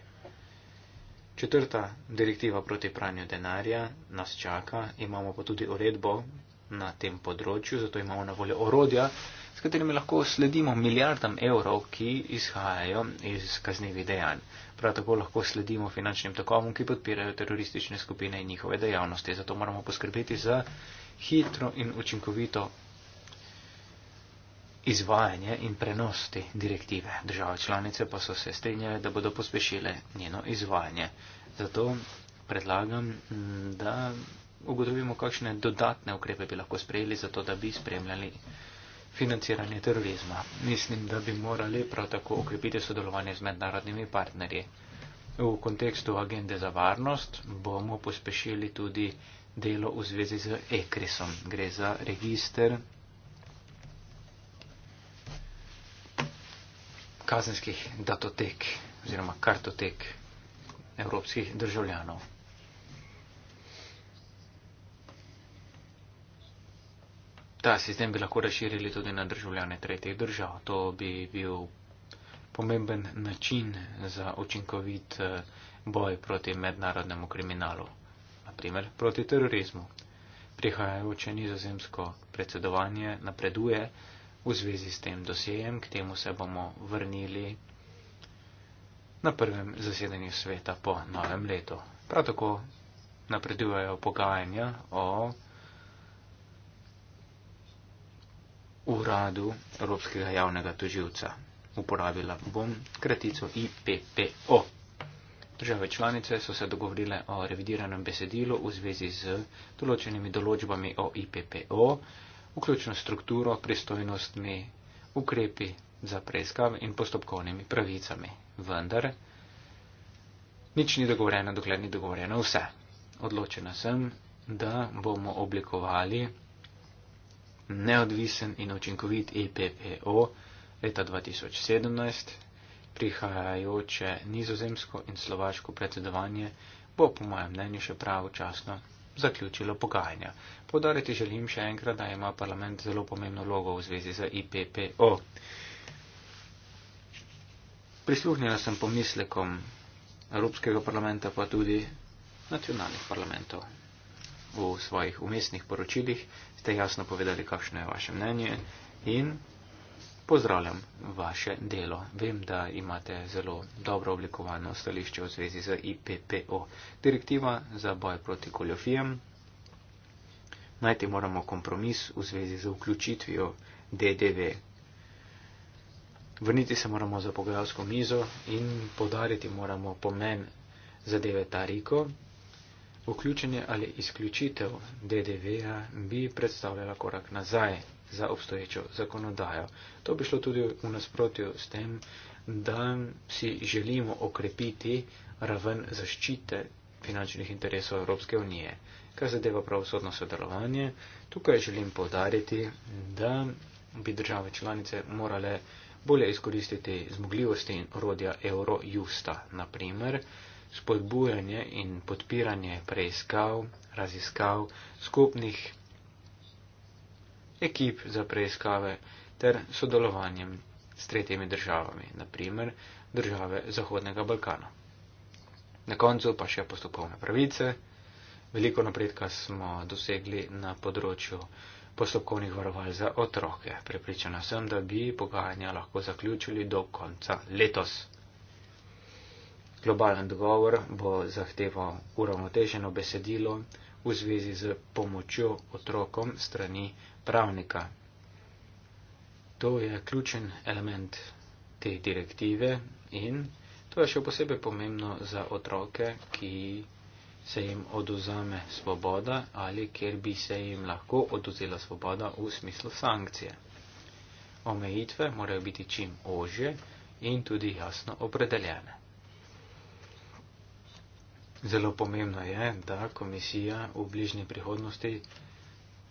Četrta direktiva proti pranju denarja nas čaka, imamo pa tudi uredbo na tem področju, zato imamo na voljo orodja, s katerimi lahko sledimo milijardam evrov, ki izhajajo iz kaznevih dejanj. Prav tako lahko sledimo finančnim tokovom, ki podpirajo teroristične skupine in njihove dejavnosti. Zato moramo poskrbeti za hitro in učinkovito izvajanje in prenos te direktive. Države članice pa so se strinjale, da bodo pospešile njeno izvajanje. Zato predlagam, mm, da ugotovimo, kakšne dodatne ukrepe bi lahko sprejeli, zato da bi spremljali financiranje terorizma. Mislim, da bi morali prav tako ukrepiti sodelovanje z mednarodnimi partnerji. V kontekstu agende za varnost bomo pospešili tudi delo v zvezi z ECRISom. Gre za registr kazenskih datotek oziroma kartotek evropskih državljanov. ta sistem bi lahko razširili tudi na državljane tretjih držav. To bi bil pomemben način za učinkovit eh, boj proti mednarodnemu kriminalu, naprimer proti terorizmu. Prihajajoče nizozemsko predsedovanje napreduje v zvezi s tem dosejem, k temu se bomo vrnili na prvem zasedanju sveta po novem letu. Prav tako napredujejo pogajanja o uradu Evropskega javnega toživca. Uporabila bom kratico IPPO. Države članice so se dogovorile o revidiranem besedilu v zvezi z določenimi določbami o IPPO, vključno strukturo, pristojnostmi, ukrepi za preiskav in postopkovnimi pravicami. Vendar nič ni dogovorjeno, dokler ni dogovorjeno vse. Odločena sem, da bomo oblikovali neodvisen in očinkovit EPPO leta 2017, prihajajoče nizozemsko in slovaško predsedovanje bo po mojem mnenju še pravočasno zaključilo pogajanja. Podariti želim še enkrat, da ima parlament zelo pomembno logo v zvezi z IPPO. E Prisluhnila sem pomislekom Evropskega parlamenta, pa tudi nacionalnih parlamentov v svojih umestnih poročilih, ste jasno povedali, kakšno je vaše mnenje in pozdravljam vaše delo. Vem, da imate zelo dobro oblikovano stališče v zvezi z IPPO, direktiva za boj proti koljofijem. Najti moramo kompromis v zvezi z vključitvijo DDV. Vrniti se moramo za pogajalsko mizo in podariti moramo pomen zadeve Tariko Vključenje ali izključitev DDV-ja bi predstavljala korak nazaj za obstoječo zakonodajo. To bi šlo tudi v nasprotju s tem, da si želimo okrepiti raven zaščite finančnih interesov Evropske unije. Kar zadeva pravosodno sodelovanje, tukaj želim povdariti, da bi države članice morale bolje izkoristiti zmogljivosti in orodja Eurojusta, naprimer, spodbujanje in podpiranje preiskav, raziskav, skupnih ekip za preiskave ter sodelovanjem s tretjimi državami, naprimer države Zahodnega Balkana. Na koncu pa še postopkovne pravice. Veliko napredka smo dosegli na področju postopkovnih varoval za otroke. Pripričana sem, da bi pogajanja lahko zaključili do konca letos. Globalen dogovor bo zahteval uravnoteženo besedilo v zvezi z pomočjo otrokom strani pravnika. To je ključen element te direktive in to je še posebej pomembno za otroke, ki se jim oduzame svoboda ali kjer bi se jim lahko oduzela svoboda v smislu sankcije. Omejitve morajo biti čim ože in tudi jasno opredeljene. Zelo pomembno je, da komisija v bližnji prihodnosti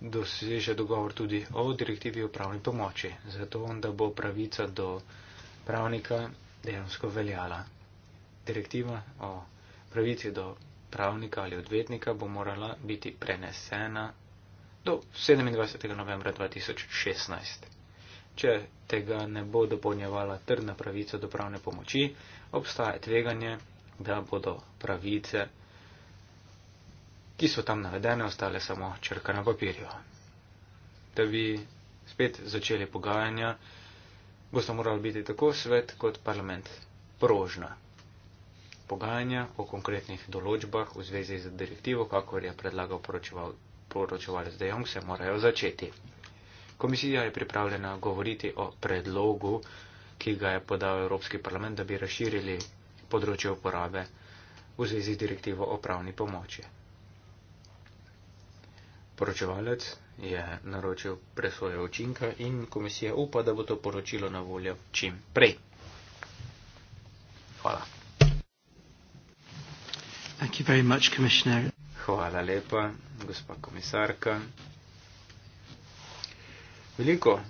doseže dogovor tudi o direktivi o pravni pomoči, zato da bo pravica do pravnika dejansko veljala. Direktiva o pravici do pravnika ali odvetnika bo morala biti prenesena do 27. novembra 2016. Če tega ne bo dopolnjevala trdna pravica do pravne pomoči, obstaja tveganje, da bodo pravice, ki so tam navedene, ostale samo črka na papirju. Da bi spet začeli pogajanja, bo sta morali biti tako svet kot parlament prožna. Pogajanja o konkretnih določbah v zvezi z direktivo, kakor je predlagal poročevalec De Jong, se morajo začeti. Komisija je pripravljena govoriti o predlogu, ki ga je podal Evropski parlament, da bi razširili področje uporabe v zvezi z direktivo o pravni pomoči. Poročevalec je naročil presoje učinka in komisija upa, da bo to poročilo na voljo čim prej. Hvala. Thank you very much, Commissioner. Hvala lepa, gospa komisarka. Veliko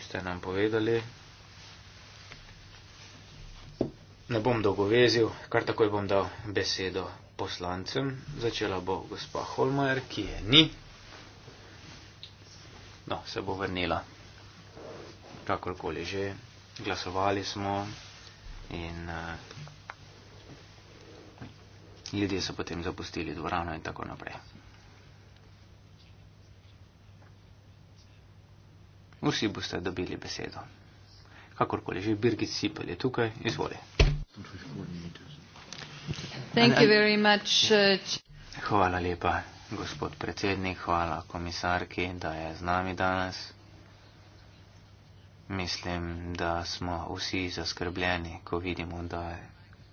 ste nam povedali, ne bom dolgovezil, kar takoj bom dal besedo poslancem. Začela bo gospa Holmajer, ki je ni. No, se bo vrnila. Kakorkoli že, glasovali smo in uh, ljudje so potem zapustili dvorano in tako naprej. Vsi boste dobili besedo. Kakorkoli že, Birgit Sipel je tukaj, izvoli. Uh, hvala lepa, gospod predsednik, hvala komisarki, da je z nami danes. Mislim, da smo vsi zaskrbljeni, ko vidimo, da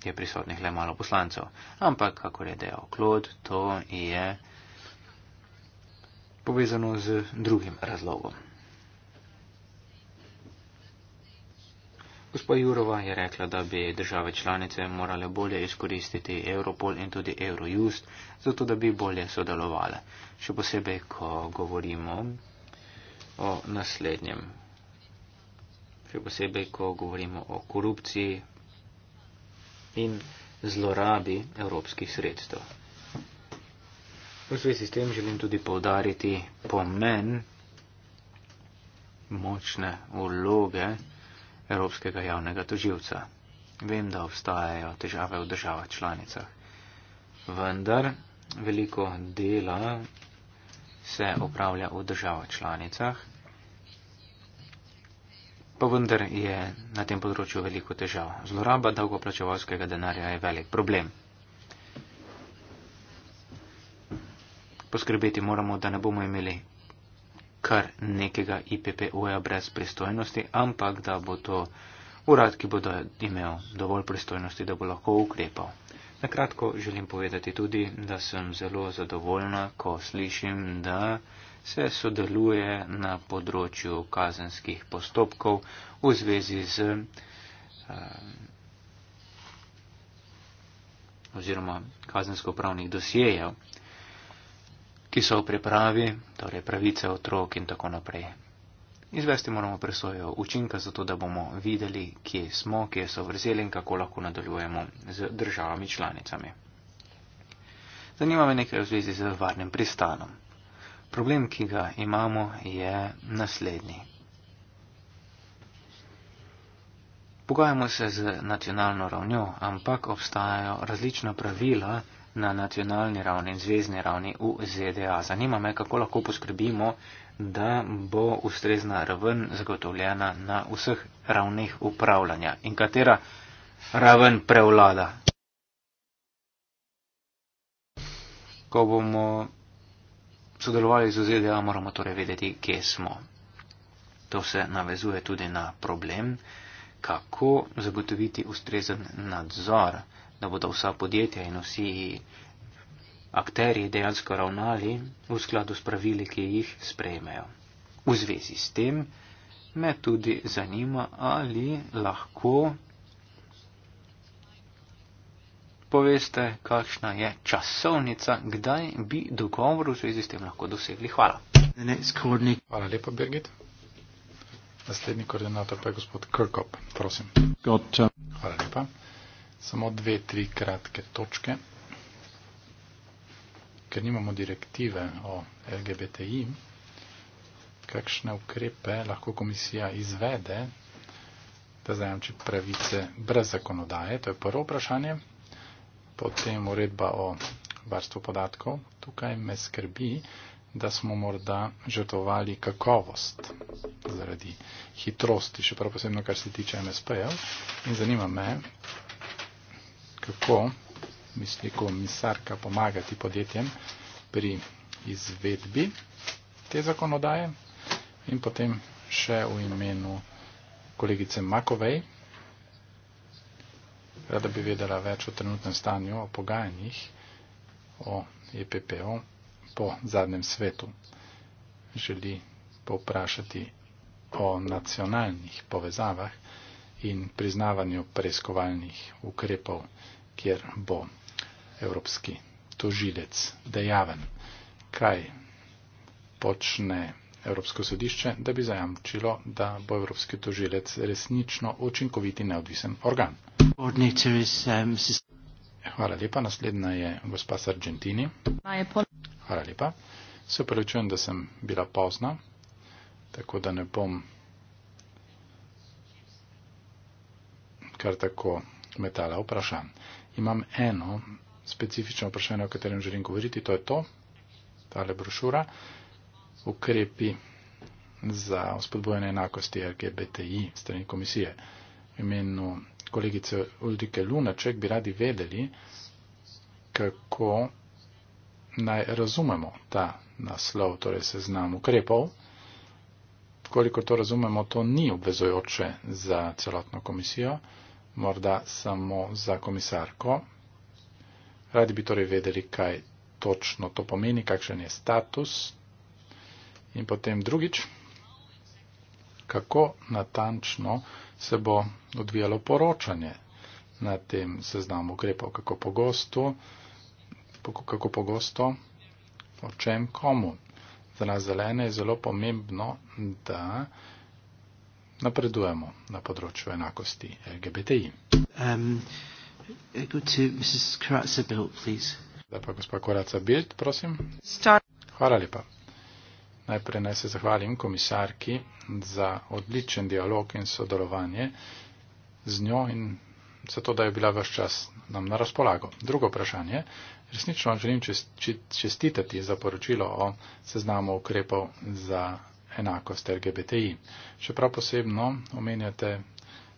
je prisotnih le malo poslancev. Ampak, kako je dejal Klod, to je povezano z drugim razlogom. Gospa Jurova je rekla, da bi države članice morale bolje izkoristiti Europol in tudi Eurojust, zato da bi bolje sodelovali. Še posebej, ko govorimo o naslednjem. Še posebej, ko govorimo o korupciji in zlorabi evropskih sredstev. V zvezi s tem želim tudi povdariti pomen močne vloge Evropskega javnega toživca. Vem, da obstajajo težave v državah članicah. Vendar veliko dela se opravlja v državah članicah, pa vendar je na tem področju veliko težav. Zloraba dolgoplačevalskega denarja je velik problem. Poskrbeti moramo, da ne bomo imeli kar nekega IPPO-ja brez pristojnosti, ampak da bo to urad, ki bo imel dovolj pristojnosti, da bo lahko ukrepal. Na kratko želim povedati tudi, da sem zelo zadovoljna, ko slišim, da se sodeluje na področju kazenskih postopkov v zvezi z. Eh, oziroma kazensko-pravnih dosijejev ki so v pripravi, torej pravice otrok in tako naprej. Izvesti moramo presojo učinka, zato da bomo videli, kje smo, kje so vrzeli in kako lahko nadaljujemo z državami članicami. Zanima me nekaj v zvezi z varnim pristanom. Problem, ki ga imamo, je naslednji. Pogajamo se z nacionalno ravnjo, ampak obstajajo različna pravila, na nacionalni ravni in zvezdni ravni v ZDA. Zanima me, kako lahko poskrbimo, da bo ustrezna raven zagotovljena na vseh ravneh upravljanja in katera raven prevlada. Ko bomo sodelovali z ZDA, moramo torej vedeti, kje smo. To se navezuje tudi na problem, kako zagotoviti ustrezen nadzor da bodo vsa podjetja in vsi akteri dejansko ravnali v skladu s pravili, ki jih sprejmejo. V zvezi s tem me tudi zanima, ali lahko poveste, kakšna je časovnica, kdaj bi dogovor v zvezi s tem lahko dosegli. Hvala. Hvala lepa, Birgit. Naslednji koordinator pa je gospod Krkop. Prosim. Hvala lepa samo dve, tri kratke točke. Ker nimamo direktive o LGBTI, kakšne ukrepe lahko komisija izvede, da zajamči pravice brez zakonodaje, to je prvo vprašanje. Potem uredba o varstvu podatkov. Tukaj me skrbi, da smo morda žrtovali kakovost zaradi hitrosti, še prav posebno, kar se tiče MSP-jev. In zanima me, kako misli komisarka pomagati podjetjem pri izvedbi te zakonodaje in potem še v imenu kolegice Makovej. Rada bi vedela več o trenutnem stanju, o pogajanjih, o EPPO po zadnjem svetu. Želi povprašati o nacionalnih povezavah in priznavanju preiskovalnih ukrepov kjer bo evropski tožilec dejaven, kaj počne Evropsko sodišče, da bi zajamčilo, da bo evropski tožilec resnično učinkoviti neodvisen organ. Um, Hvala lepa, naslednja je gospa Sargentini. Hvala lepa. Se upravičujem, da sem bila pozna, tako da ne bom kar tako metala vprašanj imam eno specifično vprašanje, o katerem želim govoriti. To je to, tale brošura, ukrepi za spodbojanje enakosti LGBTI strani komisije. V imenu kolegice Uldike Lunaček bi radi vedeli, kako naj razumemo ta naslov, torej seznam ukrepov. Koliko to razumemo, to ni obvezojoče za celotno komisijo morda samo za komisarko. Radi bi torej vedeli, kaj točno to pomeni, kakšen je status. In potem drugič, kako natančno se bo odvijalo poročanje na tem seznamu ukrepov, kako pogosto, kako pogosto, o čem komu. Za nas zelene je zelo pomembno, da napredujemo na področju enakosti LGBTI. Um, da pa gospod Koraca Bild, prosim. Star. Hvala lepa. Najprej naj se zahvalim komisarki za odličen dialog in sodelovanje z njo in zato, da je bila vaš čas nam na razpolago. Drugo vprašanje. Resnično želim čest, čest, čestitati za poročilo o seznamu ukrepov za enakost LGBTI. Še prav posebno omenjate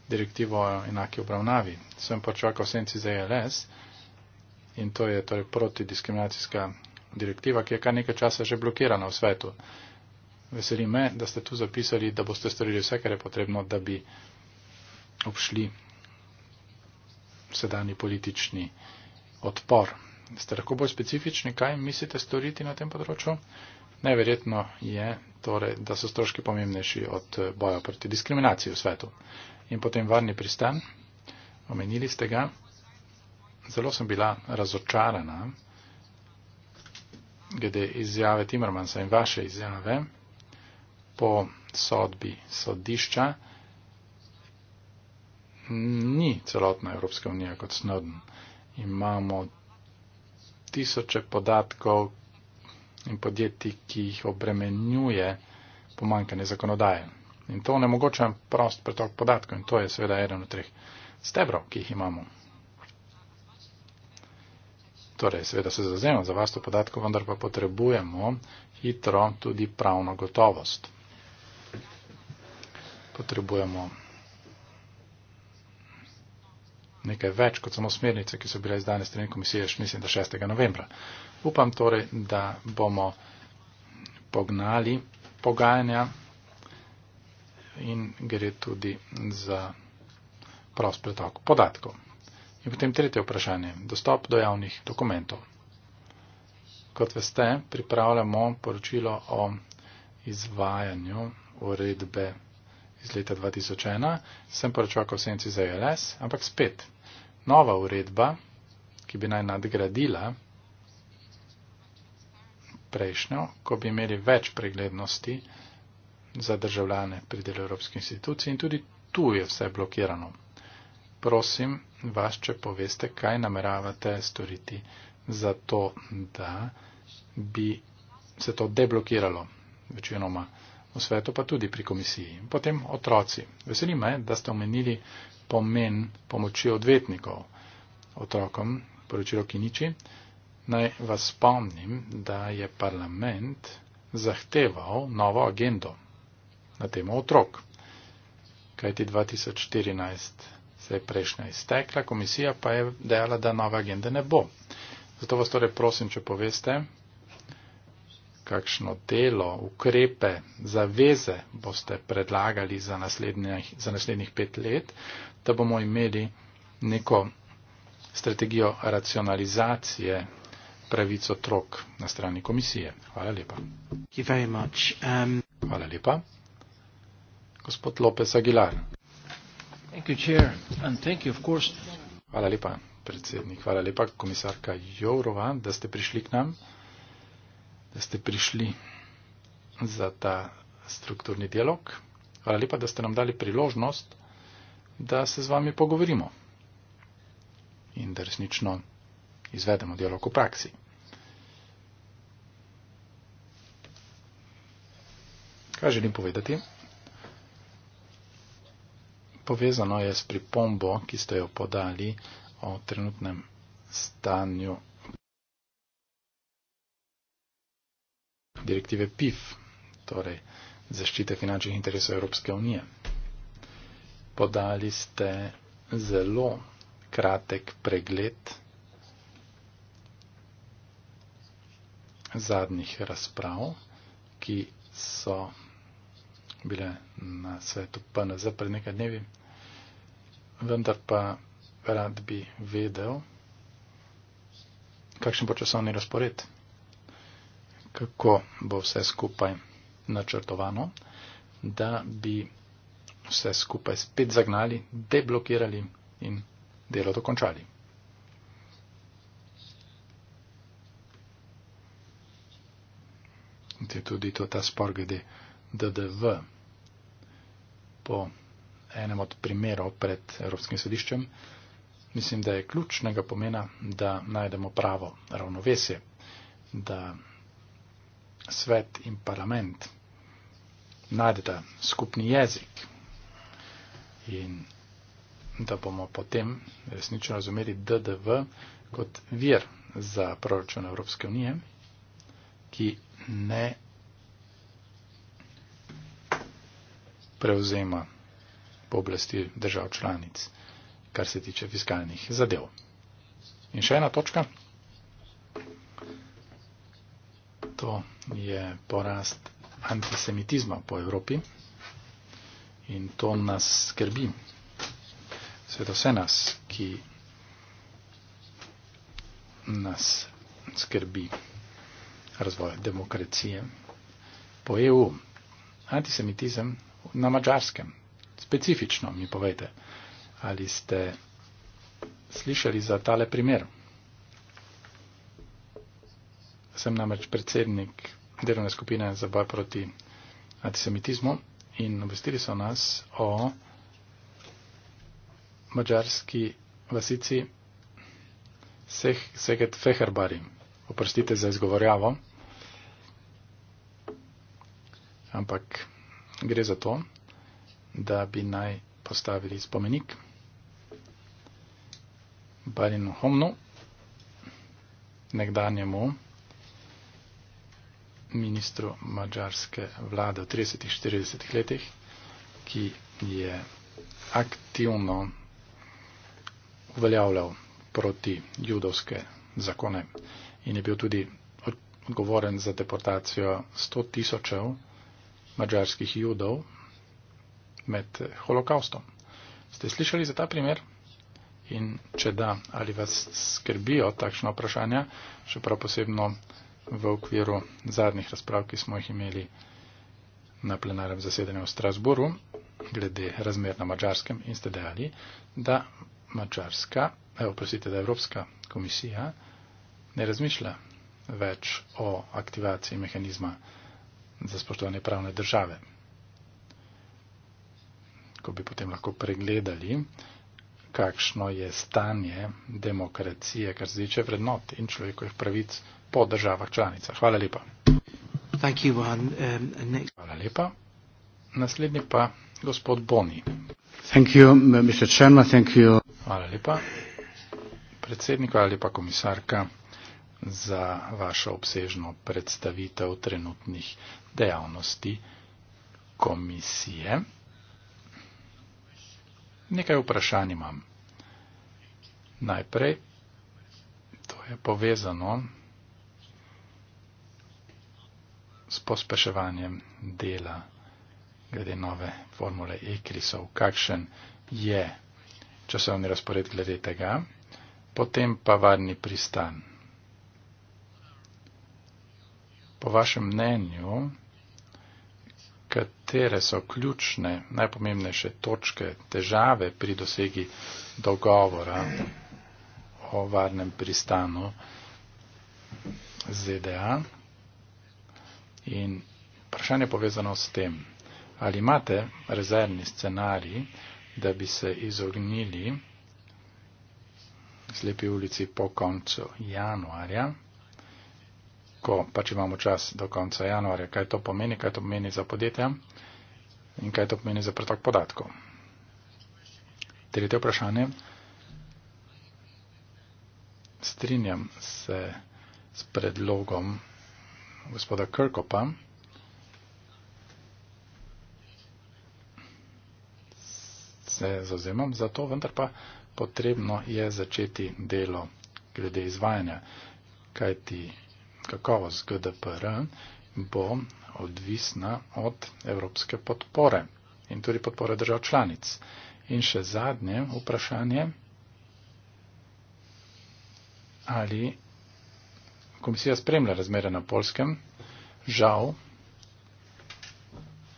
direktivo o enaki obravnavi. Sem pa čakal senci za ELS in to je torej protidiskriminacijska direktiva, ki je kar nekaj časa že blokirana v svetu. Veseli me, da ste tu zapisali, da boste storili vse, kar je potrebno, da bi obšli sedani politični odpor. Ste lahko bolj specifični, kaj mislite storiti na tem področju? Najverjetno je, torej, da so stroški pomembnejši od eh, boja proti diskriminaciji v svetu. In potem varni pristan, omenili ste ga, zelo sem bila razočarana glede izjave Timmermansa in vaše izjave po sodbi sodišča. Ni celotna Evropska unija kot Snowden. Imamo tisoče podatkov, in podjetij, ki jih obremenjuje pomankanje zakonodaje. In to onemogoča prost pretok podatkov in to je seveda eden od treh stebrov, ki jih imamo. Torej, seveda se zazemo za vasto podatkov, vendar pa potrebujemo hitro tudi pravno gotovost. Potrebujemo nekaj več kot samo smernice, ki so bile izdane strani komisije še mislim, da 6. novembra. Upam torej, da bomo pognali pogajanja in gre tudi za prost pretok podatkov. In potem tretje vprašanje. Dostop do javnih dokumentov. Kot veste, pripravljamo poročilo o izvajanju uredbe iz leta 2001. Sem poročal v senci za ELS, ampak spet. Nova uredba, ki bi naj nadgradila prejšnjo, ko bi imeli več preglednosti za državljane pri delu Evropske institucije in tudi tu je vse blokirano. Prosim vas, če poveste, kaj nameravate storiti za to, da bi se to deblokiralo večinoma v svetu, pa tudi pri komisiji. Potem otroci. Veseli me, da ste omenili pomen pomoči odvetnikov otrokom, poročilo Kiniči. Naj vas spomnim, da je parlament zahteval novo agendo na temo otrok. Kajti 2014 se je prejšnja iztekla, komisija pa je dejala, da nove agende ne bo. Zato vas torej prosim, če poveste, kakšno delo, ukrepe, zaveze boste predlagali za naslednjih, za naslednjih pet let, da bomo imeli neko strategijo racionalizacije pravic otrok na strani komisije. Hvala lepa. Um... Hvala lepa. Gospod Lopez Aguilar. Thank you, chair. And thank you, of course. Hvala lepa, predsednik. Hvala lepa, komisarka Jourova, da ste prišli k nam, da ste prišli za ta strukturni dialog. Hvala lepa, da ste nam dali priložnost, da se z vami pogovorimo in da resnično izvedemo dialog v praksi. Kaj želim povedati? Povezano je s pripombo, ki ste jo podali o trenutnem stanju direktive PIF, torej zaščite finančnih interesov Evropske unije. Podali ste zelo kratek pregled zadnjih razprav, ki so bile na svetu PNZ pred nekaj dnevi, vendar pa rad bi vedel, kakšen bo časovni razpored, kako bo vse skupaj načrtovano, da bi vse skupaj spet zagnali, deblokirali in delo dokončali. je tudi to, ta spor glede DDV. Po enem od primerov pred Evropskim sodiščem mislim, da je ključnega pomena, da najdemo pravo ravnovesje, da svet in parlament najdeta skupni jezik in da bomo potem resnično razumeli DDV kot vir za proračun Evropske unije, ki ne prevzema pooblasti držav članic, kar se tiče fiskalnih zadev. In še ena točka. To je porast antisemitizma po Evropi in to nas skrbi. Sveto vse nas, ki nas skrbi razvoja demokracije. Po EU, antisemitizem na mačarskem, specifično mi povejte, ali ste slišali za tale primer. Sem namreč predsednik delovne skupine za boj proti antisemitizmu in obvestili so nas o mačarski vasici Seget Feherbari. Oprostite za izgovorjavo ampak gre za to, da bi naj postavili spomenik Barinu Homnu, nekdanjemu ministru mađarske vlade v 30-40 letih, ki je aktivno uveljavljal proti judovske zakone in je bil tudi odgovoren za deportacijo 100 tisočev mađarskih judov med holokaustom. Ste slišali za ta primer? In če da, ali vas skrbijo takšna vprašanja, še prav posebno v okviru zadnjih razprav, ki smo jih imeli na plenarnem zasedanju v Strasburu, glede razmer na mađarskem in ste dejali, da mađarska, evo, eh, prosite, da Evropska komisija ne razmišlja več o aktivaciji mehanizma za spoštovanje pravne države. Ko bi potem lahko pregledali, kakšno je stanje demokracije, kar se tiče vrednot in človekovih pravic po državah članicah. Hvala lepa. Thank you, um, next... Hvala lepa. Naslednji pa gospod Boni. Thank you, Mr. Chairman, thank you. Hvala lepa. Predsednik, hvala lepa komisarka za vašo obsežno predstavitev trenutnih dejavnosti komisije. Nekaj vprašanj imam. Najprej, to je povezano s pospeševanjem dela glede nove formule ekrisov, kakšen je časovni razpored glede tega, potem pa varni pristan. po vašem mnenju, katere so ključne, najpomembnejše točke, težave pri dosegi dogovora o varnem pristanu ZDA in vprašanje povezano s tem, ali imate rezervni scenarij, da bi se izognili slepi ulici po koncu januarja, ko pač imamo čas do konca januarja, kaj to pomeni, kaj to pomeni za podjetja in kaj to pomeni za pretok podatkov. Tretje vprašanje. Strinjam se s predlogom gospoda Krkopa. Se zazemam za to, vendar pa potrebno je začeti delo glede izvajanja, kajti kakovost GDPR bo odvisna od evropske podpore in tudi podpore držav članic. In še zadnje vprašanje, ali komisija spremlja razmere na polskem, žal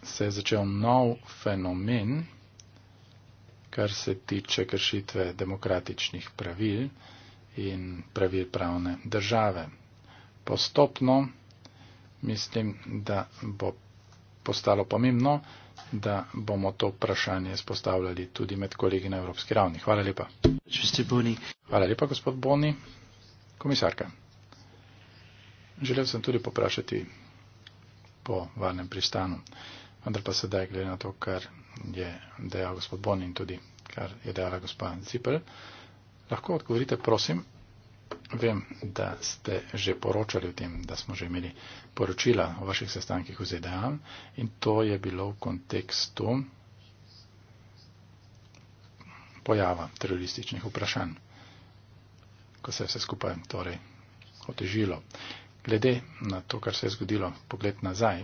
se je začel nov fenomen, kar se tiče kršitve demokratičnih pravil in pravil pravne države postopno, mislim, da bo postalo pomembno, da bomo to vprašanje spostavljali tudi med kolegi na evropski ravni. Hvala lepa. Hvala lepa, gospod Boni. Komisarka, želel sem tudi poprašati po varnem pristanu, vendar pa sedaj glede na to, kar je dejal gospod Boni in tudi kar je dejala gospod Zipel, lahko odgovorite, prosim, Vem, da ste že poročali o tem, da smo že imeli poročila o vaših sestankih v ZDA in to je bilo v kontekstu pojava terorističnih vprašanj, ko se je vse skupaj torej otežilo. Glede na to, kar se je zgodilo pogled nazaj,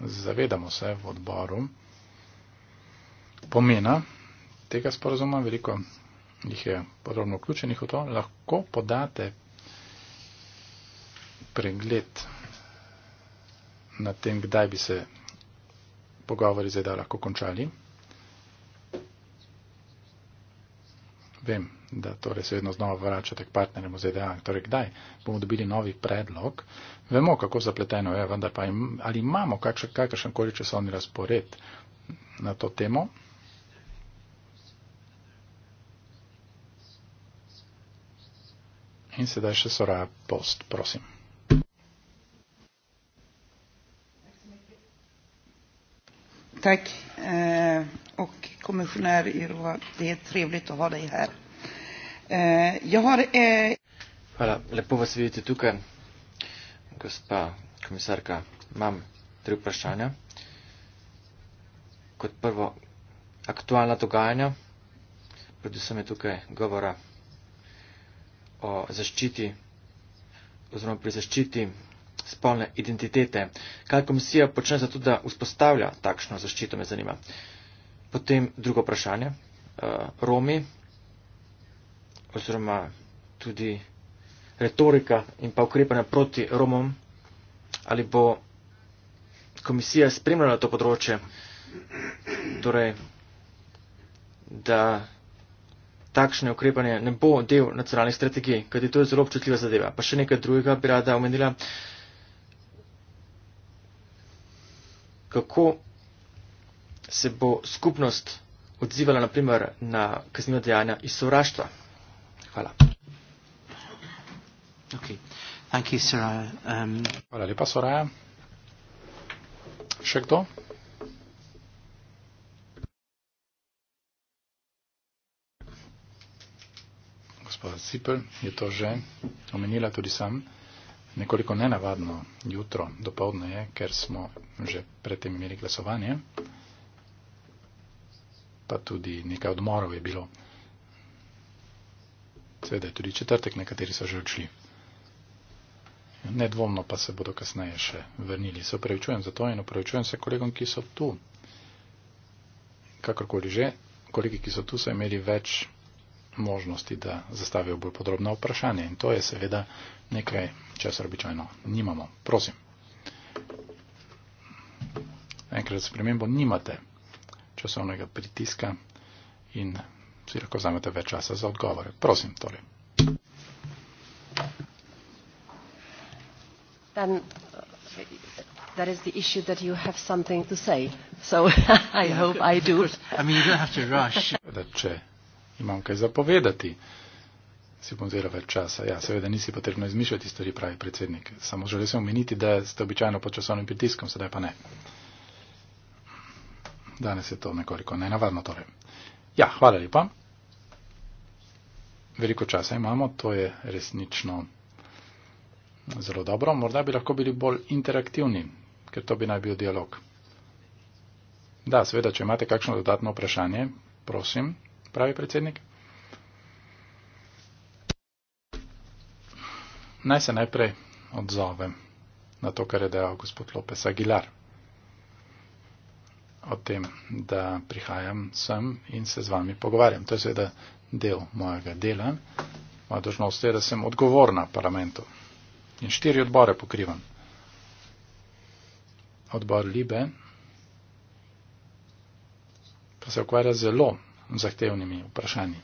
zavedamo se v odboru pomena tega sporozuma, veliko jih je podrobno vključenih v to, lahko podate pregled na tem, kdaj bi se pogovori zdaj lahko končali. Vem, da torej se vedno znova vračate k partnerjem v ZDA, torej kdaj bomo dobili novi predlog. Vemo, kako zapleteno je, vendar pa im, ali imamo kakšen, kakšen koli časovni razpored na to temo. In sedaj še sora post, prosim. Tack, eh, och kommissionär Irva, det är trevligt att ha dig här. Eh, jag har... Eh... Hvala, lepo vas vidite tukaj, gospa komisarka. Imam tri vprašanja. Kot prvo, aktualna dogajanja, predvsem je tukaj govora o zaščiti oziroma pri zaščiti spolne identitete. Kaj komisija počne za to, da vzpostavlja takšno zaščito, me zanima. Potem drugo vprašanje. Eh, Romi oziroma tudi retorika in pa ukrepanja proti Romom, ali bo komisija spremljala to področje, torej, da takšne ukrepanje ne bo del nacionalnih strategij, kajti to je zelo občutljiva zadeva. Pa še nekaj drugega bi rada omenila, kako se bo skupnost odzivala naprimer na kaznjiva dejanja iz sovraštva. Hvala. Okay. Thank you, Soraya. Um... Hvala lepa, Soraya. Še kdo? gospa Sipr je to že omenila tudi sam. Nekoliko nenavadno jutro dopoldne je, ker smo že predtem imeli glasovanje, pa tudi nekaj odmorov je bilo. Seveda je tudi četrtek, nekateri so že odšli. Nedvomno pa se bodo kasneje še vrnili. Se upravičujem za to in upravičujem se kolegom, ki so tu. Kakorkoli že, kolegi, ki so tu, so imeli več možnosti, da zastavijo bolj podrobna vprašanja. In to je seveda nekaj, česar običajno nimamo. Prosim. Enkrat spremembo nimate časovnega pritiska in si lahko zamete več časa za odgovore. Prosim, torej. Then uh, that is the issue that you have something to say. So I hope I do. I mean, you don't have to rush imam kaj zapovedati. Si bom vzela več časa. Ja, seveda nisi potrebno izmišljati stvari, pravi predsednik. Samo želel sem omeniti, da ste običajno pod časovnim pritiskom, sedaj pa ne. Danes je to nekoliko nenavadno torej. Ja, hvala lepa. Veliko časa imamo, to je resnično zelo dobro. Morda bi lahko bili bolj interaktivni, ker to bi naj bil dialog. Da, seveda, če imate kakšno dodatno vprašanje, prosim, pravi predsednik. Naj se najprej odzovem na to, kar je dejal gospod Lopes Aguilar o tem, da prihajam sem in se z vami pogovarjam. To je seveda del mojega dela. Moja dožnost je, da sem odgovorna parlamentu in štiri odbore pokrivam. Odbor Libe pa se ukvarja zelo zahtevnimi vprašanji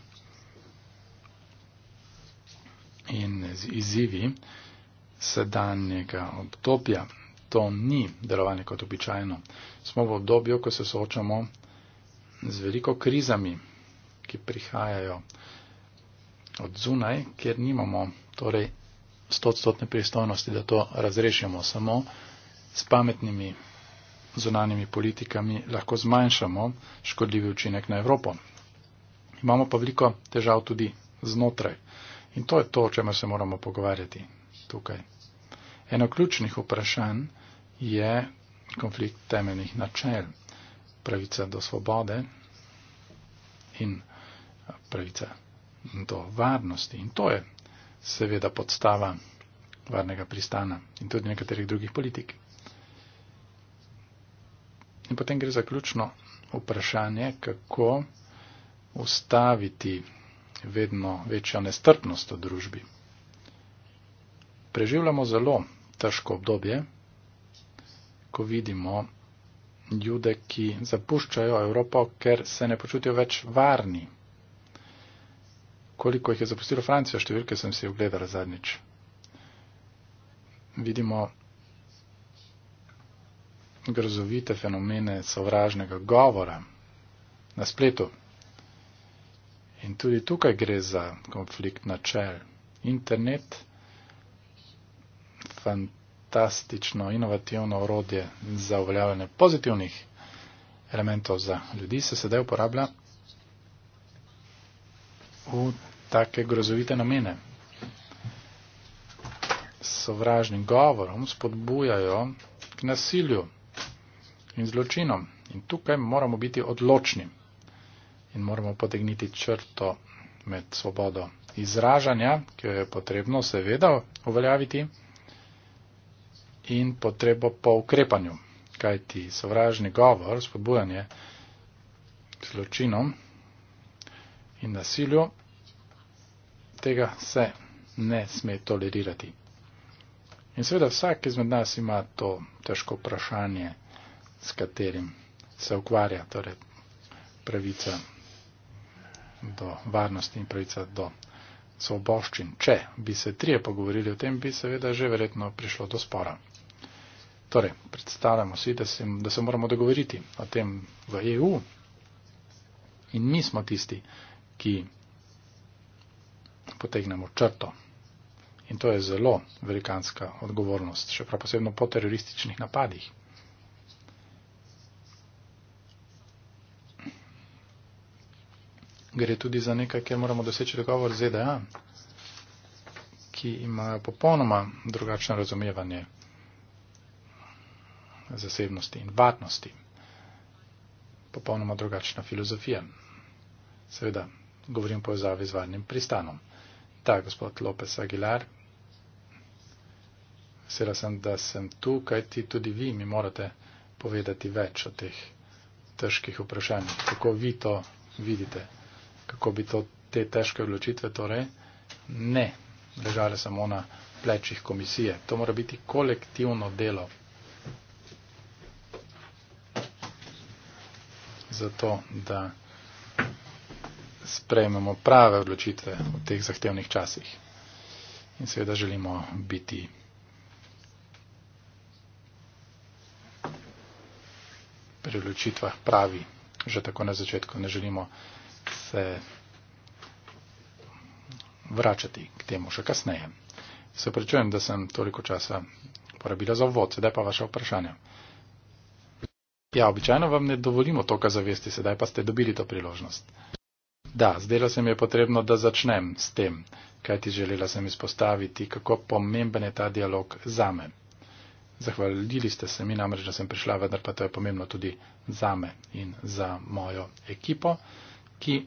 in izzivi sedanjega obdobja. To ni delovanje kot običajno. Smo v obdobju, ko se soočamo z veliko krizami, ki prihajajo od zunaj, kjer nimamo torej stotstotne pristojnosti, da to razrešimo. Samo s pametnimi zunanjimi politikami lahko zmanjšamo škodljivi učinek na Evropo imamo pa veliko težav tudi znotraj. In to je to, o čemer se moramo pogovarjati tukaj. Eno ključnih vprašanj je konflikt temeljnih načel, pravica do svobode in eh, pravica do varnosti. In to je seveda podstava varnega pristana in tudi nekaterih drugih politik. In potem gre za ključno vprašanje, kako ustaviti vedno večjo nestrpnost v družbi. Preživljamo zelo težko obdobje, ko vidimo ljude, ki zapuščajo Evropo, ker se ne počutijo več varni. Koliko jih je zapustilo Francijo, številke sem si ogledala zadnjič. Vidimo grozovite fenomene sovražnega govora na spletu, In tudi tukaj gre za konflikt načel. Internet, fantastično inovativno orodje za uveljavljanje pozitivnih elementov za ljudi, se sedaj uporablja v take grozovite namene. Sovražnim govorom spodbujajo k nasilju in zločinom. In tukaj moramo biti odločni in moramo potegniti črto med svobodo izražanja, ki jo je potrebno seveda uveljaviti, in potrebo po ukrepanju, kajti sovražni govor, spodbujanje zločinom in nasilju, tega se ne sme tolerirati. In seveda vsak izmed nas ima to težko vprašanje, s katerim se ukvarja, torej pravica do varnosti in pravica do svoboščin. Če bi se trije pogovorili o tem, bi seveda že verjetno prišlo do spora. Torej, predstavljamo si, da se, da se moramo dogovoriti o tem v EU in mi smo tisti, ki potegnemo črto. In to je zelo velikanska odgovornost, še prav posebno po terorističnih napadih. gre tudi za nekaj, kjer moramo doseči dogovor z ZDA, ki imajo popolnoma drugačno razumevanje zasebnosti in varnosti. Popolnoma drugačna filozofija. Seveda, govorim povezavi z varnim pristanom. Ta gospod Lopes Aguilar, vesela sem, da sem tu, kaj ti tudi vi mi morate povedati več o teh težkih vprašanjih, kako vi to vidite kako bi to, te težke odločitve torej, ne ležale samo na plečih komisije. To mora biti kolektivno delo. Zato, da sprejmemo prave odločitve v teh zahtevnih časih. In seveda želimo biti pri odločitvah pravi, že tako na začetku ne želimo se vračati k temu še kasneje. Se pričujem, da sem toliko časa porabila za vod, sedaj pa vaše vprašanje. Ja, običajno vam ne dovolimo to, kar zavesti, sedaj pa ste dobili to priložnost. Da, zdelo se mi je potrebno, da začnem s tem, kaj ti želela sem izpostaviti, kako pomemben je ta dialog zame. Zahvalili ste se mi namreč, da sem prišla, vendar pa to je pomembno tudi zame in za mojo ekipo ki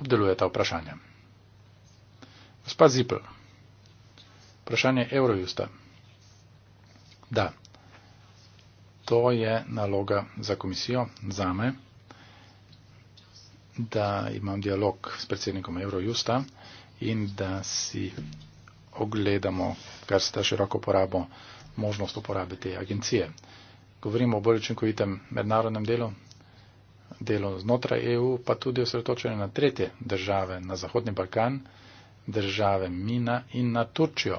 obdelujeta vprašanja. Gospa Zipl, vprašanje Eurojusta. Da, to je naloga za komisijo, za me, da imam dialog s predsednikom Eurojusta in da si ogledamo, kar sta široko porabo, možnost uporabe te agencije. Govorimo o bolj učinkovitem mednarodnem delu, delo znotraj EU, pa tudi osredotočanje na tretje države, na Zahodni Balkan, države Mina in na Turčijo.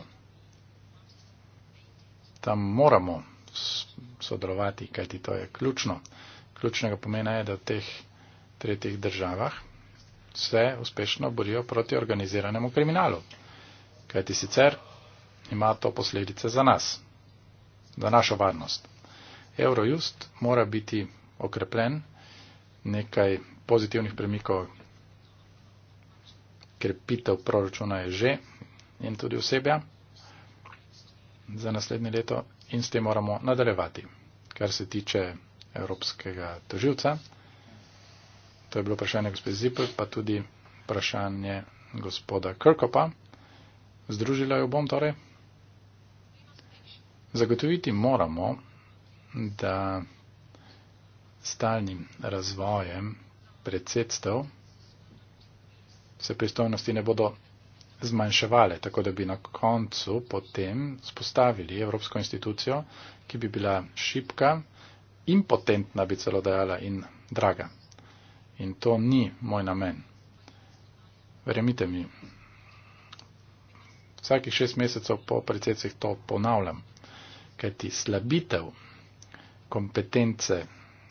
Tam moramo sodelovati, kajti to je ključno. Ključnega pomena je, da v teh tretjih državah se uspešno borijo proti organiziranemu kriminalu, kajti sicer ima to posledice za nas, za našo varnost. Eurojust mora biti okrepljen nekaj pozitivnih premikov, krepitev proračuna je že in tudi osebja za naslednje leto in s tem moramo nadaljevati. Kar se tiče evropskega toživca, to je bilo vprašanje gospod Zipr, pa tudi vprašanje gospoda Krkopa. Združila jo bom torej. Zagotoviti moramo, da stalnim razvojem predsedstev se pristojnosti ne bodo zmanjševale, tako da bi na koncu potem spostavili Evropsko institucijo, ki bi bila šipka, impotentna bi celo dejala in draga. In to ni moj namen. Verjemite mi, vsakih šest mesecev po predsedcih to ponavljam, kajti slabitev kompetence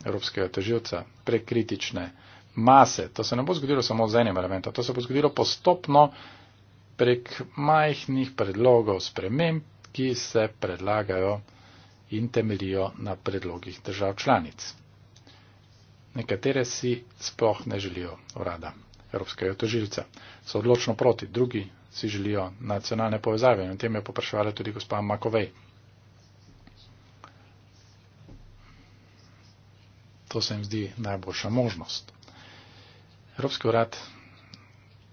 evropskega težilca, prekritične mase. To se ne bo zgodilo samo z enim elementom, to se bo zgodilo postopno prek majhnih predlogov sprememb, ki se predlagajo in temeljijo na predlogih držav članic. Nekatere si sploh ne želijo urada evropskega tožilca. So odločno proti, drugi si želijo nacionalne povezave in o tem je popraševala tudi gospa Makovej. To se jim zdi najboljša možnost. Evropski urad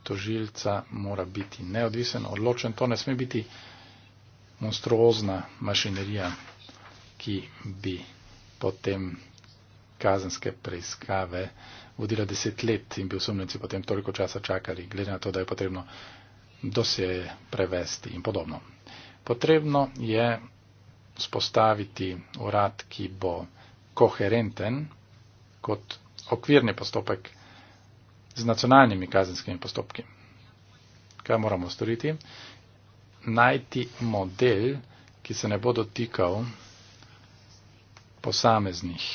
tožilca mora biti neodvisen, odločen. To ne sme biti monstruozna mašinerija, ki bi potem kazenske preiskave vodila deset let in bi osumljenci potem toliko časa čakali, glede na to, da je potrebno dosje prevesti in podobno. Potrebno je spostaviti urad, ki bo koherenten, kot okvirni postopek z nacionalnimi kazenskimi postopki. Kaj moramo storiti? Najti model, ki se ne bo dotikal posameznih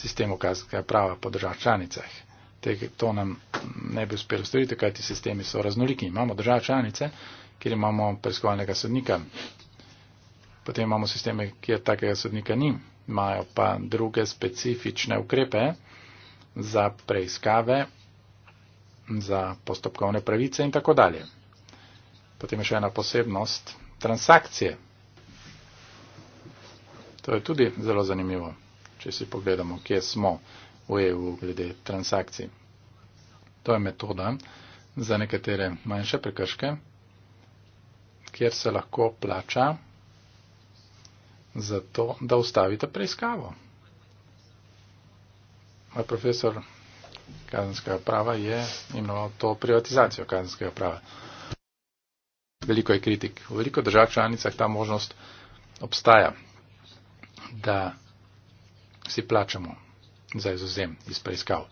sistemov kazenskega prava po držav članicah. To nam ne bi uspelo storiti, kaj ti sistemi so raznoliki. Imamo držav članice, kjer imamo preiskovalnega sodnika. Potem imamo sisteme, kjer takega sodnika nima imajo pa druge specifične ukrepe za preiskave, za postopkovne pravice in tako dalje. Potem je še ena posebnost transakcije. To je tudi zelo zanimivo, če si pogledamo, kje smo v EU glede transakcij. To je metoda za nekatere manjše prekrške, kjer se lahko plača za to, da ustavite preiskavo. Moj profesor kazenskega prava je imenoval to privatizacijo kazenskega prava. Veliko je kritik. V veliko držav članicah ta možnost obstaja, da si plačamo za izuzem iz preiskav.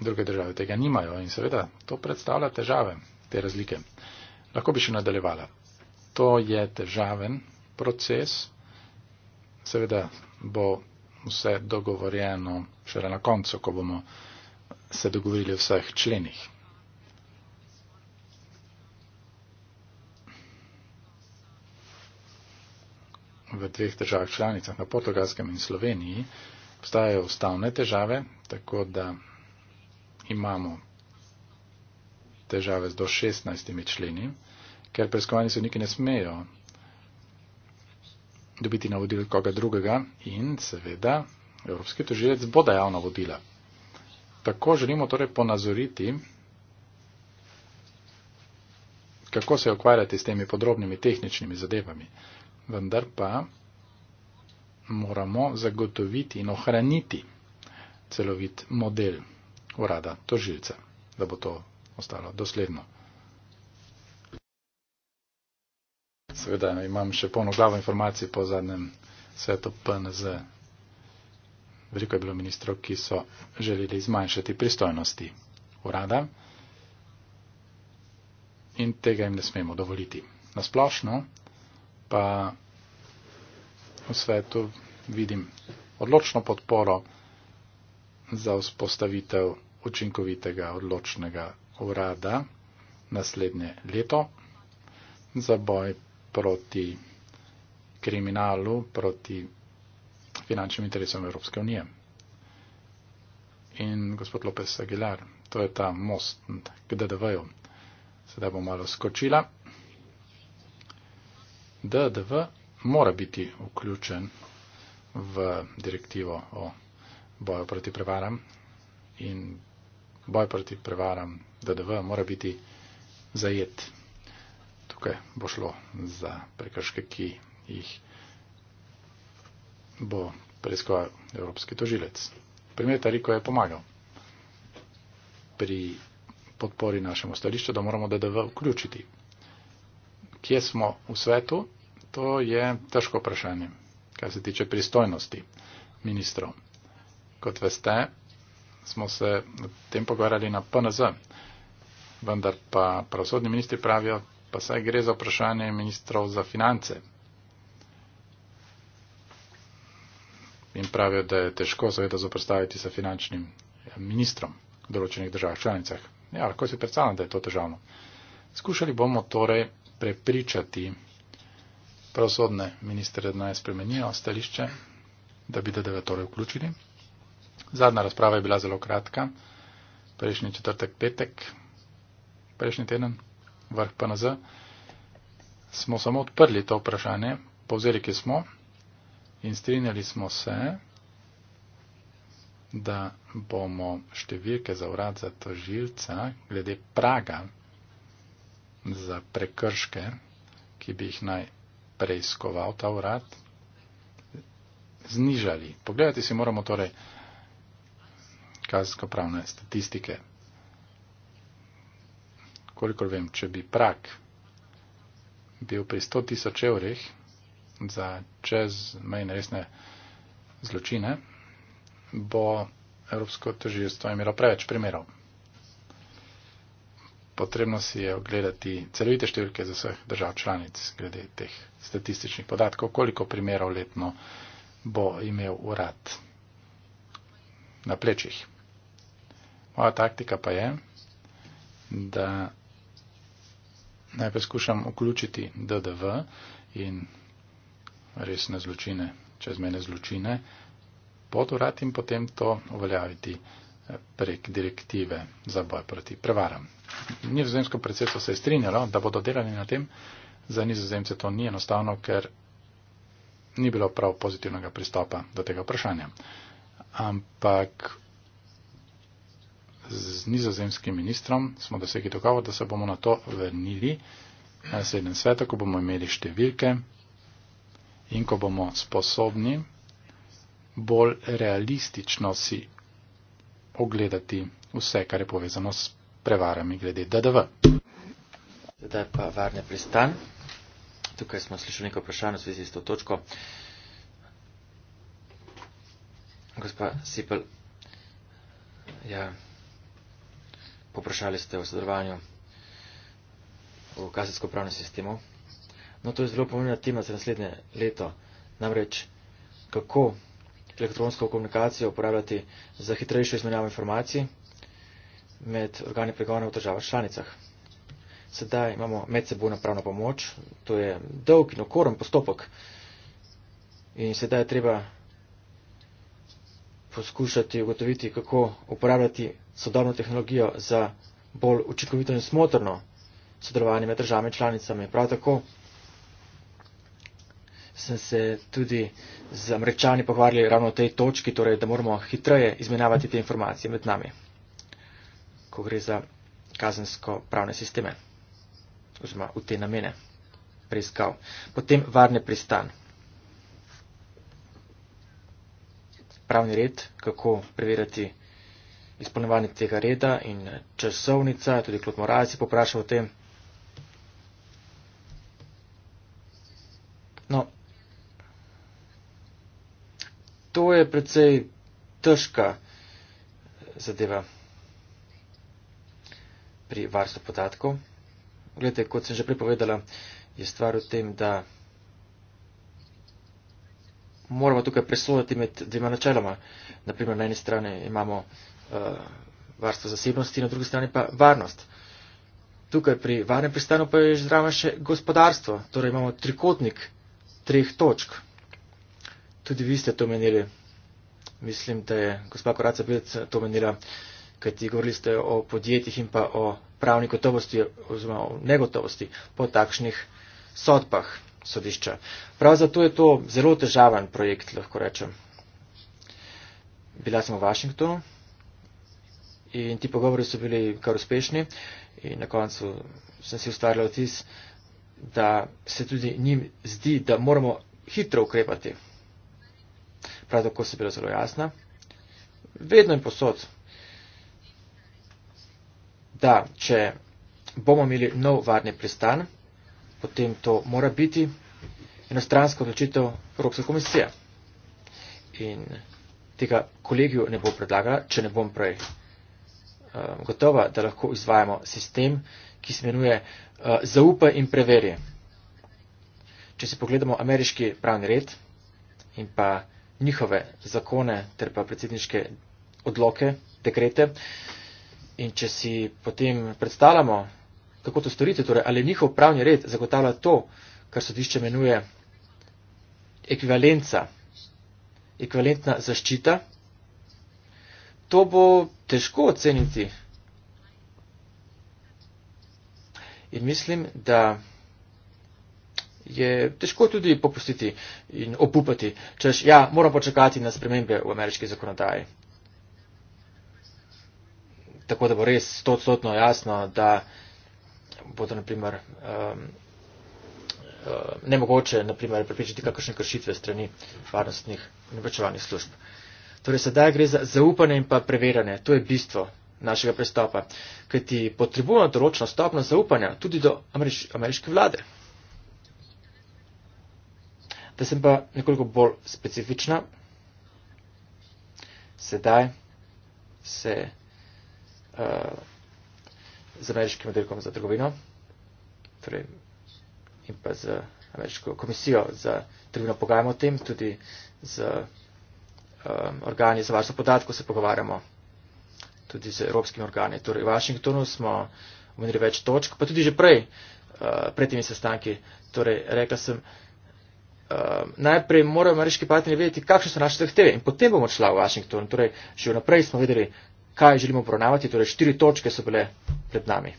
Druge države tega nimajo in seveda to predstavlja težave, te razlike. Lahko bi še nadaljevala. To je težaven proces. Seveda bo vse dogovorjeno šele na koncu, ko bomo se dogovorili o vseh členih. V dveh državah članicah, na Portugalskem in Sloveniji, obstajajo ustavne težave, tako da imamo težave z do 16 členi ker preiskovalni sodniki ne smejo dobiti navodil koga drugega in seveda Evropski tožilec bo dajal navodila. Tako želimo torej ponazoriti, kako se ukvarjati s temi podrobnimi tehničnimi zadevami. Vendar pa moramo zagotoviti in ohraniti celovit model urada tožilca, da bo to ostalo dosledno. Seveda imam še polno glavo informacij po zadnjem svetu PNZ. Veliko je bilo ministrov, ki so želeli zmanjšati pristojnosti urada in tega jim ne smemo dovoliti. Nasplošno pa v svetu vidim odločno podporo za vzpostavitev učinkovitega odločnega urada naslednje leto za boj proti kriminalu, proti finančnim interesom Evropske unije. In gospod Lopes Aguilar, to je ta most k DDV-ju. Sedaj bom malo skočila. DDV mora biti vključen v direktivo o boju proti prevaram in boj proti prevaram DDV mora biti zajet tukaj bo šlo za prekrške, ki jih bo preiskoval evropski tožilec. Primer Tariko je pomagal pri podpori našemu stališču, da moramo DDV vključiti. Kje smo v svetu, to je težko vprašanje, kar se tiče pristojnosti ministrov. Kot veste, smo se o tem pogovarjali na PNZ, vendar pa pravosodni ministri pravijo, pa saj gre za vprašanje ministrov za finance. In pravijo, da je težko seveda zoprstaviti se finančnim eh, ministrom v določenih državah članicah. Ja, lahko si predstavljam, da je to težavno. Skušali bomo torej prepričati pravosodne ministre, da naj spremenijo stališče, da bi DDV torej vključili. Zadnja razprava je bila zelo kratka, prejšnji četrtek, petek, prejšnji teden vrh PNZ, smo samo odprli to vprašanje, povzeli, ki smo in strinjali smo se, da bomo številke za urad za to žilca, glede praga za prekrške, ki bi jih naj preiskoval ta urad, znižali. Pogledati si moramo torej kazensko-pravne statistike kolikor vem, če bi prak bil pri 100 tisoč evrih za čez mejne resne zločine, bo Evropsko tožilstvo imelo preveč primerov. Potrebno si je ogledati celovite številke za vseh držav članic glede teh statističnih podatkov, koliko primerov letno bo imel urad na plečih. Moja taktika pa je, da Najprej skušam vključiti DDV in resne zločine, čezmene zločine, pod urad in potem to uveljaviti eh, prek direktive za boj proti prevaram. Nizozemsko predsedstvo se je strinjalo, da bodo delali na tem. Za nizozemce to ni enostavno, ker ni bilo prav pozitivnega pristopa do tega vprašanja. Ampak z nizozemskim ministrom, smo dosegli dogovor, da se bomo na to vrnili na naslednjem svetu, ko bomo imeli številke in ko bomo sposobni bolj realistično si ogledati vse, kar je povezano s prevarami glede DDV. Zdaj pa varne pristan. Tukaj smo slišali neko vprašanje v zvezi s to točko. Gospa Sipel, ja, poprašali ste o sodelovanju v kazensko-pravnem sistemu. No, to je zelo pomembna tema za naslednje leto. Namreč, kako elektronsko komunikacijo uporabljati za hitrejšo izmenjavo informacij med organi pregona v državah članicah. Sedaj imamo medsebojno pravno pomoč, to je dolg in okorn postopek in sedaj je treba poskušati ugotoviti, kako uporabljati sodobno tehnologijo za bolj učinkovito in smotrno sodelovanje med državami članicami. Prav tako sem se tudi z američani pogovarjali ravno o tej točki, torej, da moramo hitreje izmenjavati te informacije med nami, ko gre za kazensko pravne sisteme oziroma v te namene preiskav. Potem varne pristanje. pravni red, kako preverjati izpolnjevanje tega reda in časovnica, tudi Klod Moraz je poprašal o tem. No, to je precej težka zadeva pri varstvu podatkov. Glede, kot sem že prepovedala, je stvar v tem, da moramo tukaj presoditi med dvema načeloma. Naprimer, na eni strani imamo uh, varstvo zasebnosti, na drugi strani pa varnost. Tukaj pri varnem pristanu pa je zraven še gospodarstvo, torej imamo trikotnik treh točk. Tudi vi ste to menili, mislim, da je gospa Koraca Bilc to menila, kajti govorili ste o podjetjih in pa o pravni gotovosti oziroma o negotovosti po takšnih sodbah sodišča. Prav zato je to zelo težaven projekt, lahko rečem. Bila sem v Washingtonu in ti pogovori so bili kar uspešni in na koncu sem si ustvarjala vtis, da se tudi njim zdi, da moramo hitro ukrepati. Prav tako se bila zelo jasna. Vedno in posod, da če bomo imeli nov varni pristan, potem to mora biti enostransko odločitev Evropske komisije. In tega kolegiju ne bo predlagala, če ne bom prej um, gotova, da lahko izvajamo sistem, ki se imenuje uh, zaupa in preverje. Če si pogledamo ameriški pravni red in pa njihove zakone ter pa predsedniške odloke, dekrete in če si potem predstavljamo kako to storiti, torej ali njihov pravni red zagotavlja to, kar sodišče menuje ekvivalenca, ekvivalentna zaščita, to bo težko oceniti. In mislim, da je težko tudi popustiti in opupati, češ, ja, moram počakati na spremembe v ameriški zakonodaji. Tako da bo res stotno jasno, da bodo naprimer, um, um, nemogoče naprimer, prepričati kakšne kršitve strani varnostnih nabrečevalnih služb. Torej, sedaj gre za zaupanje in pa preverjanje. To je bistvo našega prestopa, ker ti potrebujemo določeno stopno zaupanja tudi do ameriš ameriške vlade. Da sem pa nekoliko bolj specifična, sedaj se. Uh, z ameriškim oddelkom za trgovino torej, in pa z ameriško komisijo za trgovino pogajamo o tem, tudi z um, organi za varstvo podatkov se pogovarjamo, tudi z evropskimi organi. Torej v Washingtonu smo omenili več točk, pa tudi že prej, uh, pred temi sestanki, torej rekla sem, um, najprej morajo ameriški partnerji vedeti, kakšne so naše zahteve in potem bomo šla v Washington. Torej, že vnaprej smo vedeli, kaj želimo obravnavati, torej štiri točke so bile pred nami.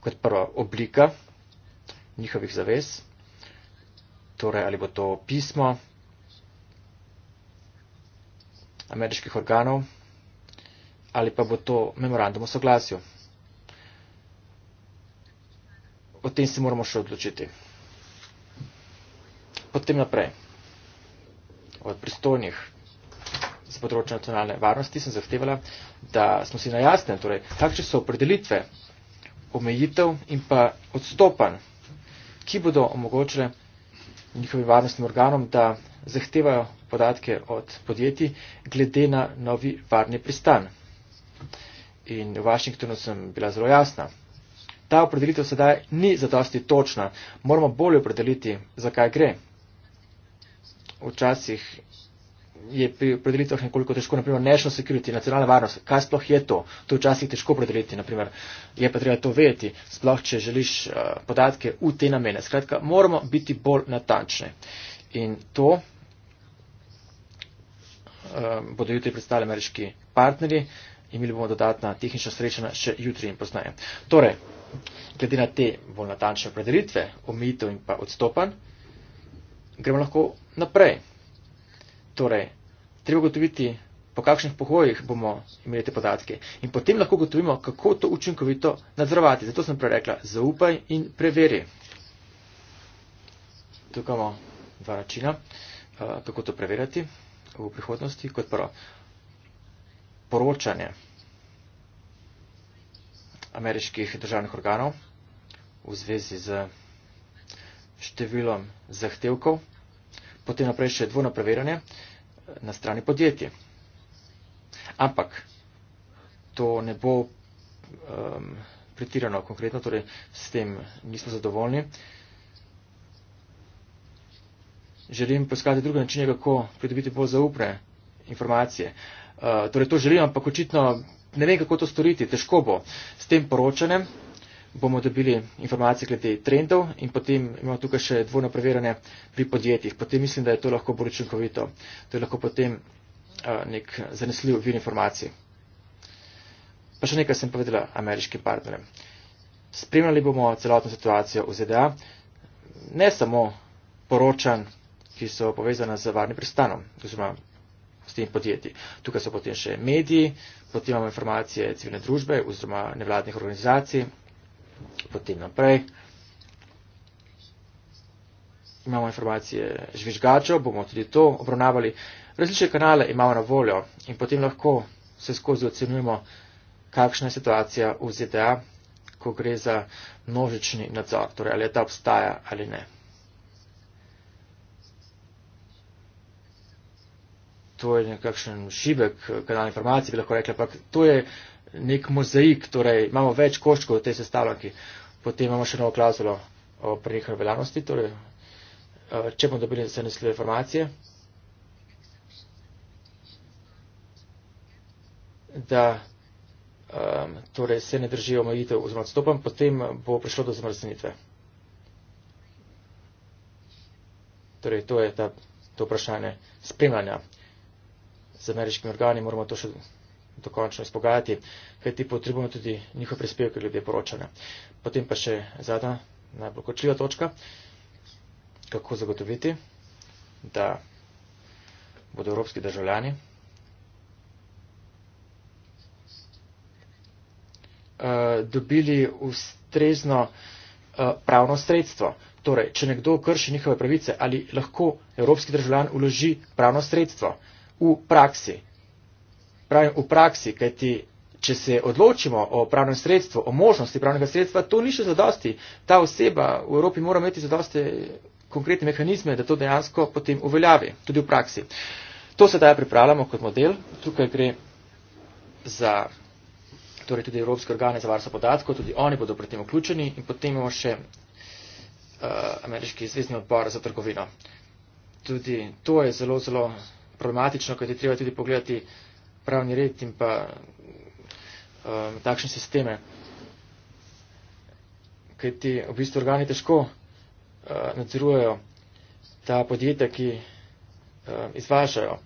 Kot prva oblika njihovih zavez, torej ali bo to pismo ameriških organov ali pa bo to memorandum o soglasju. O tem se moramo še odločiti. Potem naprej od pristojnih z področja nacionalne varnosti, sem zahtevala, da smo si najasne, torej, kakšne so opredelitve omejitev in pa odstopanj, ki bodo omogočile njihovim varnostnim organom, da zahtevajo podatke od podjetij glede na novi varni pristan. In v Washingtonu sem bila zelo jasna. Ta opredelitev sedaj ni zadosti točna. Moramo bolje opredeliti, zakaj gre. Včasih je pri opredelitvah nekoliko težko, naprimer, national security, nacionalna varnost, kaj sploh je to, to včasih težko opredeliti, naprimer, je pa treba to vedeti, sploh če želiš uh, podatke v te namene. Skratka, moramo biti bolj natančni. In to uh, bodo jutri predstavili ameriški partnerji, imeli bomo dodatna tehnična srečanja še jutri in poznaje. Torej, glede na te bolj natančne opredelitve, omitev in pa odstopan, gremo lahko naprej. Torej, treba gotoviti, po kakšnih pogojih bomo imeli te podatke. In potem lahko gotovimo, kako to učinkovito nadzorovati. Zato sem prerekla, zaupaj in preveri. Tukaj imamo dva načina, eh, kako to preverjati v prihodnosti. Kot prvo, poročanje ameriških državnih organov v zvezi z številom zahtevkov, potem naprej še dvojno preverjanje na strani podjetij. Ampak to ne bo um, pretirano konkretno, torej s tem nismo zadovoljni. Želim poiskati druge načine, kako pridobiti bolj zaupne informacije. Uh, torej to želim, ampak očitno ne vem, kako to storiti. Težko bo s tem poročanjem bomo dobili informacije glede trendov in potem imamo tukaj še dvojno preverjanje pri podjetjih. Potem mislim, da je to lahko bolj učinkovito. To je lahko potem nek zanesljiv vir informacij. Pa še nekaj sem povedala ameriškim partnerjem. Spremljali bomo celotno situacijo v ZDA, ne samo poročan, ki so povezana z varnim pristanom, oziroma s tem podjetji. Tukaj so potem še mediji, potem imamo informacije civilne družbe oziroma nevladnih organizacij Potem naprej. Imamo informacije žvižgačev, bomo tudi to obravnavali. Različne kanale imamo na voljo in potem lahko se skozi ocenjujemo, kakšna je situacija v ZDA, ko gre za množični nadzor, torej ali je ta obstaja ali ne. To je nekakšen šibek kanal informacij, bi lahko rekla, ampak to je nek mozaik, torej imamo več koščkov v tej sestavljanki, potem imamo še novo klauzulo o prenehanju veljavnosti, torej eh, če bomo dobili zanesljive informacije, da ehm, torej se ne drži omejitev oziroma odstopam, potem bo prišlo do zmrznitve. Torej, to je ta, to vprašanje spremljanja. Z ameriškimi organi moramo to še dokončno izpogajati, kajti potrebujemo tudi njihov prispevek glede poročanja. Potem pa še zadnja, najbolj kočljiva točka, kako zagotoviti, da bodo evropski državljani uh, dobili ustrezno uh, pravno sredstvo. Torej, če nekdo krši njihove pravice, ali lahko evropski državljan uloži pravno sredstvo v praksi pravim, v praksi, kajti če se odločimo o pravnem sredstvu, o možnosti pravnega sredstva, to ni še zadosti. Ta oseba v Evropi mora imeti zadosti konkretne mehanizme, da to dejansko potem uveljavi, tudi v praksi. To sedaj pripravljamo kot model. Tukaj gre za torej tudi Evropske organe za varstvo podatkov, tudi oni bodo pri tem vključeni in potem imamo še uh, Ameriški zvezdni odbor za trgovino. Tudi to je zelo, zelo problematično, kajti treba tudi pogledati, pravni red in pa um, takšne sisteme. Ker ti v bistvu organi težko uh, nadzorujejo ta podjetja, ki uh, izvažajo uh,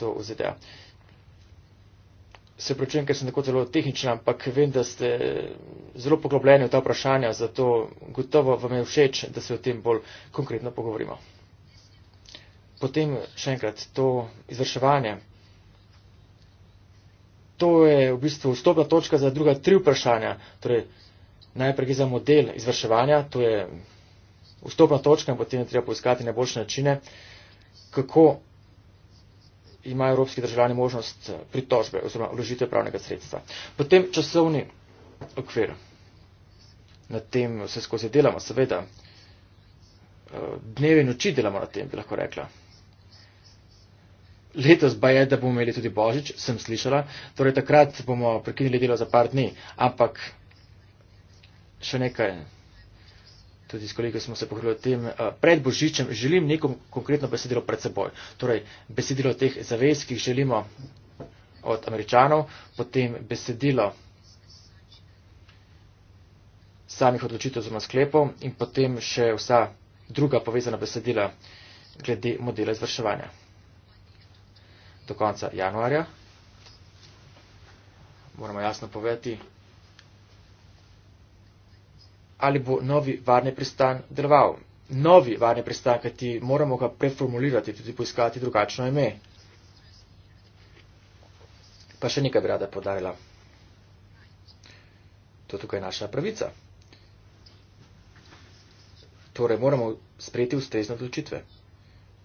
to v ZDA. Se pravčujem, ker sem tako zelo tehničen, ampak vem, da ste zelo poglobljeni v ta vprašanja, zato gotovo vam je všeč, da se o tem bolj konkretno pogovorimo. Potem še enkrat to izvrševanje to je v bistvu vstopna točka za druga tri vprašanja. Torej, najprej gre za model izvrševanja, to je vstopna točka in potem je treba poiskati najboljše načine, kako imajo evropski državljani možnost eh, pritožbe oziroma vložitev pravnega sredstva. Potem časovni okvir. Na tem vse skozi delamo, seveda. Eh, dnevi in noči delamo na tem, bi lahko rekla letos pa je, da bomo imeli tudi božič, sem slišala. Torej, takrat bomo prekinili delo za par dni, ampak še nekaj, tudi s koliko smo se pohvalili o tem, eh, pred božičem želim neko konkretno besedilo pred seboj. Torej, besedilo teh zavez, ki jih želimo od američanov, potem besedilo samih odločitev oziroma sklepov in potem še vsa druga povezana besedila glede modela izvrševanja do konca januarja. Moramo jasno povedati, ali bo novi varni pristan deloval. Novi varni pristan, kaj ti moramo ga preformulirati, tudi poiskati drugačno ime. Pa še nekaj bi rada podarila. To tukaj je naša pravica. Torej moramo sprejeti ustrezne odločitve.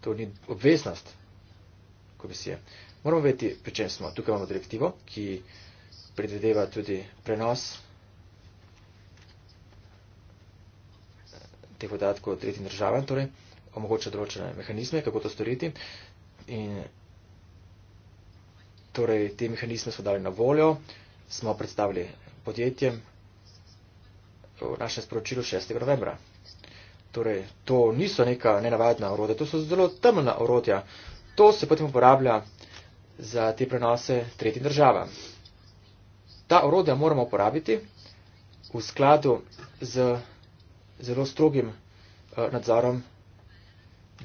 To ni obveznost, komisije. Moramo vedeti, pri čem smo. Tukaj imamo direktivo, ki predvideva tudi prenos eh, teh podatkov tretjim državam, torej omogoča določene mehanizme, kako to storiti. In torej te mehanizme smo dali na voljo, smo predstavili podjetjem v našem sporočilu 6. novembra. Torej, to niso neka nenavadna orodja, to so zelo temeljna orodja, To se potem uporablja za te prenose tretjim državam. Ta orodja moramo uporabiti v skladu z zelo strogim eh, nadzorom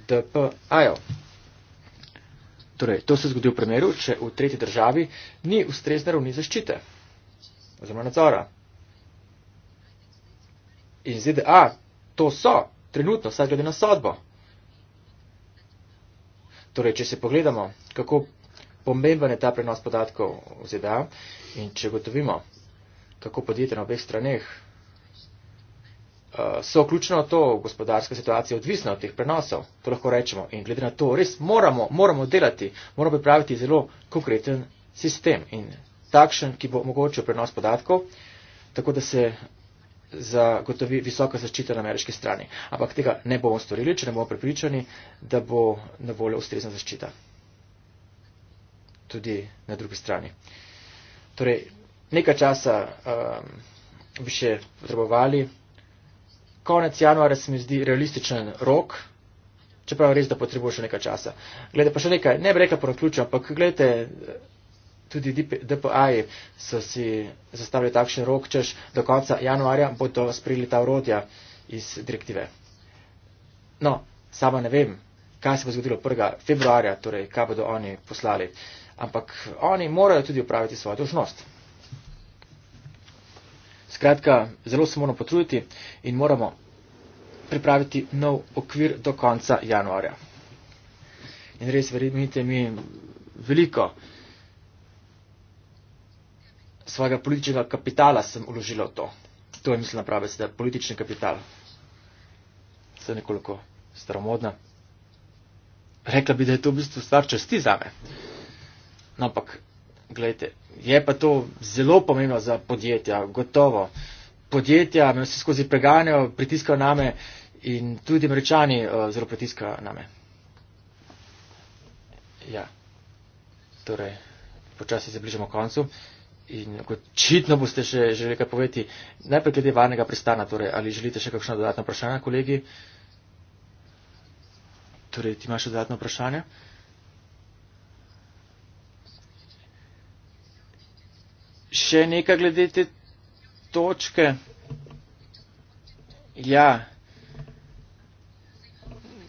DPI-ov. Torej, to se zgodi v primeru, če v tretji državi ni ustrezne ravni zaščite oziroma nadzora. In ZDA to so trenutno, saj glede na sodbo, Torej, če se pogledamo, kako pomemben je ta prenos podatkov v ZDA in če gotovimo, kako podjetje na obeh straneh eh, so ključno to gospodarska situacija odvisna od teh prenosov, to lahko rečemo. In glede na to, res moramo, moramo delati, moramo pripraviti zelo konkreten sistem in takšen, ki bo omogočil prenos podatkov, tako da se zagotovi visoka zaščita na ameriški strani. Ampak tega ne bomo storili, če ne bomo pripričani, da bo na voljo ustrezna zaščita. Tudi na drugi strani. Torej, nekaj časa um, bi še potrebovali. Konec januarja se mi zdi realističen rok, čeprav res, da potrebuje še nekaj časa. Glede pa še nekaj, ne bi rekla po naključju, ampak gledajte, tudi DPA-ji so si zastavili takšen rok, češ do konca januarja bodo sprijeli ta urodja iz direktive. No, sama ne vem, kaj se bo zgodilo 1. februarja, torej kaj bodo oni poslali, ampak oni morajo tudi upraviti svojo dožnost. Skratka, zelo se moramo potruditi in moramo pripraviti nov okvir do konca januarja. In res, verjemite mi, veliko svojega političnega kapitala sem uložila v to. To je mislila prava beseda, politični kapital. Sem nekoliko staromodna. Rekla bi, da je to v bistvu stvar časti za me. No, ampak, gledajte, je pa to zelo pomembno za podjetja, gotovo. Podjetja me vsi skozi preganjajo, pritiskajo name in tudi američani uh, zelo pritiskajo name. Ja, torej, počasi se bližamo koncu. In očitno boste še, še nekaj povedati, najprej glede varnega pristana, torej ali želite še kakšno dodatno vprašanje, kolegi? Torej, ti imaš še dodatno vprašanje? Še nekaj glede te točke? Ja.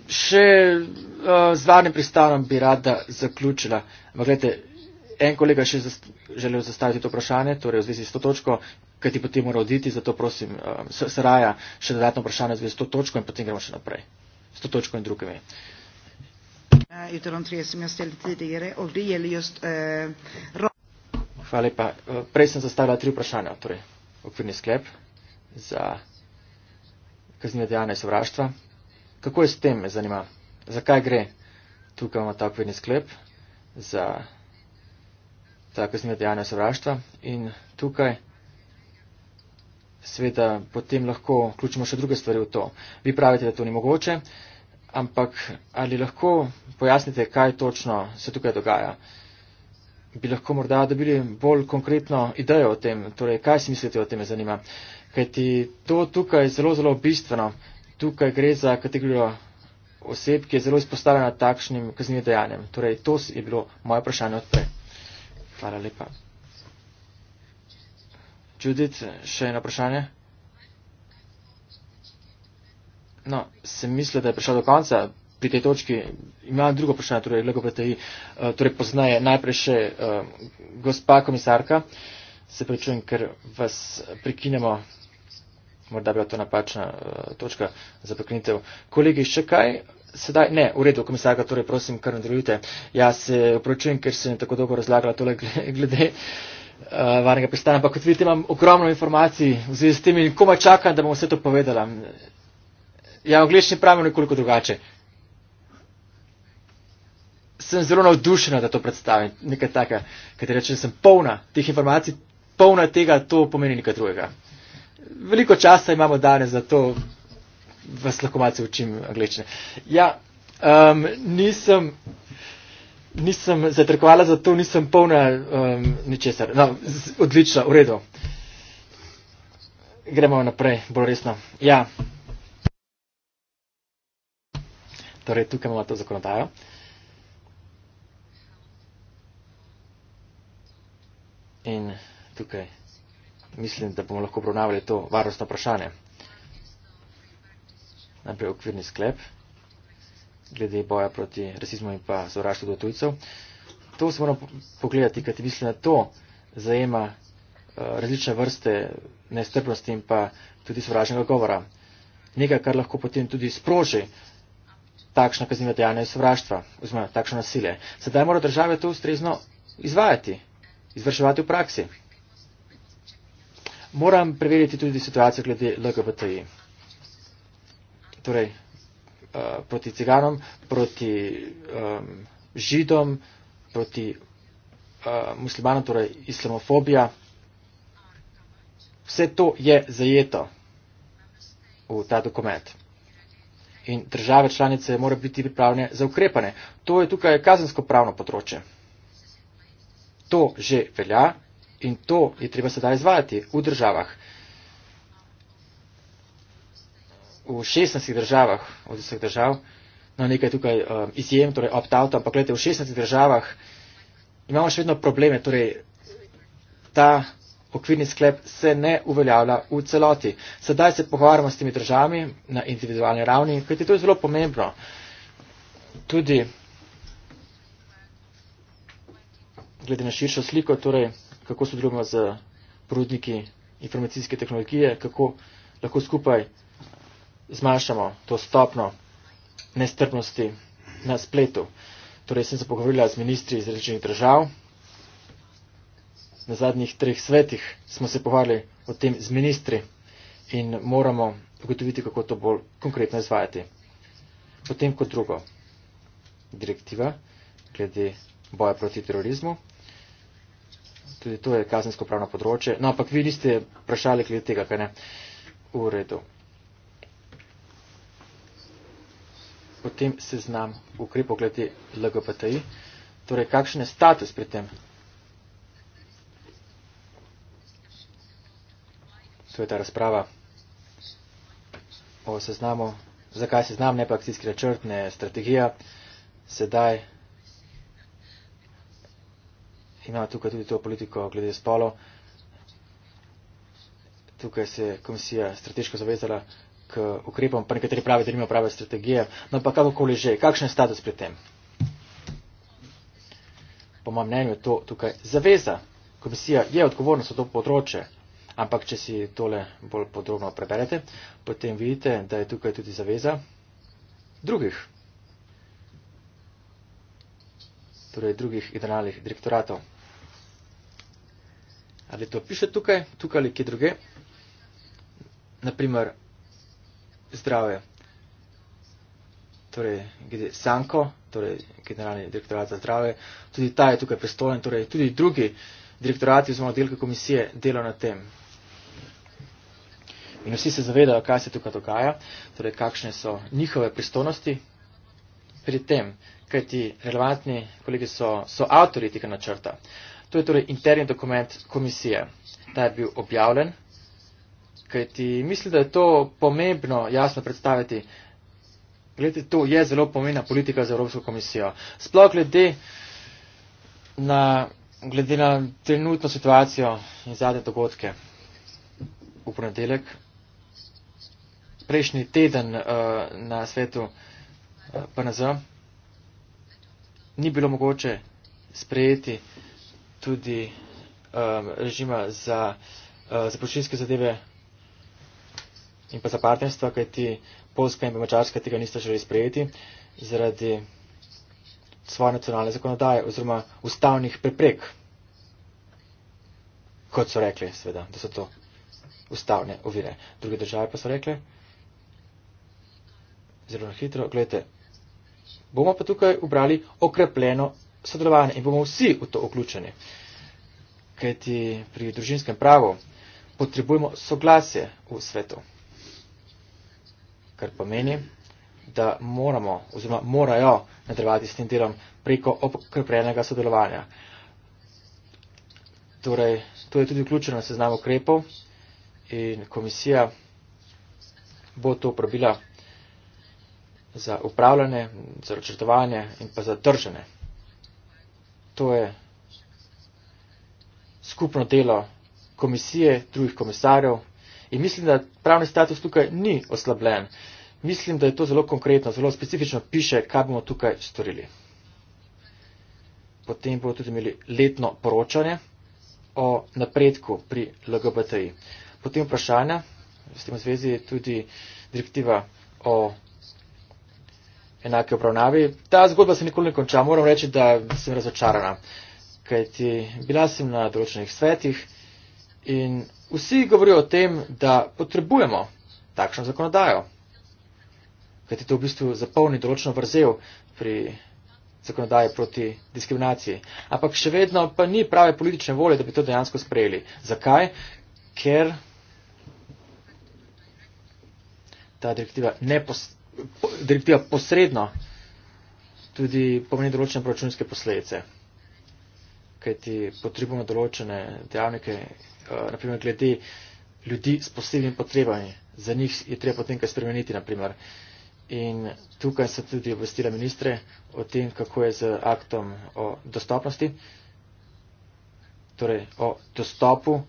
Še uh, z varnim pristanom bi rada zaključila. Ampak gledajte, en kolega še zast želel zastaviti to vprašanje, torej v zvezi s to točko, kaj ti potem mora oditi, zato prosim, um, se raja še dodatno vprašanje v zvezi s to točko in potem gremo še naprej. S to točko in drugimi. Ja, eh, Hvala lepa. Eh, prej sem zastavila tri vprašanja, torej okvirni sklep za kaznive dejanja sovraštva. Kako je s tem, me zanima, zakaj gre tukaj imamo ta okvirni sklep za ta kazniva dejanja sovraštva. In tukaj seveda potem lahko vključimo še druge stvari v to. Vi pravite, da to ni mogoče, ampak ali lahko pojasnite, kaj točno se tukaj dogaja? Bi lahko morda dobili bolj konkretno idejo o tem, torej kaj si mislite o tem, me zanima. Kaj ti to tukaj je zelo, zelo bistveno. Tukaj gre za kategorijo oseb, ki je zelo izpostavljena takšnim kaznim dejanjem. Torej, to je bilo moje vprašanje odprej. Hvala lepa. Judith, še eno vprašanje? No, sem mislil, da je prišel do konca pri tej točki. Imam drugo vprašanje, torej LGBTI, eh, torej poznaje najprej še eh, gospa komisarka. Se prečujem, ker vas prekinemo. Morda bila to napačna eh, točka za prekinitev. Kolegi, še kaj? Sedaj, ne, v redu, komisarka, torej prosim, kar nadaljujte. Jaz se opravičujem, ker sem tako dolgo razlagala tole glede uh, varnega pristana, ampak kot vidite, imam ogromno informacij v zvezi s tem in koma čakam, da bom vse to povedala. Ja, v angliščini pravim nekoliko drugače. Sem zelo navdušena, da to predstavim, nekaj taka, kateri rečem, sem polna teh informacij, polna tega, to pomeni nekaj drugega. Veliko časa imamo danes za to vas lahko malce učim angleščine. Ja, um, nisem, nisem zatrkovala, zato nisem polna um, ničesar. No, odlično, v redu. Gremo naprej, bolj resno. Ja. Torej, tukaj imamo to zakonodajo. In tukaj mislim, da bomo lahko obravnavali to varnostno vprašanje najprej okvirni sklep glede boja proti rasizmu in pa sovraštvu do tujcev. To se moramo pogledati, kaj ti misli na to zajema eh, različne vrste nestrpnosti in pa tudi sovražnega govora. Nekaj, kar lahko potem tudi sproži takšna kazniva dejanja sovraštva oziroma takšno nasilje. Sedaj mora države to ustrezno izvajati, izvrševati v praksi. Moram preveriti tudi situacijo glede LGBTI torej, uh, proti ciganom, proti um, židom, proti uh, muslimanom, torej islamofobija. Vse to je zajeto v ta dokument. In države članice mora biti pripravljene za ukrepanje. To je tukaj kazensko pravno področje. To že velja in to je treba sedaj izvajati v državah. v 16 državah od vseh držav, no nekaj tukaj um, izjem, torej opt-out, ampak gledajte, v 16 državah imamo še vedno probleme, torej ta okvirni sklep se ne uveljavlja v celoti. Sedaj se pogovarjamo s temi državami na individualni ravni, kajti to je zelo pomembno. Tudi glede na širšo sliko, torej kako sodelujemo z porodniki informacijske tehnologije, kako lahko skupaj zmanjšamo to stopno nestrpnosti na spletu. Torej sem se pogovorila z ministri iz različnih držav. Na zadnjih treh svetih smo se pogovarjali o tem z ministri in moramo ugotoviti, kako to bolj konkretno izvajati. Potem kot drugo, direktiva glede boja proti terorizmu. Tudi to je kazensko pravno področje. No, ampak vi niste vprašali glede tega, kaj ne. V redu. potem seznam ukrepov glede LGBTI. Torej, kakšen je status pri tem? To je ta razprava o seznamu, zakaj seznam, ne pa akcijski načrt, ne strategija. Sedaj ima tukaj tudi to politiko glede spolo. Tukaj se je komisija strateško zavezala k ukrepom, pa nekateri pravijo, da nima prave strategije. No pa kakokoli že, kakšen je status pri tem? Po mojem mnenju je to tukaj zaveza. Komisija je odgovorna za to področje, ampak če si tole bolj podrobno preberete, potem vidite, da je tukaj tudi zaveza drugih. Torej drugih generalnih direktoratov. Ali to piše tukaj, tukaj ali kje druge? Naprimer, zdravja. Torej, Sanko, torej, generalni direktorat za zdravje, tudi ta je tukaj pristojen, torej tudi drugi direktorati oziroma delke komisije delo na tem. In vsi se zavedajo, kaj se tukaj dogaja, torej kakšne so njihove pristojnosti pri tem, kaj ti relevantni kolegi so, so avtori tega načrta. To je torej interni dokument komisije. Ta je bil objavljen Ker ti mislim, da je to pomembno jasno predstaviti. Gledajte, to je zelo pomembna politika za Evropsko komisijo. Sploh glede na, glede na trenutno situacijo in zadnje dogodke v ponedeljek, prejšnji teden uh, na svetu uh, eh, PNZ, ni bilo mogoče sprejeti tudi um, režima za uh, zapoščinske zadeve in pa za partnerstva, kajti Polska in Mačarska tega nista želeli sprejeti zaradi svoje nacionalne zakonodaje oziroma ustavnih preprek, kot so rekli, seveda, da so to ustavne ovire. Druge države pa so rekle, zelo hitro, gledajte, bomo pa tukaj ubrali okrepljeno sodelovanje in bomo vsi v to vključeni. Kajti pri družinskem pravu potrebujemo soglasje v svetu kar pomeni, da moramo oziroma morajo nadaljevati s tem delom preko okrepljenega sodelovanja. Torej, to je tudi vključeno na seznam ukrepov in komisija bo to uporabila za upravljanje, za očrtovanje in pa za držanje. To je skupno delo komisije, drugih komisarjev, In mislim, da pravni status tukaj ni oslabljen. Mislim, da je to zelo konkretno, zelo specifično piše, kaj bomo tukaj storili. Potem bomo tudi imeli letno poročanje o napredku pri LGBTI. Potem vprašanja, s tem v zvezi je tudi direktiva o enake obravnavi. Ta zgodba se nikoli ne konča, moram reči, da sem razočarana, kajti bila sem na določenih svetih. In vsi govorijo o tem, da potrebujemo takšno zakonodajo. Kajti to v bistvu zapolni določeno vrzel pri zakonodaji proti diskriminaciji. Ampak še vedno pa ni prave politične volje, da bi to dejansko sprejeli. Zakaj? Ker ta direktiva, ne pos, po, direktiva posredno tudi pomeni določene proračunske posledice. Kajti potrebujemo določene dejavnike, Eh, naprimer, glede ljudi s posebnimi potrebami. Za njih je treba potem kaj spremeniti. Naprimer. In tukaj sem tudi obvestila ministre o tem, kako je z aktom o dostopnosti, torej o dostopu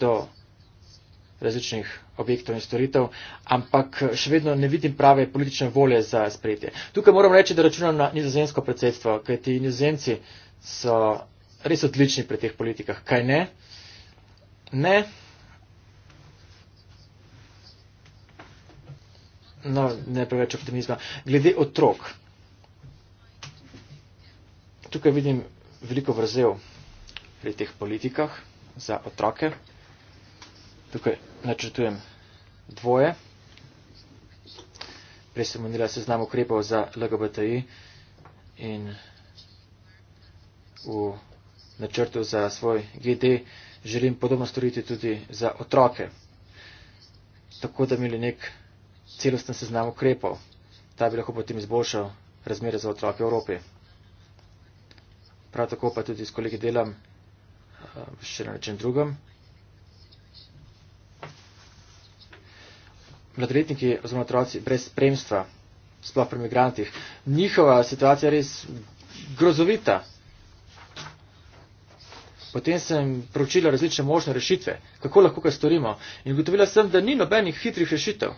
do različnih objektov in storitev, ampak še vedno ne vidim prave politične volje za sprejetje. Tukaj moram reči, da računam na nizozemsko predsedstvo, kajti nizozemci so res odlični pri teh politikah, kaj ne? Ne. No, ne preveč optimizma. Glede otrok. Tukaj vidim veliko vrzel pri teh politikah za otroke. Tukaj načrtujem dvoje. Prej sem omenila seznam ukrepov za LGBTI in v načrtov za svoj GD, želim podobno storiti tudi za otroke. Tako da imeli nek celosten seznam ukrepov, ta bi lahko potem izboljšal razmere za otroke v Evropi. Prav tako pa tudi s kolegi delam eh, še na nečem drugem. Mladoletniki oziroma otroci brez spremstva, sploh pri migrantih, njihova situacija je res grozovita. Potem sem pročila različne možne rešitve, kako lahko kaj storimo. In ugotovila sem, da ni nobenih hitrih rešitev.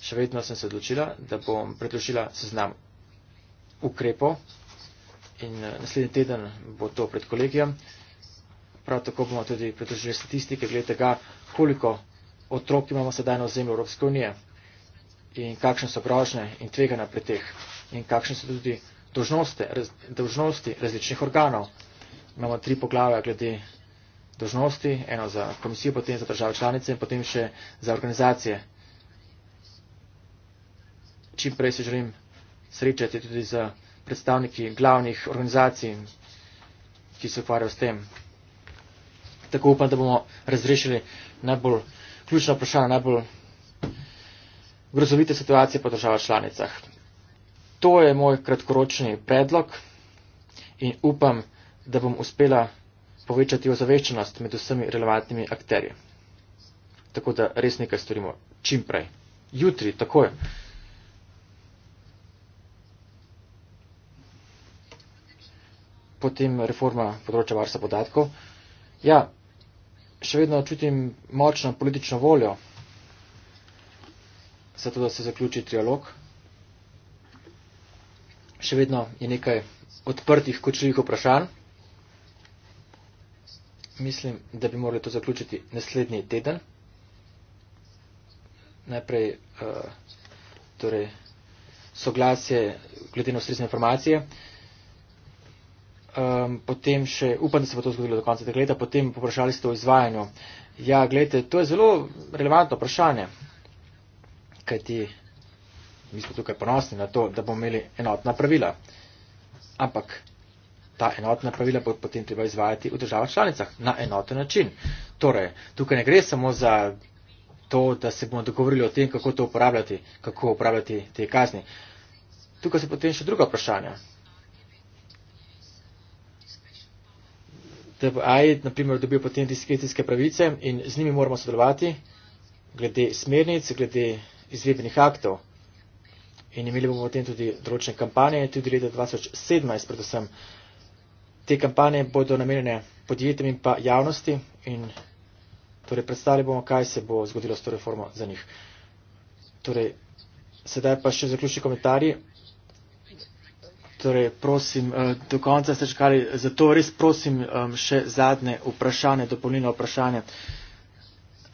Še vedno sem se odločila, da bom predložila seznam ukrepov in eh, naslednji teden bo to pred kolegijem. Prav tako bomo tudi predložili statistike glede tega, koliko otrok imamo sedaj na ozemlju Evropske unije in kakšne so grožne in tvegana pri teh in kakšne so tudi dožnosti, raz, dožnosti različnih organov. Imamo tri poglavja glede dožnosti, eno za komisijo, potem za države članice in potem še za organizacije. Čim prej se želim srečati tudi z predstavniki glavnih organizacij, ki se ukvarjajo s tem. Tako upam, da bomo razrešili najbolj ključna vprašanja, najbolj grozovite situacije po državah članicah to je moj kratkoročni predlog in upam, da bom uspela povečati ozaveščenost med vsemi relevantnimi akterji. Tako da res nekaj storimo čim prej. Jutri, takoj. Potem reforma področja varstva podatkov. Ja, še vedno čutim močno politično voljo, zato da se zaključi trialog še vedno je nekaj odprtih, kočljivih vprašanj. Mislim, da bi morali to zaključiti naslednji teden. Najprej uh, torej soglasje glede na ustrezne informacije. Um, potem še, upam, da se bo to zgodilo do konca tega leta, potem poprašali ste o izvajanju. Ja, gledajte, to je zelo relevantno vprašanje. Kaj ti? Mi smo tukaj ponosni na to, da bomo imeli enotna pravila. Ampak ta enotna pravila bo potem treba izvajati v državah članicah na enoten način. Torej, tukaj ne gre samo za to, da se bomo dogovorili o tem, kako to uporabljati, kako uporabljati te kazni. Tukaj so potem še druga vprašanja. TBI, na primer, dobijo potem diskrecijske pravice in z njimi moramo sodelovati glede smernic, glede izvedbenih aktov in imeli bomo v tem tudi določene kampanje, tudi leta 2017 predvsem. Te kampanje bodo namenjene podjetjem in pa javnosti in torej predstavili bomo, kaj se bo zgodilo s to reformo za njih. Torej, sedaj pa še zaključni komentarji. Torej, prosim, eh, do konca ste čakali, zato res prosim še zadnje vprašanje, dopolnilno vprašanje.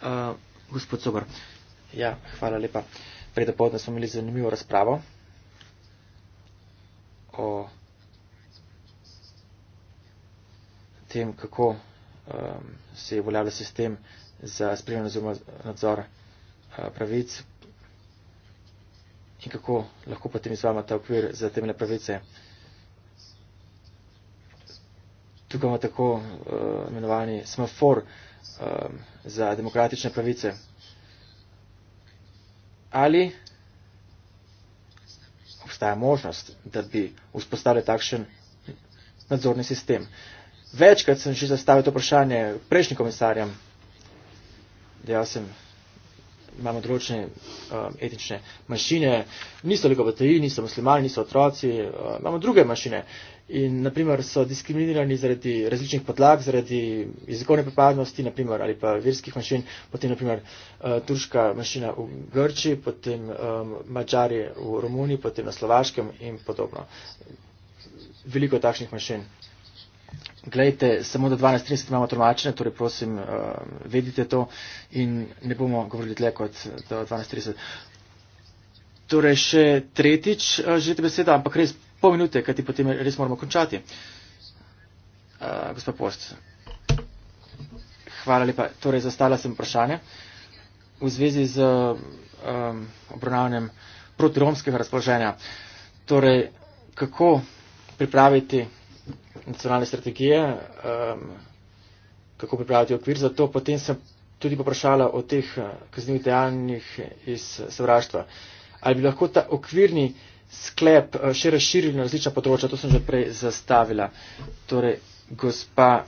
Uh, gospod Sobor. Ja, hvala lepa. Uh, predopodne smo imeli zanimivo razpravo o tem, kako um, se je voljavil sistem za spremljanje oziroma nadzor uh, pravic in kako lahko potem izvama ta okvir za temne pravice. Tukaj imamo tako uh, imenovani smofor um, za demokratične pravice ali obstaja možnost, da bi vzpostavili takšen nadzorni sistem. Večkrat sem že zastavil to vprašanje prejšnjim komisarjem, da jaz sem imamo določene um, etnične manjšine, niso ligobateji, niso muslimani, niso otroci, um, imamo druge manjšine. In, naprimer, so diskriminirani zaradi različnih podlag, zaradi jezikovne pripadnosti, naprimer, ali pa verskih manjšin, potem, naprimer, uh, turška manjšina v Grčiji, potem um, mačari v Romuniji, potem na Slovaškem in podobno. Veliko takšnih manjšin. Glejte, samo do 12.30 imamo tolmačenje, torej prosim, uh, vedite to in ne bomo govorili tle kot eh, do 12.30. Torej, še tretjič uh, želite beseda, ampak res pol minute, kajti potem res moramo končati. Uh, gospa Post. Hvala lepa. Torej, zastala sem vprašanje v zvezi z um, obravnavanjem protiromskega razpoloženja. Torej, kako pripraviti nacionalne strategije, um, kako pripraviti okvir za to. Potem sem tudi poprašala o teh uh, kaznjivih dejanjih iz uh, sovraštva. Ali bi lahko ta okvirni sklep uh, še razširili na različna področja, to sem že prej zastavila. Torej, gospa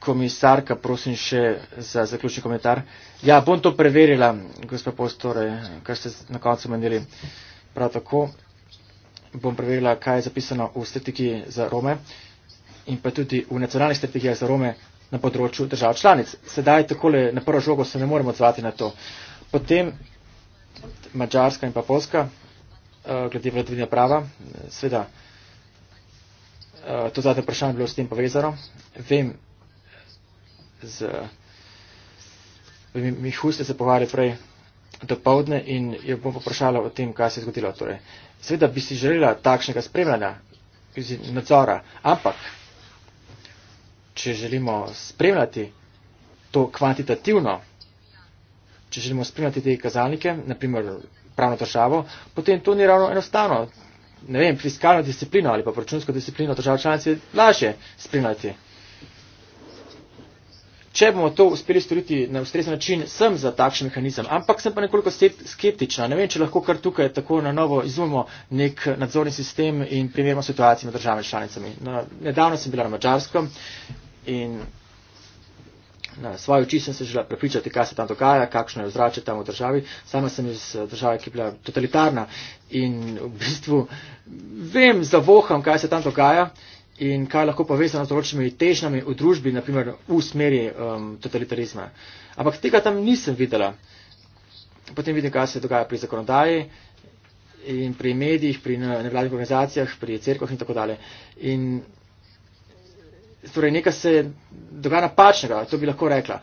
komisarka, prosim še za zaključni komentar. Ja, bom to preverila, gospa Postore, kar ste na koncu menili. Prav tako bom preverila, kaj je zapisano v strategiji za Rome. Uh, in pa tudi v nacionalnih strategijah za Rome na področju držav članic. Sedaj takole na prvo žogo se ne moremo odzvati na to. Potem Mačarska in pa Polska, eh, glede vladavine prava, sveda eh, to zadnje vprašanje bilo s tem povezano. Vem, z, mi, mi huste se pogovarjali prej do povdne in jo bom poprašala o tem, kaj se je zgodilo. Torej, sveda bi si želela takšnega spremljanja, nadzora, ampak če želimo spremljati to kvantitativno, če želimo spremljati te kazalnike, naprimer pravno državo, potem to ni ravno enostavno. Ne vem, fiskalno disciplino ali pa računsko disciplino držav članic je lažje spremljati. Če bomo to uspeli storiti na ustrezen način, sem za takšen mehanizem, ampak sem pa nekoliko skeptična. Ne vem, če lahko kar tukaj tako na novo izumemo nek nadzorni sistem in primerjamo situacijo med državami članicami. No, nedavno sem bila na Mačarskem in na svojo oči sem se želela prepričati, kaj se tam dogaja, kakšno je vzrače tam v državi. Sama sem iz eh, države, ki je bila totalitarna in v bistvu vem, zavoham, kaj se tam dogaja in kaj lahko povezano z določenimi težnami v družbi, naprimer v smeri um, totalitarizma. Ampak tega tam nisem videla. Potem vidim, kaj se dogaja pri zakonodaji in pri medijih, pri nevladnih organizacijah, pri cerkoh in tako dalje. In torej nekaj se dogaja napačnega, to bi lahko rekla.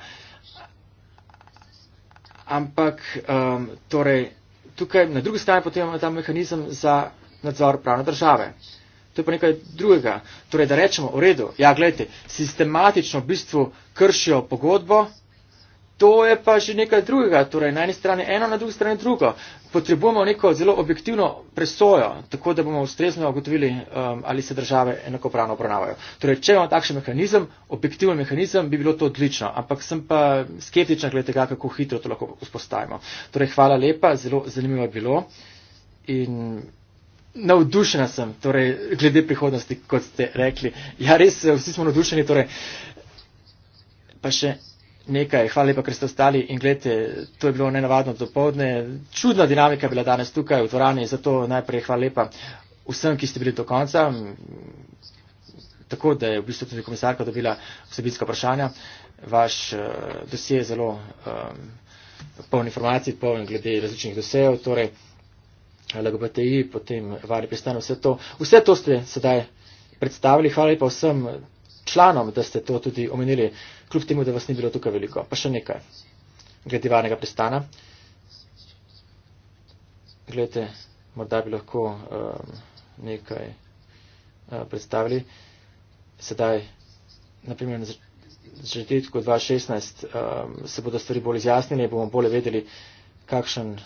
Ampak um, torej, tukaj na drugi strani potem imamo ta mehanizem za nadzor pravne države. To je pa nekaj drugega. Torej, da rečemo, v redu, ja, gledajte, sistematično v bistvu kršijo pogodbo, To je pa že nekaj drugega, torej na eni strani eno, na drugi strani drugo. Potrebujemo neko zelo objektivno presojo, tako da bomo ustrezno ugotovili, um, ali se države enakopravno obravnavajo. Torej, če imamo takšen mehanizem, objektiven mehanizem, bi bilo to odlično, ampak sem pa skeptična glede tega, kako hitro to lahko vzpostavimo. Torej, hvala lepa, zelo zanimivo je bilo in navdušena sem, torej, glede prihodnosti, kot ste rekli. Ja, res, vsi smo navdušeni, torej, pa še nekaj. Hvala lepa, ker ste ostali in gledajte, to je bilo nenavadno dopovdne. Čudna dinamika je bila danes tukaj v dvorani, zato najprej hvala lepa vsem, ki ste bili do konca. Tako da je v bistvu tudi komisarka dobila vsebinska vprašanja. Vaš uh, dosje je zelo um, poln informacij, poln glede različnih dosejev, torej eh, LGBTI, potem varje pristane, vse to. Vse to ste sedaj predstavili. Hvala lepa vsem članom, da ste to tudi omenili. Uh, kljub temu, da vas ni bilo tukaj veliko. Pa še nekaj. Glede varnega pristana. Gledajte, morda bi lahko um, nekaj uh, predstavili. Sedaj, naprimer, na začetku 2016 um, se bodo stvari bolj izjasnili, bomo bolje vedeli, kakšen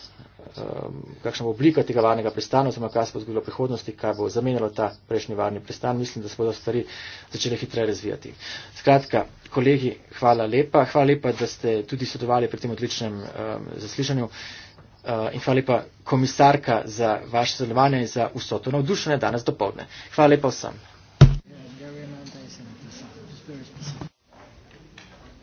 um, kakšna oblika tega varnega pristana, oziroma kaj se bo zgodilo v prihodnosti, kaj bo zamenjalo ta prejšnji varni pristan, mislim, da se bodo stvari začele hitreje razvijati. Skratka, kolegi, hvala lepa, hvala lepa, da ste tudi sodelovali pri tem odličnem um, zaslišanju uh, in hvala lepa komisarka za vaše sodelovanje in za vso to navdušenje danes do povdne. Hvala lepa vsem.